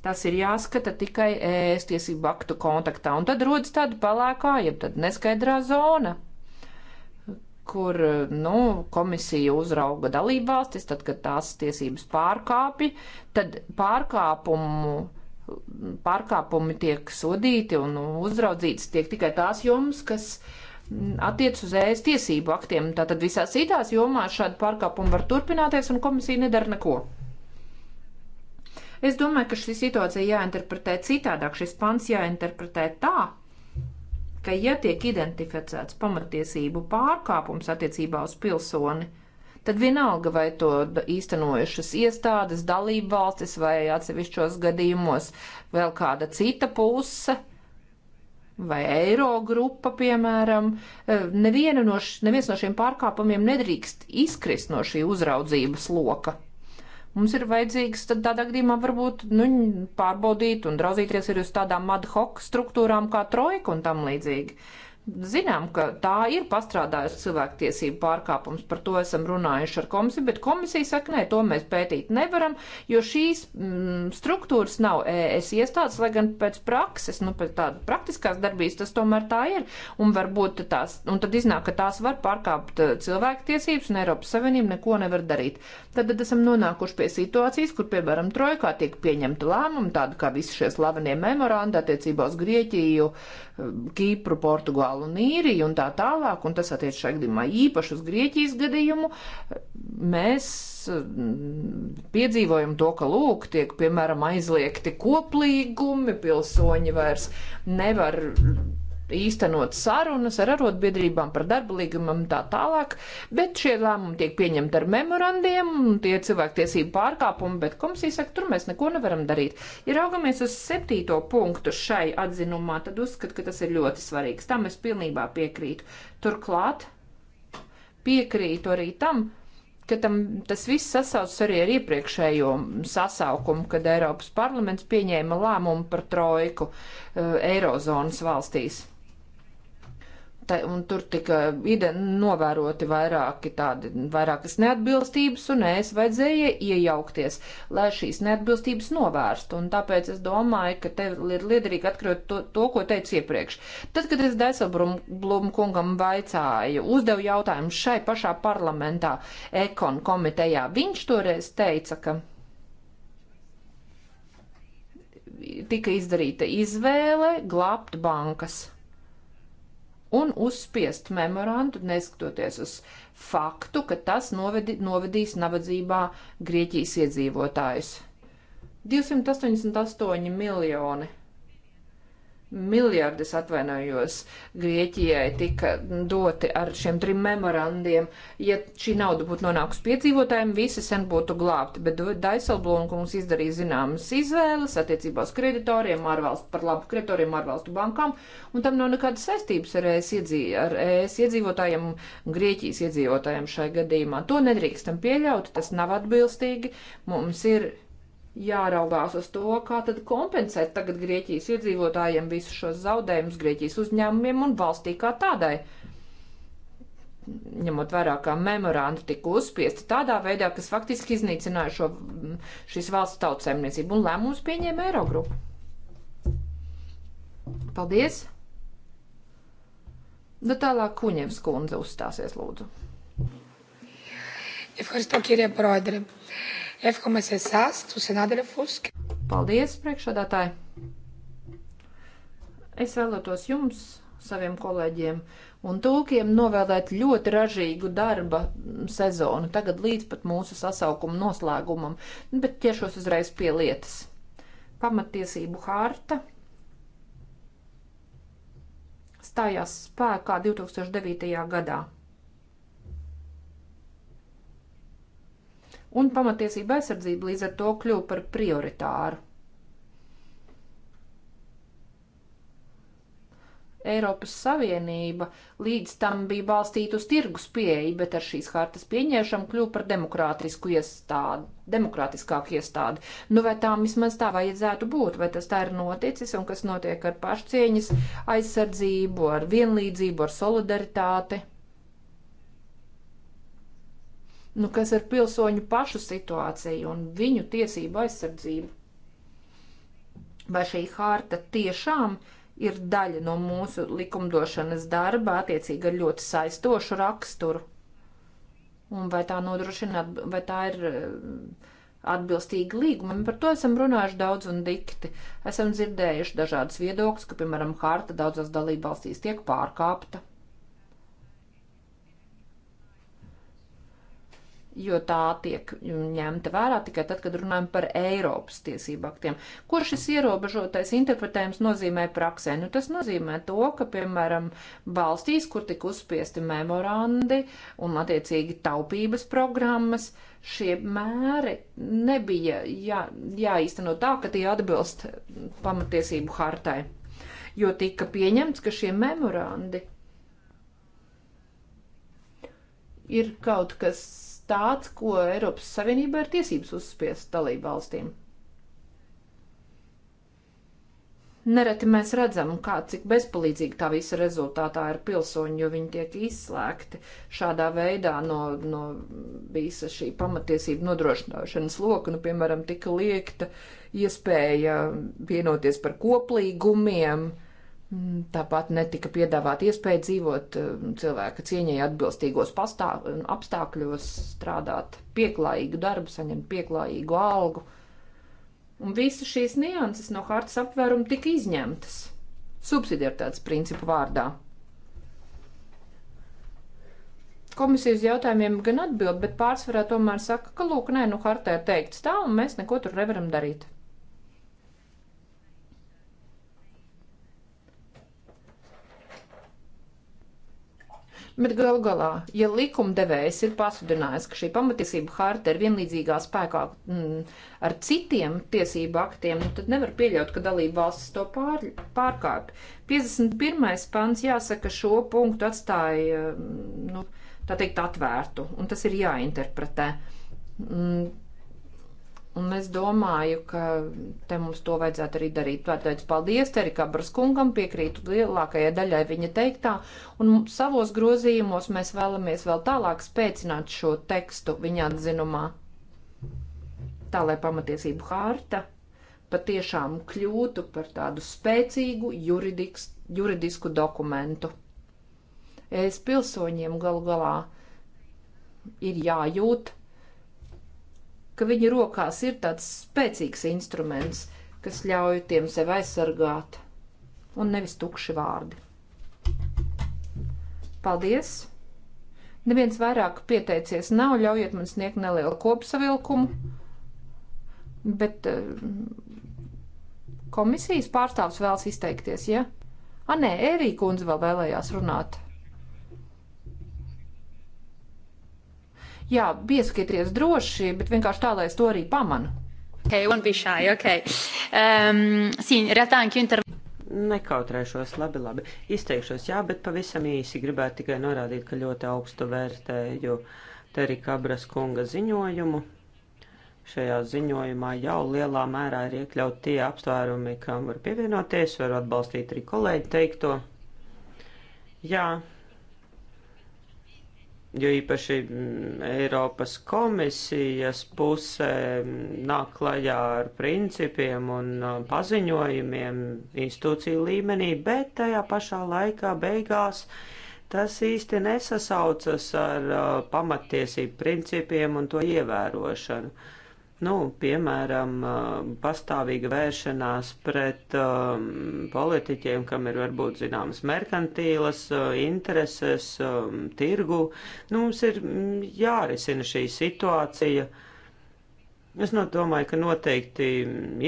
Tas ir jāskata tikai ēst tiesību aktu kontaktā, un tad rodas tāda palēkā, jeb tad neskaidrā zona, kur, nu, komisija uzrauga dalību valstis, tad, kad tās tiesības pārkāpi, tad pārkāpumu pārkāpumi tiek sodīti un uzraudzītas tiek tikai tās jomas, kas attiec uz ēst tiesību aktiem. Tātad visās citās jomās šādi pārkāpumi var turpināties un komisija nedara neko. Es domāju, ka šī situācija jāinterpretē citādāk, šis pants jāinterpretē tā, ka, ja tiek identificēts pamatiesību pārkāpums attiecībā uz pilsoni, tad vienalga vai to īstenojušas iestādes, dalību valstis vai atsevišķos gadījumos vēl kāda cita puse vai eiro grupa, piemēram, e, neviena no, š, neviens no šiem pārkāpumiem nedrīkst izkrist no šī uzraudzības loka. Mums ir vajadzīgs tad tādā gadījumā varbūt nu, pārbaudīt un draudzīties arī uz tādām ad hoc struktūrām kā trojka un tam līdzīgi zinām, ka tā ir pastrādājusi cilvēktiesību pārkāpums, par to esam runājuši ar komisiju, bet komisija saka, nē, to mēs pētīt nevaram, jo šīs mm, struktūras nav ES iestādes, lai gan pēc prakses, nu, pēc tāda praktiskās darbības tas tomēr tā ir, un varbūt tās, un tad iznāk, ka tās var pārkāpt eh, cilvēktiesības, un Eiropas Savienība neko nevar darīt. Tad, tad esam nonākuši pie situācijas, kur, piemēram, trojkā tiek pieņemta lēmuma, tāda kā visi šie slavenie memorandi attiecībā uz Grieķiju, eh, Kīpru, Portugālu, Portugālu un Īriju un tā tālāk, un tas attiec šajā gadījumā īpaši uz Grieķijas gadījumu, mēs mm, piedzīvojam to, ka lūk, tiek, piemēram, aizliegti koplīgumi, pilsoņi vairs nevar īstenot sarunas ar arotbiedrībām par darba līgumam tā tālāk, bet šie lēmumi tiek pieņemti ar memorandiem, tie ir cilvēktiesību pārkāpumi, bet komisija saka, tur mēs neko nevaram darīt. Ja raugamies uz septīto punktu šai atzinumā, tad uzskat, ka tas ir ļoti svarīgs. Tam es pilnībā piekrītu. Turklāt piekrītu arī tam, ka tam, tas viss sasaucas arī ar iepriekšējo sasaukumu, kad Eiropas parlaments pieņēma lēmumu par trojku uh, Eirozonas valstīs. Te, un tur tika ide, novēroti vairāki tādi, vairākas neatbilstības, un es vajadzēja iejaukties, lai šīs neatbilstības novērstu. Un tāpēc es domāju, ka te ir liederīgi atkrot to, to, ko teicu iepriekš. Tad, kad es Daiselblum kungam vaicāju, uzdevu jautājumu šai pašā parlamentā, ekon komitejā, viņš toreiz teica, ka tika izdarīta izvēle glābt bankas un uzspiest memorandu, neskatoties uz faktu, ka tas novedi, novedīs nabadzībā Grieķijas iedzīvotājus. 288 miljoni miljardus atvainojos Grieķijai tika doti ar šiem trim memorandiem. Ja šī nauda būtu nonākusi piedzīvotājiem, visi sen būtu glābti, bet Daiselblunkungs izdarīja zināmas izvēles attiecībā uz kreditoriem, ārvalstu par labu kreditoriem, ārvalstu bankām, un tam nav nekādas saistības ar ES, iedzī, ar ES iedzīvotājiem, Grieķijas iedzīvotājiem šai gadījumā. To nedrīkstam pieļaut, tas nav atbilstīgi. Mums ir jāraugās uz to, kā tad kompensēt tagad Grieķijas iedzīvotājiem visus šos zaudējumus Grieķijas uzņēmumiem un valstī kā tādai. Ņemot vērā, kā memorandi tika uzspiesti tādā veidā, kas faktiski iznīcināja šo, šīs valsts tautsēmniecību un lēmums pieņēma Eirogrupa. Paldies! Nu tālāk Kuņevs kundze uzstāsies, lūdzu. Ευχαριστώ κύριε Πρόεδρε. Εύχομαι σε εσά, του συνάδελφου. Paldies, priekšādātāji! Es vēlētos jums, saviem kolēģiem un tūkiem, novēlēt ļoti ražīgu darba sezonu, tagad līdz pat mūsu sasaukuma noslēgumam, bet ķeršos uzreiz pie lietas. Pamattiesību hārta stājās spēkā 2009. gadā. un pamatiesība aizsardzība līdz ar to kļuva par prioritāru. Eiropas Savienība līdz tam bija balstīta uz tirgus pieeju, bet ar šīs hartas pieņemšanu kļūpa par demokrātisku iestādi, demokrātiskāku iestādi. Nu, vai tā vismaz tā vajadzētu būt, vai tas tā ir noticis un kas notiek ar pašcieņas aizsardzību, ar vienlīdzību, ar solidaritāti? nu, kas ar pilsoņu pašu situāciju un viņu tiesību aizsardzību. Vai šī harta tiešām ir daļa no mūsu likumdošanas darba, attiecīgi ar ļoti saistošu raksturu? Un vai tā nodrošina, vai tā ir eh, atbilstīga līgumam? Par to esam runājuši daudz un dikti. Esam dzirdējuši dažādas viedokļas, ka, piemēram, harta daudzās dalībvalstīs tiek pārkāpta. jo tā tiek ņemta vērā tikai tad, kad runājam par Eiropas tiesību aktiem. Ko šis ierobežotais interpretējums nozīmē praksē? Nu, tas nozīmē to, ka, piemēram, valstīs, kur tika uzspiesti memorandi un attiecīgi taupības programmas, šie mēri nebija jā, jāīsteno tā, ka tie atbilst pamatiesību hartai, jo tika pieņemts, ka šie memorandi ir kaut kas tāds, ko Eiropas Savienība ir tiesības uzspiest dalību valstīm. Nereti mēs redzam, kā cik bezpalīdzīgi tā visa rezultātā ir pilsoņi, jo viņi tiek izslēgti šādā veidā no, no visa šī pamatiesība nodrošināšanas loka. Nu, piemēram, tika liekta iespēja vienoties par koplīgumiem, uh, Tāpat netika piedāvāta iespēja dzīvot um, cilvēka cieņai atbilstīgos pastā, um, apstākļos, strādāt pieklājīgu darbu, saņemt pieklājīgu algu. Un visas šīs nianses no hartas apvēruma tika izņemtas subsidiaritātes principu vārdā. Komisijas jautājumiem gan atbild, bet pārsvarā tomēr saka, ka lūk, nē, nu hartē teikts tā, un mēs neko tur nevaram darīt. Bet gal galā, ja likumdevējs ir pasludinājis, ka šī pamatiesība harta ir vienlīdzīgā spēkā mm, ar citiem tiesību aktiem, nu, tad nevar pieļaut, ka dalība valstis to pār, pārkāp. 51. pants jāsaka šo punktu atstāja, mm, nu, tā teikt, atvērtu, un tas ir jāinterpretē. Mm, Un es domāju, ka te mums to vajadzētu arī darīt. Tātad paldies Terika Braskungam, piekrītu lielākajai daļai viņa teiktā, un savos grozījumos mēs vēlamies vēl tālāk spēcināt šo tekstu viņa atzinumā. Tā lai pamatiesību hārta patiešām kļūtu par tādu spēcīgu juridiks, juridisku dokumentu. Es pilsoņiem galu galā ir jājūt ka viņu rokās ir tāds spēcīgs instruments, kas ļauj tiem sevi aizsargāt, un nevis tukši vārdi. Paldies! Neviens vairāk pieteicies nav, ļaujiet man sniegt nelielu kopsavilkumu, bet eh, komisijas pārstāvs vēlas izteikties, ja? A, nē, Ērī kundze vēl vēlējās runāt. jā, pieskieties droši, bet vienkārši tā, lai es to arī pamanu. Ok, un bija šai, ok. Um, ehm, Sīņ, retā, anki inter... Nekautrēšos, labi, labi. Izteikšos, jā, bet pavisam īsi gribētu tikai norādīt, ka ļoti augstu vērtēju Terika Abras kunga ziņojumu. Šajā ziņojumā jau lielā mērā ir iekļaut tie apsvērumi, kam var pievienoties, var atbalstīt arī kolēģi teikto. Jā, jo īpaši mm, Eiropas komisijas pusē mm, nāk klajā ar principiem un uh, paziņojumiem institūciju līmenī, bet tajā pašā laikā beigās tas īsti nesasaucas ar uh, pamatiesību principiem un to ievērošanu. Uh, Nu, piemēram, pastāvīga vēršanās pret um, politiķiem, kam ir varbūt zināmas merkantīlas intereses, um, tirgu. Nu, mums ir mm, jārisina šī situācija. Es nu, domāju, ka noteikti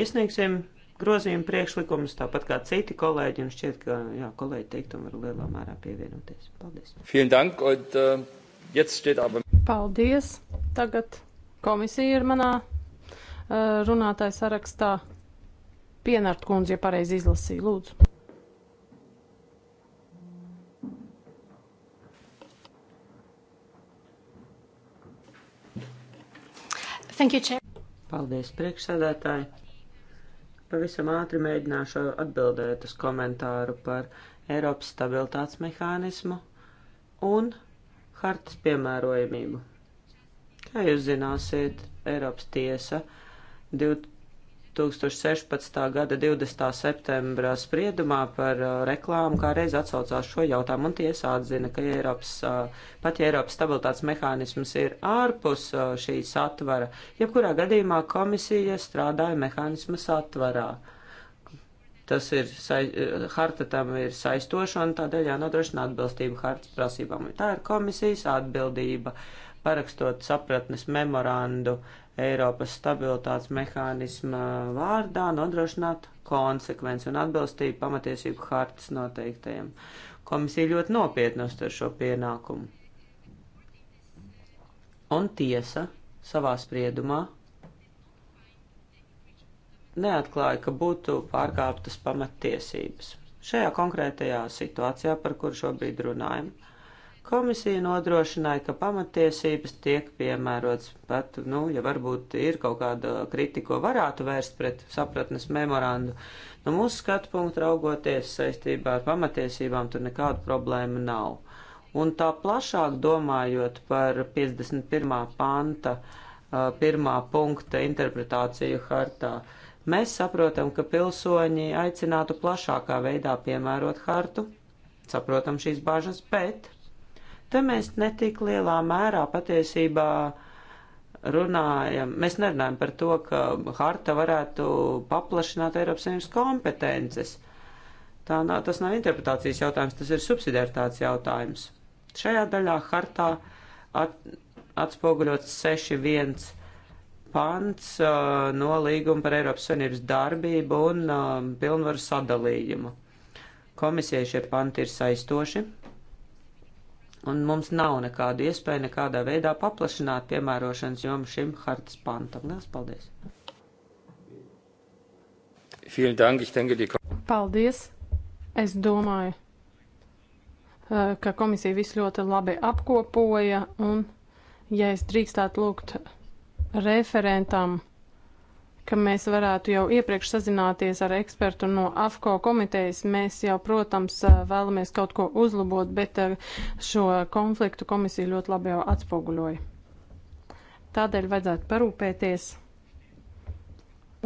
iesniegsim grozījumu priekšlikumus, tāpat kā citi kolēģi, un šķiet, ka jā, kolēģi teiktam var lielā mērā pievienoties. Paldies! Vielen dank, un uh, jetzt steht aber. Paldies! Tagad komisija ir manā Eh, runātāju sarakstā. Pienārt kundze, ja pareizi izlasīju, lūdzu. Thank you, Chair. Paldies, priekšsēdētāji. Pavisam ātri mēģināšu atbildēt uz komentāru par Eiropas stabilitātes mehānismu un hartas piemērojamību. Kā jūs zināsiet, Eiropas tiesa uh, 2016. gada 20. septembra spriedumā par uh, reklāmu kā reiz atsaucās šo jautājumu, un tiesa atzina, ka Eiropas, uh, pat ja Eiropas stabilitātes mehānisms ir ārpus uh, šī satvara, jebkurā gadījumā komisija strādāja mehānisma satvarā tas ir, uh, harta tam ir saistoša un tādēļ jānodrošina atbilstība hartas prasībām. Tā ir komisijas atbildība, parakstot sapratnes memorandu Eiropas stabilitātes mehānisma vārdā nodrošināt konsekvenci un atbilstību pamatiesību hartas noteiktajiem. Komisija ļoti nopietni uztver šo pienākumu. Un tiesa savā spriedumā neatklāja, ka būtu pārkāptas pamatiesības. Šajā konkrētajā situācijā, par kuru šobrīd runājam, uh, Komisija nodrošināja, ka pamatiesības tiek piemērots, pat, nu, ja varbūt ir kaut kāda kritika, ko varētu vērst pret sapratnes memorandu. No nu, mūsu skatu punktu raugoties saistībā ar pamatiesībām, tur nekāda problēma nav. Un tā plašāk domājot par 51. panta, pirmā punkta interpretāciju hartā, mēs saprotam, ka pilsoņi aicinātu plašākā veidā piemērot hartu, saprotam šīs bāžas, bet Te mēs netik lielā mērā patiesībā runājam, mēs nerunājam par to, ka harta varētu paplašināt Eiropas Savienības kompetences. Tā nav, tas nav interpretācijas jautājums, tas ir subsidiaritātes jautājums. Šajā daļā hartā at, atspoguļots 6.1 pants uh, no līguma par Eiropas Savienības darbību un uh, pilnvaru sadalījumu. Komisijai šie panti ir saistoši, un mums nav nekādu iespēju nekādā veidā paplašināt piemērošanas jomu šim hartas pantam. Lielas paldies! Paldies! Es domāju, eh, ka komisija visu ļoti labi apkopoja, un, ja es drīkstētu lūgt referentam, ka mēs varētu jau iepriekš sazināties ar ekspertu no AFCO komitejas. Mēs jau, protams, eh, vēlamies kaut ko uzlabot, bet eh, šo konfliktu komisija ļoti labi jau atspoguļoja. Tādēļ vajadzētu parūpēties,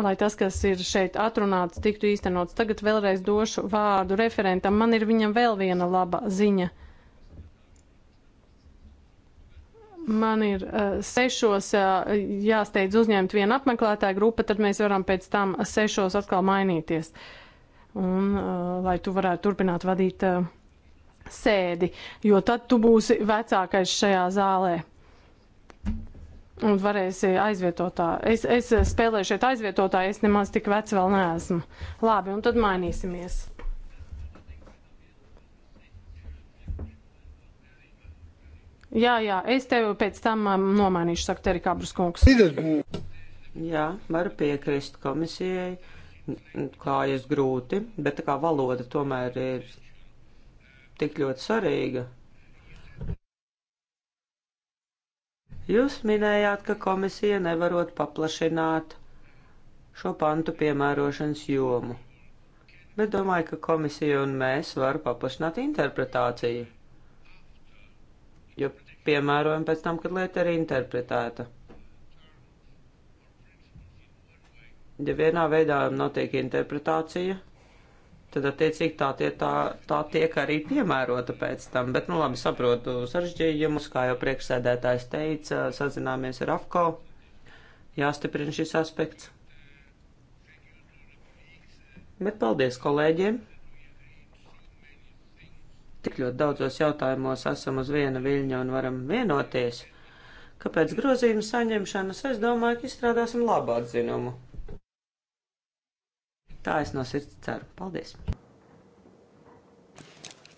lai tas, kas ir šeit atrunāts, tiktu īstenots. Tagad vēlreiz došu vārdu referentam. Man ir viņam vēl viena laba ziņa. man ir uh, sešos uh, jāsteidz uzņemt viena apmeklētāja grupa, tad mēs varam pēc tam sešos atkal mainīties. Un, uh, lai tu varētu turpināt vadīt uh, sēdi, jo tad tu būsi vecākais šajā zālē. Un varēsi aizvietotā. Es, es spēlēju šeit aizvietotā, es nemaz tik vecs vēl neesmu. Labi, un tad mainīsimies. Jā, jā, es tevi pēc tam um, nomainīšu, saka Terika Abraskungs. Jā, varu piekrist komisijai, klājas grūti, bet tā kā valoda tomēr ir tik ļoti svarīga. Jūs minējāt, ka komisija nevarot paplašināt šo pantu piemērošanas jomu, bet domāju, ka komisija un mēs var paplašināt interpretāciju. Jo piemērojam pēc tam, kad lieta ir interpretēta. Ja vienā veidā notiek interpretācija, tad attiecīgi tā, tie, tā, tā tiek arī piemērota pēc tam. Bet, nu labi, saprotu sarežģījumus, kā jau priekšsēdētājs teica, sazināmies ar AFCO, jāstiprina šis aspekts. Bet paldies kolēģiem! tik ļoti daudzos jautājumos esam uz viena viļņa un varam vienoties, ka pēc grozījuma saņemšanas es domāju, ka izstrādāsim labu atzinumu. Tā es no sirds ceru. Paldies!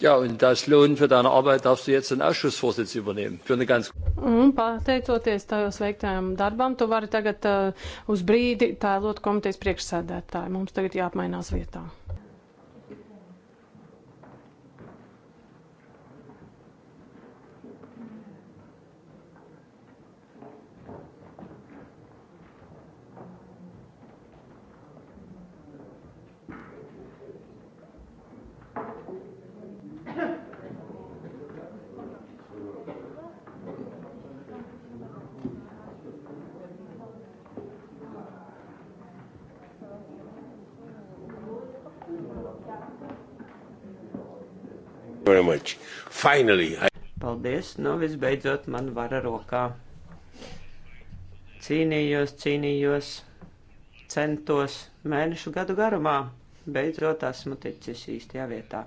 Ja, und das Lohn für deine Arbeit darfst du jetzt den Ausschussvorsitz übernehmen. Für eine ganz un pateicoties tajos veiktajām darbām, tu vari tagad uh, uz brīdi tēlot komitejas priekšsēdētāju. Mums tagad jāapmainās vietā. Finally, I... Paldies, nu visbeidzot man vara rokā. Cīnījos, cīnījos, centos mēnešu gadu garumā, beidzot esmu ticis īstajā vietā.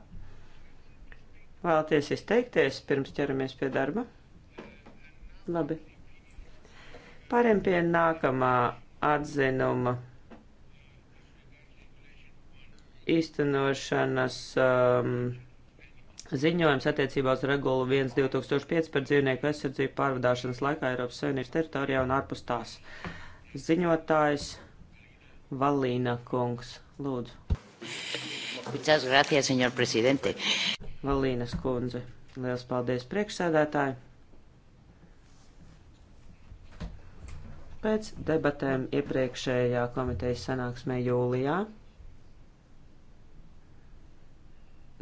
Vēlaties izteikties pirms ķeramies pie darba? Labi. Pāriem pie nākamā atzinuma īstenošanas um, Ziņojums attiecībā uz regulu 1.2005 par dzīvnieku aizsardzību pārvadāšanas laikā Eiropas Savienības teritorijā un ārpus tās. Ziņotājs Valīna Kungs. Lūdzu. Muchas gracias, señor presidente. Valīnas kundze. Liels paldies priekšsēdētāji. Pēc debatēm iepriekšējā komitejas sanāksmē jūlijā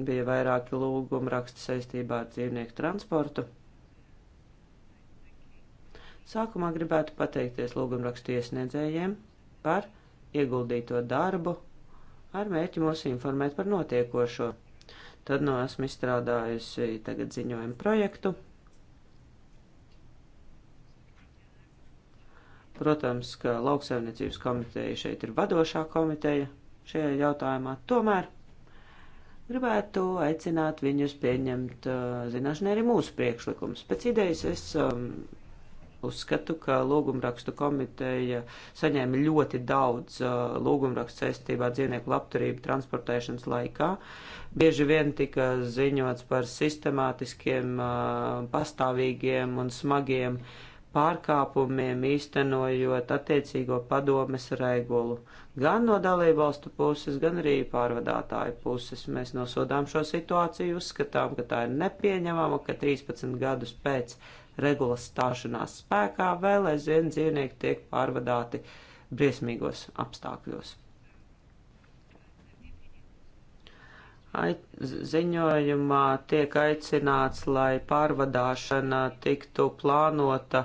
bija vairāki lūgumi raksti saistībā ar dzīvnieku transportu. Sākumā gribētu pateikties lūgumrakstu iesniedzējiem par ieguldīto darbu ar mērķi mūs informēt par notiekošo. Tad no esmu izstrādājusi tagad ziņojumu projektu. Protams, ka lauksaimniecības komiteja šeit ir vadošā komiteja šajā jautājumā. Tomēr Gribētu aicināt viņus pieņemt uh, zināšanai arī mūsu priekšlikumus. Pēc idejas es um, uzskatu, ka lūgumrakstu komiteja saņēma ļoti daudz uh, lūgumrakstu saistībā dzīvnieku labturību transportēšanas laikā. Bieži vien tika ziņots par sistemātiskiem, uh, pastāvīgiem un smagiem uh, pārkāpumiem īstenojot attiecīgo padomes regulu. Gan no dalībvalstu puses, gan arī pārvadātāju puses mēs nosodām šo situāciju, uzskatām, ka tā ir nepieņemama, ka 13 gadus pēc regulas stāšanās spēkā vēl aizvien dzīvnieki tiek pārvadāti briesmīgos apstākļos. ziņojumā tiek aicināts, lai pārvadāšana tiktu plānota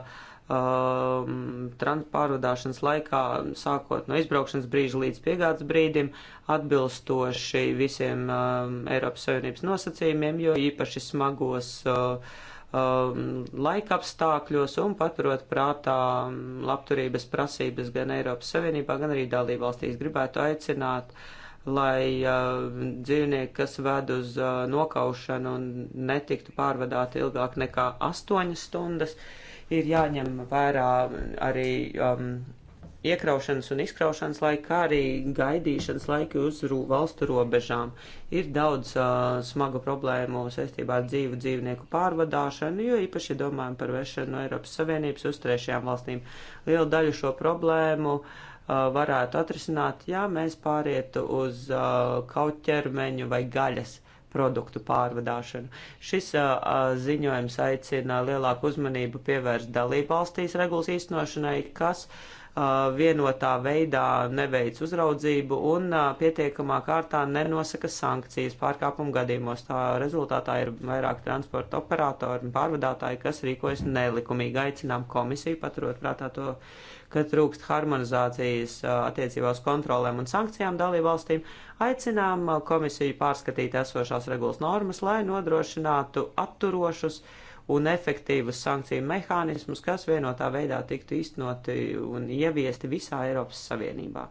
um, pārvadāšanas laikā, sākot no izbraukšanas brīža līdz piegādes brīdim, atbilstoši visiem um, Eiropas Savienības nosacījumiem, jo īpaši smagos uh, um, laika apstākļos un paturot prātā um, labturības prasības gan Eiropas Savienībā, gan arī dalībvalstīs gribētu aicināt uh, lai uh, dzīvnieki, kas ved uz uh, nokaušanu un netiktu pārvadāti ilgāk nekā 8 stundas, ir jāņem vērā arī um, iekraušanas un izkraušanas laika, kā arī gaidīšanas laika uz rū, valstu robežām. Ir daudz uh, smagu problēmu saistībā ar dzīvu dzīvnieku pārvadāšanu, jo īpaši domājam par vešanu no Eiropas Savienības uz trešajām valstīm. Liela daļa šo problēmu uh, varētu atrisināt, ja mēs pārietu uz kautķermeņu vai gaļas produktu pārvadāšanu. Šis a, a, ziņojums aicina lielāku uzmanību pievērst dalībvalstīs regulas īstenošanai, kas uh, vienotā veidā neveic uzraudzību un pietiekamā kārtā nenosaka sankcijas pārkāpumu gadījumos. Tā rezultātā ir vairāk transporta operatori un pārvadātāji, kas rīkojas nelikumīgi. Aicinām komisiju paturot prātā to, ka trūkst harmonizācijas attiecībā uz kontrolēm un sankcijām dalībvalstīm. Aicinām komisiju pārskatīt esošās regulas normas, lai nodrošinātu atturošus uh, un efektīvas sankciju mehānismus, kas vienotā veidā tiktu īstenoti un ieviesti visā Eiropas Savienībā.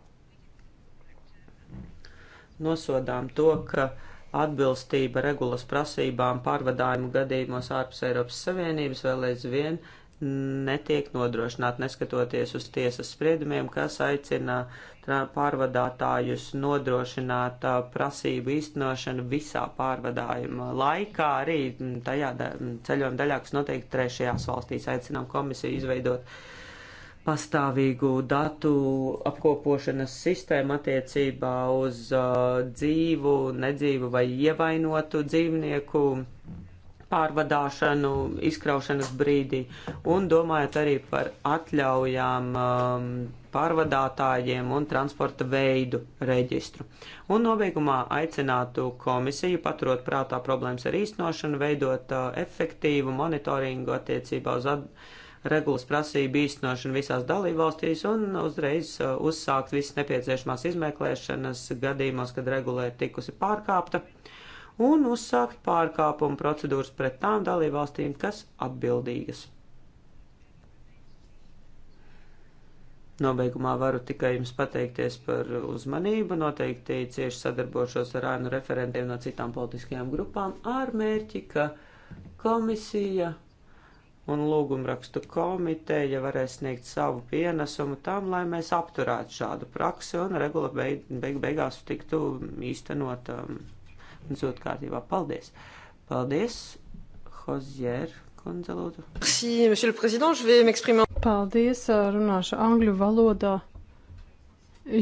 Nosodām to, ka atbilstība regulas prasībām pārvadājumu gadījumos ārpus Eiropas Savienības vēl aizvien netiek nodrošināta, neskatoties uz tiesas spriedumiem, kas aicina uh, pārvadātājus nodrošināt prasību īstenošanu visā pārvadājuma laikā, arī tajā da ceļojuma daļā, kas noteikti trešajās valstīs. Aicinām komisiju izveidot pastāvīgu datu apkopošanas sistēmu attiecībā uz uh, dzīvu, nedzīvu vai ievainotu dzīvnieku pārvadāšanu, izkraušanas brīdī, un domājot arī par atļaujām um, pārvadātājiem un transporta veidu reģistru. Un nobeigumā aicinātu komisiju, paturot prātā problēmas ar īstenošanu, veidot uh, efektīvu monitoringu attiecībā uz regulas prasību īstenošanu visās dalībvalstīs un uzreiz uh, uzsākt visas nepieciešamās izmeklēšanas gadījumos, kad regulē tikusi pārkāpta un uzsākt pārkāpumu procedūras pret tām dalībvalstīm, kas atbildīgas. Nobeigumā varu tikai jums pateikties par uzmanību, noteikti cieši sadarbošos ar ānu referentiem no citām politiskajām grupām ar mērķi, ka komisija un lūgumrakstu komiteja varēs sniegt savu pienesumu tam, lai mēs apturētu šādu praksi un regula beig, beig beigās tiktu īstenot um, zot kārtībā. Paldies! Paldies, Hozier Konzelūdu! Merci, monsieur le président, je vais m'exprimer. Paldies, runāšu angļu valodā,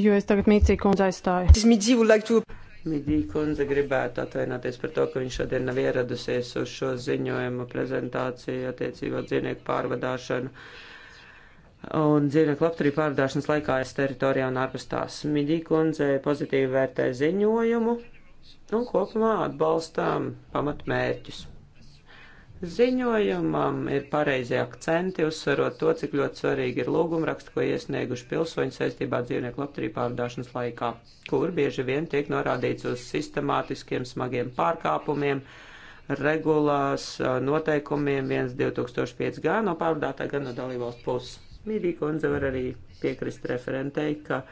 jo es tagad Mīcī kundze aizstāju. Midija kundze gribētu atvainoties par to, ka viņš šodien nav ieradusies uz šo ziņojumu prezentāciju attiecībā dzīvnieku pārvadāšanu un dzīvnieku labturību pārvadāšanas laikā es teritorijā un ārpus tās. Midija kundze pozitīvi vērtē ziņojumu un kopumā atbalstām pamatmērķus. Ziņojumam ir pareizi akcenti, uzsverot to, cik ļoti svarīgi ir lūgumraksti, ko iesnieguši pilsoņi saistībā dzīvnieku labturību pārdāšanas laikā, kur bieži vien tiek norādīts uz sistemātiskiem smagiem pārkāpumiem, regulās noteikumiem 1.2005 gan no pārvadātāja, gan no dalībvalsts puses. Mīdī kundze var arī piekrist referentei, ka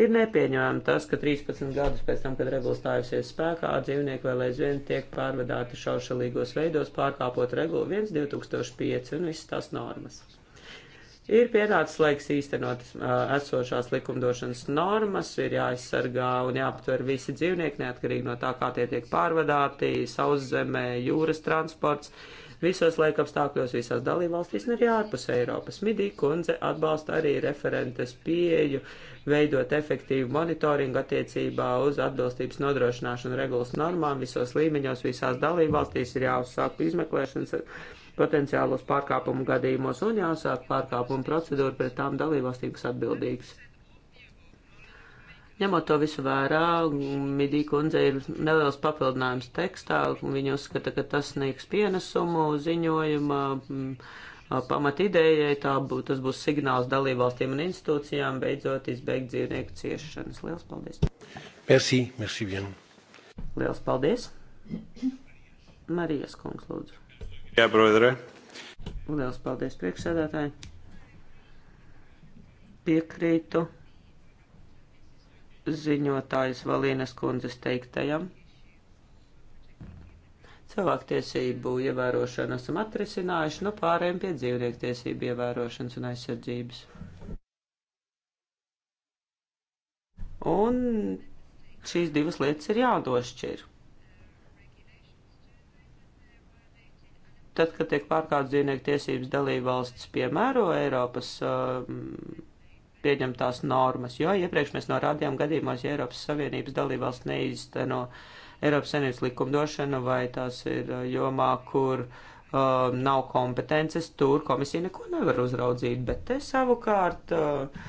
Ir nepieņēmami tas, ka 13 gadus pēc tam, kad regula stājusies spēkā, dzīvnieki vēl aizvien tiek pārvedāti šaušalīgos veidos, pārkāpot regulu 1, 2005 un visas tās normas. Ir pienācis laiks īstenot uh, esošās likumdošanas normas, ir jāaizsargā un jāaptver visi dzīvnieki, neatkarīgi no tā, kā tie tiek pārvadāti, sauszemē, jūras transports. Uh, visos laikapstākļos, visās dalībvalstīs un arī ārpus Eiropas. Midī kundze atbalsta arī referentes pieeju veidot efektīvu monitoringu attiecībā uz atbilstības nodrošināšanu regulas normām visos līmeņos, visās dalībvalstīs ir jāuzsāk izmeklēšanas potenciālos pārkāpumu gadījumos un jāsāk pārkāpumu procedūra pret tām dalībvalstīm, kas atbildīgas. Ņemot to visu vērā, Midī kundze ir neliels papildinājums tekstā, un viņa uzskata, ka tas sniegs pienesumu ziņojuma mm, pamatidējai, tā bū, tas būs signāls dalībvalstīm un institūcijām beidzot izbeigt dzīvnieku ciešanas. Liels paldies! Merci, merci bien! Liels paldies! Marijas kungs, lūdzu. Jā, brodere. Liels paldies priekšsēdētāji. Piekrītu ziņotājas Valīnas kundzes teiktajam. Cilvēktiesību ievērošanu esam atrisinājuši, nu pārējiem pie dzīvniektiesību ievērošanas un aizsardzības. Un šīs divas lietas ir jādošķir. Tad, kad tiek pārkāptas dzīvnieku tiesības dalībvalsts piemēro Eiropas um, pieņemtās normas, jo iepriekš mēs norādījām gadījumos, ja Eiropas Savienības dalībvalsts neizteno Eiropas Savienības likumdošanu vai tas ir uh, jomā, kur uh, nav kompetences, tur komisija neko nevar uzraudzīt, bet te savukārt uh,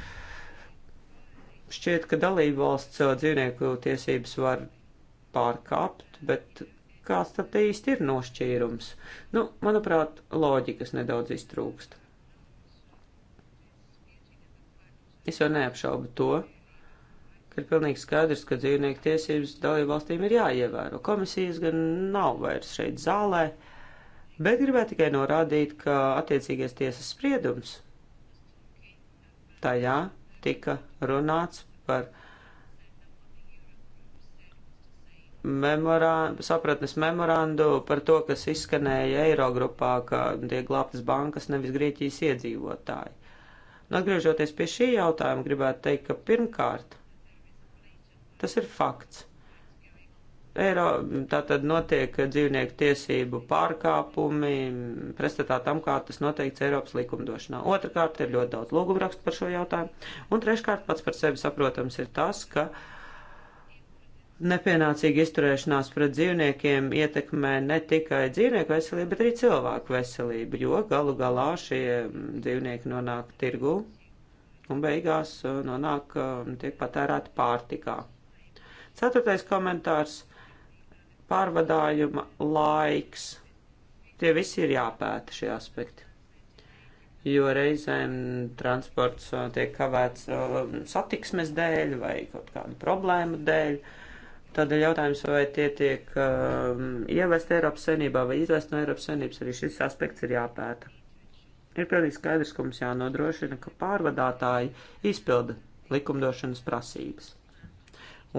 šķiet, ka dalībvalsts uh, dzīvnieku tiesības var pārkāpt, bet kāds tad īsti ir nošķīrums? Nu, manuprāt, loģikas nedaudz iztrūkst. Es jau neapšaubu to, ka ir pilnīgi skaidrs, ka dzīvnieku tiesības dalību valstīm ir jāievēro. Komisijas gan nav vairs šeit zālē, bet gribētu tikai norādīt, ka attiecīgais tiesas spriedums tajā tika runāts par memorā, sapratnes memorandu par to, kas izskanēja Eirogrupā, ka tiek glābtas bankas, nevis Grieķijas iedzīvotāji. Un atgriežoties pie šī jautājuma, gribētu teikt, ka pirmkārt tas ir fakts. Eiro, tā tad notiek dzīvnieku tiesību pārkāpumi, pretstatā tam, kā tas noteikts Eiropas likumdošanā. Otrakārt ir ļoti daudz lūgumrakstu par šo jautājumu. Un treškārt pats par sevi saprotams ir tas, ka uh, nepienācīga izturēšanās pret dzīvniekiem ietekmē ne tikai dzīvnieku veselību, bet arī cilvēku veselību, jo galu galā šie dzīvnieki nonāk tirgu un beigās uh, nonāk, uh, tiek patērēti pārtikā. Ceturtais komentārs - pārvadājuma laiks. Tie visi ir jāpēta šie aspekti. Jo reizēm transports uh, tiek kavēts satiksmes dēļ vai kaut kādu problēmu dēļ. Uh, Tādēļ jautājums, vai tie tiek um, ievest Eiropas senībā vai izvest no Eiropas senības, arī šis aspekts ir jāpēta. Ir pilnīgi skaidrs, ka mums jānodrošina, ka pārvadātāji izpilda likumdošanas prasības.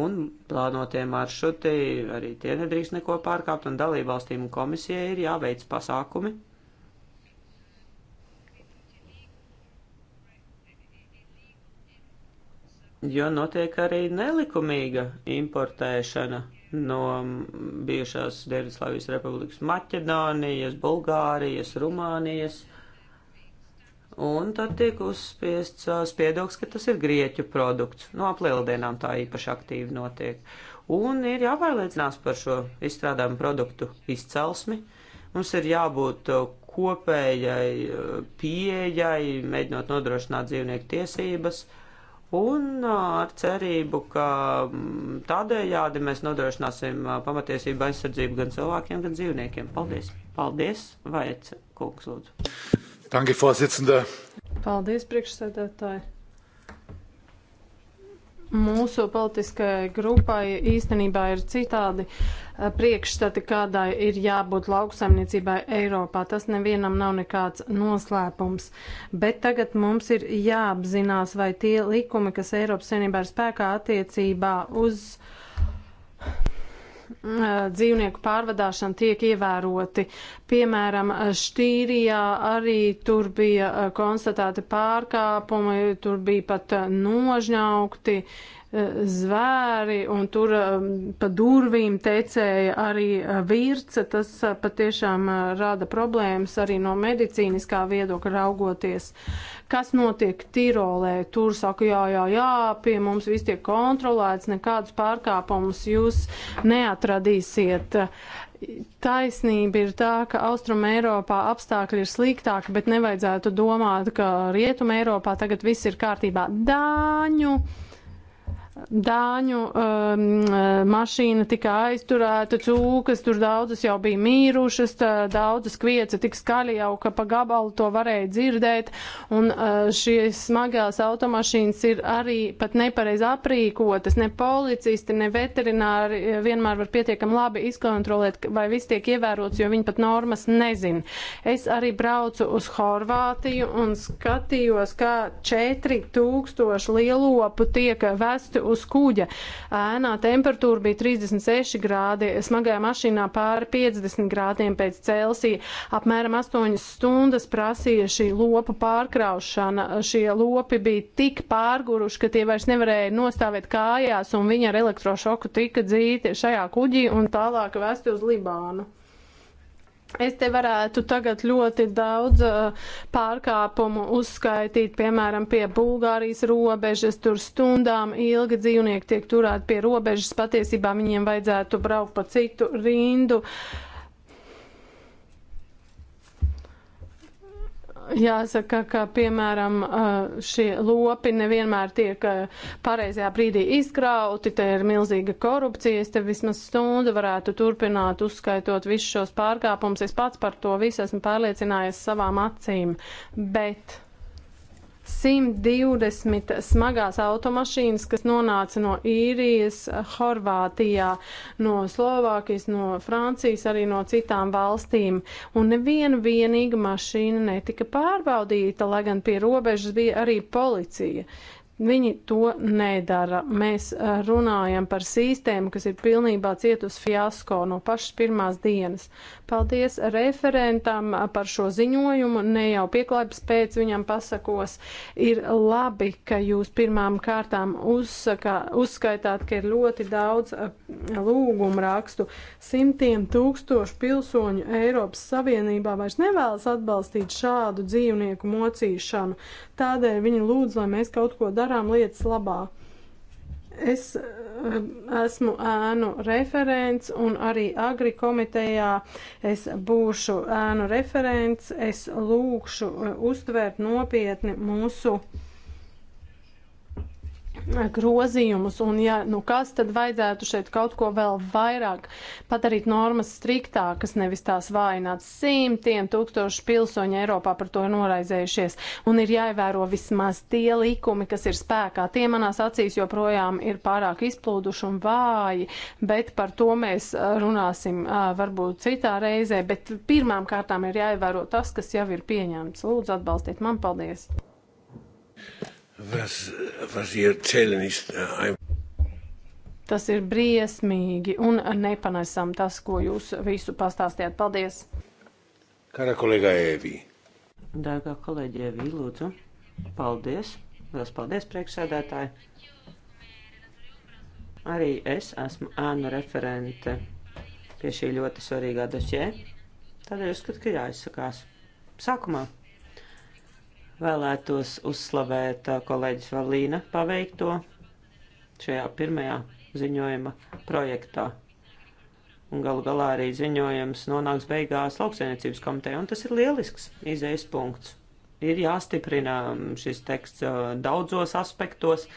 Un plānotie maršruti arī tie nedrīkst neko pārkāpt, un dalībvalstīm un komisijai ir jāveic pasākumi, jo notiek arī nelikumīga importēšana no bijušās Dienvidslāvijas republikas Maķedonijas, Bulgārijas, Rumānijas. Un tad tiek uzspiests uh, spiedoks, ka tas ir grieķu produkts. No nu, aplieldienām tā īpaši aktīvi notiek. Un ir jāpārliecinās par šo izstrādājumu produktu izcelsmi. Mums ir jābūt uh, kopējai uh, pieejai, mēģinot nodrošināt dzīvnieku tiesības. Uh, Un ar cerību, ka mm, tādējādi mēs nodrošināsim pamatiesību aizsardzību gan cilvēkiem, gan dzīvniekiem. Paldies! Paldies! Vaic, kungs, lūdzu! Tangi, Paldies, priekšsēdētāji! Mūsu politiskajai grupai īstenībā ir citādi eh, priekšstati, kādai ir jābūt lauksaimniecībai Eiropā. Tas nevienam nav nekāds noslēpums. Bet tagad mums ir jāapzinās, vai tie likumi, kas Eiropas Savienībā ir spēkā attiecībā uz Eh, dzīvnieku pārvadāšana tiek ievēroti. Piemēram, eh, Štīrijā arī tur bija eh, konstatēti pārkāpumi, tur bija pat nožņaukti uh, zvēri un tur um, pa durvīm tecēja arī uh, virca. Tas uh, patiešām uh, rada problēmas arī no medicīniskā viedokļa raugoties. Kas notiek Tirolē? Tur saka, jā, jā, jā, pie mums viss tiek kontrolēts, nekādus pārkāpumus jūs neatradīsiet taisnība ir tā, ka Austrum Eiropā apstākļi ir sliktāki, bet nevajadzētu domāt, ka Rietum Eiropā tagad viss ir kārtībā. Dāņu Dāņu um, eh, mašīna tika aizturēta, cūkas tur daudzas jau bija mīrušas, tā, daudzas kvieca tik skaļi jau, ka pa gabalu to varēja dzirdēt, un uh, šīs smagās automašīnas ir arī pat nepareiz aprīkotas, ne policisti, ne veterināri eh, vienmēr var pietiekam labi izkontrolēt, vai viss tiek ievērots, jo viņi pat normas nezin. Es arī braucu uz Horvātiju un skatījos, kā 4000 lielopu tiek vesti uz kuģa. Ēnā temperatūra bija 36 grādi, smagajā mašīnā pāri 50 grādiem pēc Celsija. Apmēram 8 stundas prasīja šī lopu pārkraušana. Šie lopi bija tik pārguruši, ka tie vairs nevarēja nostāvēt kājās un viņi ar elektrošoku tika dzīti šajā kuģī un tālāk vesti uz Libānu. Es te varētu tagad ļoti daudz uh, pārkāpumu uzskaitīt, piemēram, pie Bulgārijas robežas, tur stundām ilgi dzīvnieki tiek turēti pie robežas, patiesībā viņiem vajadzētu braukt pa citu rindu. Uh, Jāsaka, ka, piemēram, šie lopi nevienmēr tiek pareizajā brīdī izkrauti, te ir milzīga korupcija, es te vismaz stundu varētu turpināt uzskaitot visus šos pārkāpumus, es pats par to visu esmu pārliecinājies savām acīm, bet 120 smagās automašīnas, kas nonāca no īrijas, Horvātijā, no Slovākijas, no Francijas, arī no citām valstīm. Un neviena vienīga mašīna netika pārbaudīta, lai gan pie robežas bija arī policija. Viņi to nedara. Mēs eh, runājam par sistēmu, kas ir pilnībā cietusi fiasko no pašas pirmās dienas. Paldies referentam par šo ziņojumu. Ne jau pieklājības pēc viņam pasakos. Ir labi, ka jūs pirmām kārtām uzsaka, uzskaitāt, ka ir ļoti daudz lūgumu rakstu. Simtiem tūkstošu pilsoņu Eiropas Savienībā vairs nevēlas atbalstīt šādu dzīvnieku mocīšanu. Tādēļ viņi lūdz, lai mēs kaut ko darām lietas labā. Es eh, esmu ēnu referents un arī agri komitejā es būšu ēnu referents. Es lūkšu eh, uztvērt nopietni mūsu grozījumus, un ja nu kas, tad vajadzētu šeit kaut ko vēl vairāk padarīt normas striktākas, nevis tās vājināt simtiem tūkstošu pilsoņu Eiropā par to noraizējušies, un ir jāievēro vismaz tie likumi, kas ir spēkā. Tie manās acīs joprojām ir pārāk izplūduši un vāji, bet par to mēs runāsim varbūt citā reizē, bet pirmām kārtām ir jāievēro tas, kas jau ir pieņemts. Lūdzu, atbalstiet man, paldies! was, was ihr Zählen ist. Äh, ein Tas ir briesmīgi un nepanesam tas, ko jūs visu pastāstījāt. Paldies! Kara kolēģa Evī. Dārgā kolēģa Evī, lūdzu. Paldies! Lielas paldies, priekšsēdētāji! Arī es esmu ēnu referente pie šī ļoti svarīgā dosie. Tādēļ uzskatu, ka jāizsakās. Sākumā Vēlētos uzslavēt uh, kolēģis Valīna paveikto šajā pirmajā ziņojuma projektā. Un galu galā arī ziņojums nonāks beigās lauksainiecības komitē, un tas ir lielisks izējas punkts. Ir jāstiprina um, šis teksts uh, daudzos aspektos,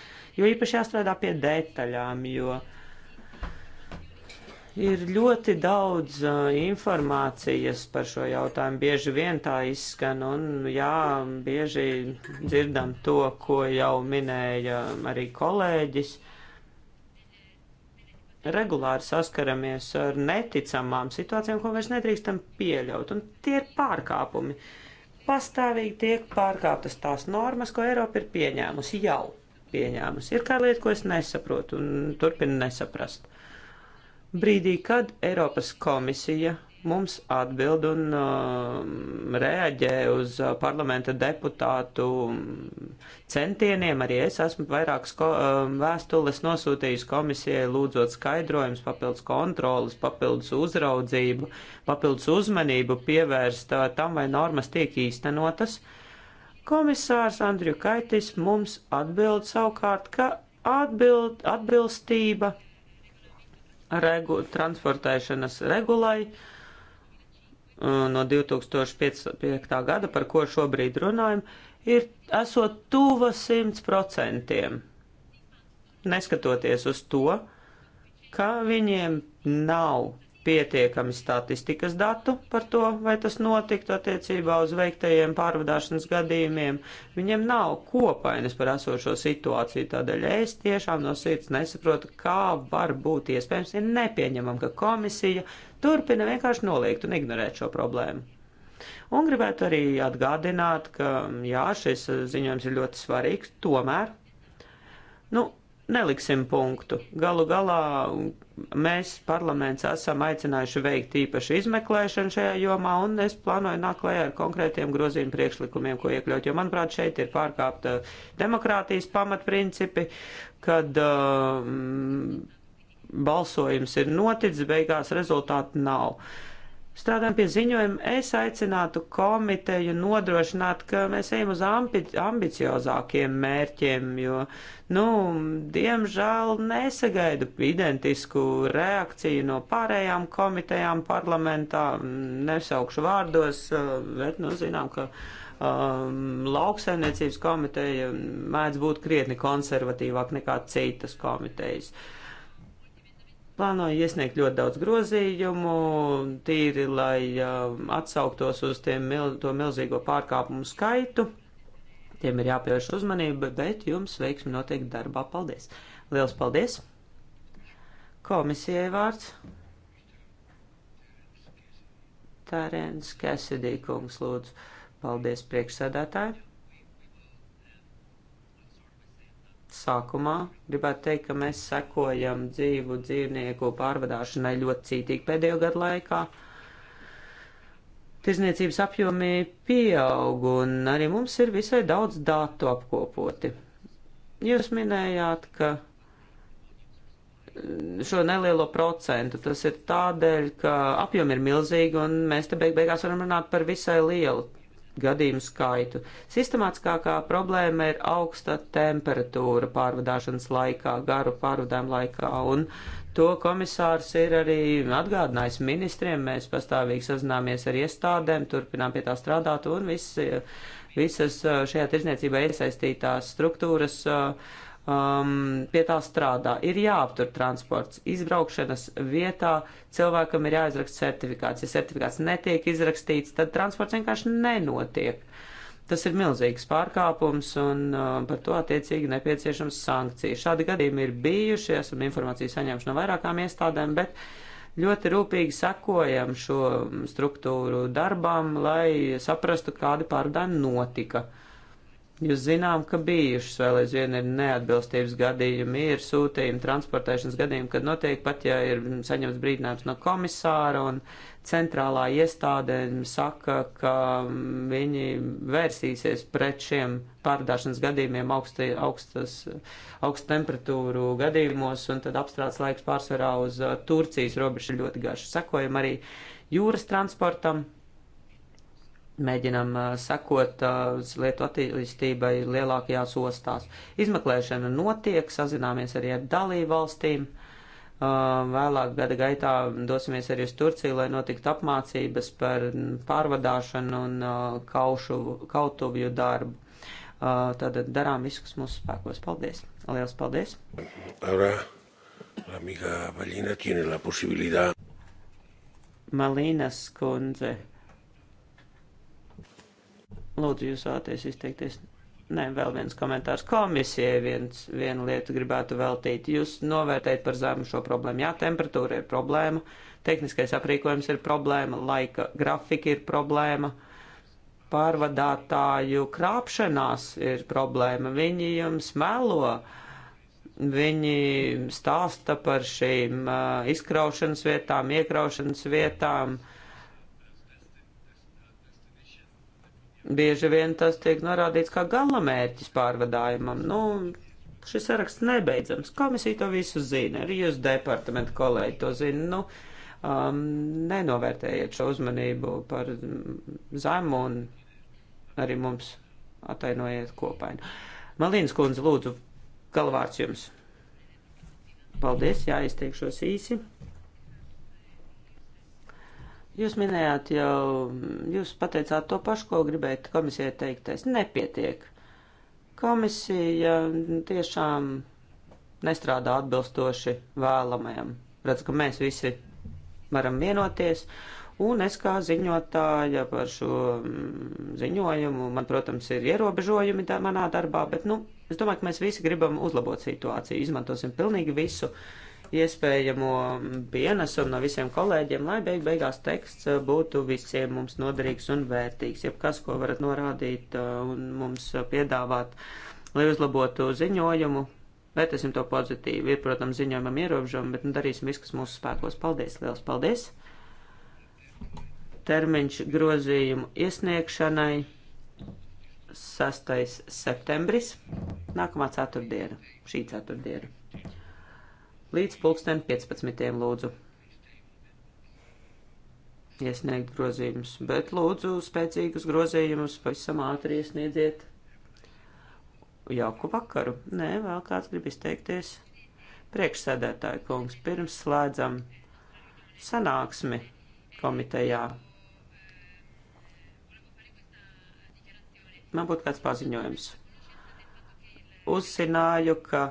jo īpaši jāstrādā pie detaļām, jo uh, Ir ļoti daudz uh, informācijas par šo jautājumu. Bieži vien tā izskan, un jā, bieži dzirdam to, ko jau minēja arī kolēģis. Regulāri saskaramies ar neticamām situācijām, ko vairs nedrīkstam pieļaut, un tie ir pārkāpumi. Pastāvīgi tiek pārkāptas tās normas, ko Eiropa ir pieņēmusi jau. Pieņēmusi. Ir kā lieta, ko es nesaprotu un turpinu nesaprast brīdī, kad Eiropas komisija mums atbild un uh, reaģē uz uh, parlamenta deputātu um, centieniem. Arī es esmu vairākas ko, uh, vēstules nosūtījis komisijai, lūdzot skaidrojums, papildus kontrolas, papildus uzraudzību, papildus uzmanību pievērst uh, tam, vai normas tiek īstenotas. Komisārs Andriu Kaitis mums atbild savukārt, ka atbild, atbilstība regu, transportēšanas regulai uh, no 2005. gada, par ko šobrīd runājam, ir esot tuva 100%. Neskatoties uz to, ka viņiem nav pietiekami statistikas datu par to, vai tas notiktu attiecībā uz veiktajiem pārvadāšanas gadījumiem. Viņiem nav kopainas par esošo situāciju, tādēļ es tiešām no sirds nesaprotu, kā var būt iespējams ir nepieņemam, ka komisija turpina vienkārši noliegt un ignorēt šo problēmu. Un gribētu arī atgādināt, ka jā, šis ziņojums ir ļoti svarīgs, tomēr, nu, neliksim punktu. Galu galā mēs parlaments esam aicinājuši veikt īpašu izmeklēšanu šajā jomā, un es plānoju nākt klajā ar konkrētiem grozījumu priekšlikumiem, ko iekļaut, jo, manuprāt, šeit ir pārkāpta demokrātijas pamatprincipi, kad um, balsojums ir noticis, beigās rezultātu nav. Uh, strādājam pie ziņojuma, es aicinātu komiteju nodrošināt, ka mēs ejam uz ambi ambiciozākiem mērķiem, jo, nu, diemžēl nesagaidu identisku reakciju no pārējām komitejām parlamentā, nesaukšu vārdos, bet, nu, zinām, ka. Um, lauksaimniecības komiteja mēdz būt krietni konservatīvāk nekā citas komitejas. Uh, Plānoju iesniegt ļoti daudz grozījumu, tīri, lai uh, atsauktos uz tiem, mil, to milzīgo pārkāpumu skaitu. Tiem ir jāpievērš uzmanība, bet jums veiksmi noteikti darbā. Paldies! Liels paldies! Komisijai vārds. Tērēns Kesidī kungs lūdzu. Paldies priekšsēdētāji! Sākumā gribētu teikt, ka mēs sekojam dzīvu dzīvnieku pārvadāšanai ļoti cītīgi pēdējo gadu laikā. Tirzniecības apjomi pieaug un arī mums ir visai daudz datu apkopoti. Jūs minējāt, ka mm, šo nelielo procentu. Tas ir tādēļ, ka apjomi ir milzīgi un mēs te beig beigās varam runāt par visai lielu gadījumu skaitu. Sistemātiskākā problēma ir augsta temperatūra pārvadāšanas laikā, garu pārvadājumu laikā, un to komisārs ir arī atgādinājis ministriem. Mēs pastāvīgi sazināmies ar iestādēm, turpinām pie tā strādāt, un viss, visas uh, šajā tirzniecībā iesaistītās struktūras uh, um, pie tā strādā. Ir jāaptur transports. Izbraukšanas vietā cilvēkam ir jāizraksta certifikāts. Ja certifikāts netiek izrakstīts, tad transports vienkārši nenotiek. Tas ir milzīgs pārkāpums un uh, par to attiecīgi nepieciešams sankcijas. Šādi gadījumi ir bijuši, esam informāciju saņēmuši no vairākām iestādēm, bet ļoti rūpīgi sakojam šo struktūru darbām, lai saprastu, kādi pārdāmi notika. Uh, Jūs zinām, ka bijušas vēl aizvien ir neatbilstības gadījumi, ir sūtījumi, transportēšanas gadījumi, kad notiek pat, ja ir saņemts brīdinājums no komisāra un centrālā iestāde saka, ka mm, viņi vērsīsies pret šiem pārdāšanas gadījumiem augsti, augstas, augstu temperatūru gadījumos, un tad apstrādes laiks pārsvarā uz uh, Turcijas robežu ļoti garš. Sekojam arī jūras transportam, mēģinam sekot lietu attīstībai lielākajās ostās. Izmeklēšana notiek, sazināmies arī ar dalību valstīm. Vēlāk gada gaitā dosimies arī uz Turciju, lai notiktu apmācības par pārvadāšanu un kaušu, kautuvju darbu. Tad darām visu, kas mūsu spēkos. Paldies! Lielas paldies! Laura, la amiga Valina tiene la posibilidad. Malīnas kundze Lūdzu, jūs vēlaties izteikties. Nē, vēl viens komentārs komisijai, viens, vienu lietu gribētu veltīt. Jūs novērtējat par zemu šo problēmu. Jā, temperatūra ir problēma, tehniskais aprīkojums ir problēma, laika grafika ir problēma, pārvadātāju krāpšanās ir problēma. Viņi jums melo viņi stāsta par šīm uh, izkraušanas vietām, iekraušanas vietām, Bieži vien tas tiek norādīts kā gala mērķis pārvadājumam. Nu, šis saraksts nebeidzams. Komisija to visu zina, arī jūs departamentu kolēģi to zina. Nu, um, nenovērtējiet šo uzmanību par zemu un arī mums atainojiet kopainu. Malīnas kundze, lūdzu, galvārds jums. Paldies, jā, izteikšos īsi. Jūs minējāt jau, jūs pateicāt to pašu, ko gribējāt komisijai teikt. Es nepietiek. Komisija tiešām nestrādā atbilstoši vēlamajam. Redz, ka mēs visi varam vienoties. Un es kā ziņotāja par šo mm, ziņojumu, man, protams, ir ierobežojumi manā darbā, bet, nu, es domāju, ka mēs visi gribam uzlabot situāciju. Izmantosim pilnīgi visu uh, iespējamo pienesumu no visiem kolēģiem, lai beig beigās teksts uh, būtu visiem mums noderīgs un vērtīgs. Jebkas, ko varat norādīt uh, un mums piedāvāt, lai uzlabotu ziņojumu, vērtēsim to pozitīvi. Ir, protams, ziņojumam ierobežojumi, bet nu, darīsim visu, kas mūsu spēkos. Paldies! Liels paldies! Termiņš grozījumu iesniegšanai 6. septembris, nākamā ceturtdiena, šī ceturtdiena līdz pulksten 15. lūdzu iesniegt grozījumus, bet lūdzu spēcīgus grozījumus pavisam ātri iesniedziet. Jauku vakaru. Nē, vēl kāds grib izteikties. Priekšsēdētāji kungs, pirms slēdzam sanāksmi komitejā. Man būtu kāds paziņojums. Uzzināju, ka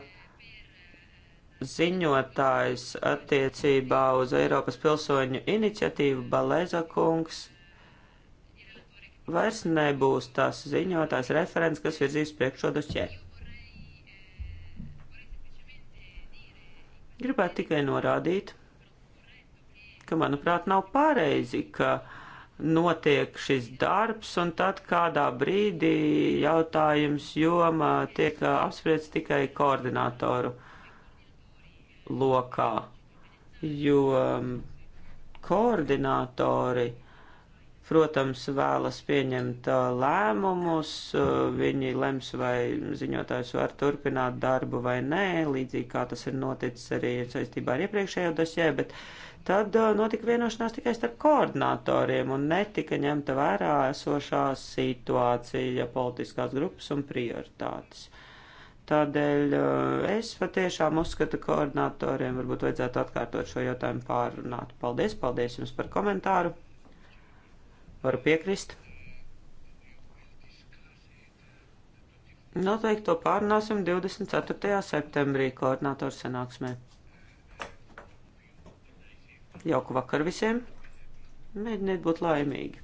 ziņotājs attiecībā uz Eiropas pilsoņu iniciatīvu Baleza kungs vairs nebūs tas ziņotājs referents, kas virzīs priekšā dosjē. Gribētu tikai norādīt, ka, manuprāt, nav pareizi, ka notiek šis darbs, un tad kādā brīdī jautājums joma tiek apspriests tikai koordinatoru uh, lokā, jo um, koordinātori, protams, vēlas pieņemt uh, lēmumus, uh, viņi lems, vai ziņotājs var turpināt darbu vai nē, līdzīgi kā tas ir noticis arī saistībā ar iepriekšējo dosē, bet tad uh, notika vienošanās tikai starp koordinātoriem un netika ņemta vērā esošā situācija, politiskās grupas un prioritātes. Tādēļ eh, es patiešām uzskatu, ka koordinatoriem varbūt vajadzētu atkārtot šo jautājumu pārrunāt. Paldies, paldies jums par komentāru. Varu piekrist. Noteikti to pārunāsim 24. septembrī koordinatoru sanāksmē. Jauku vakaru visiem! Mēģiniet būt laimīgi!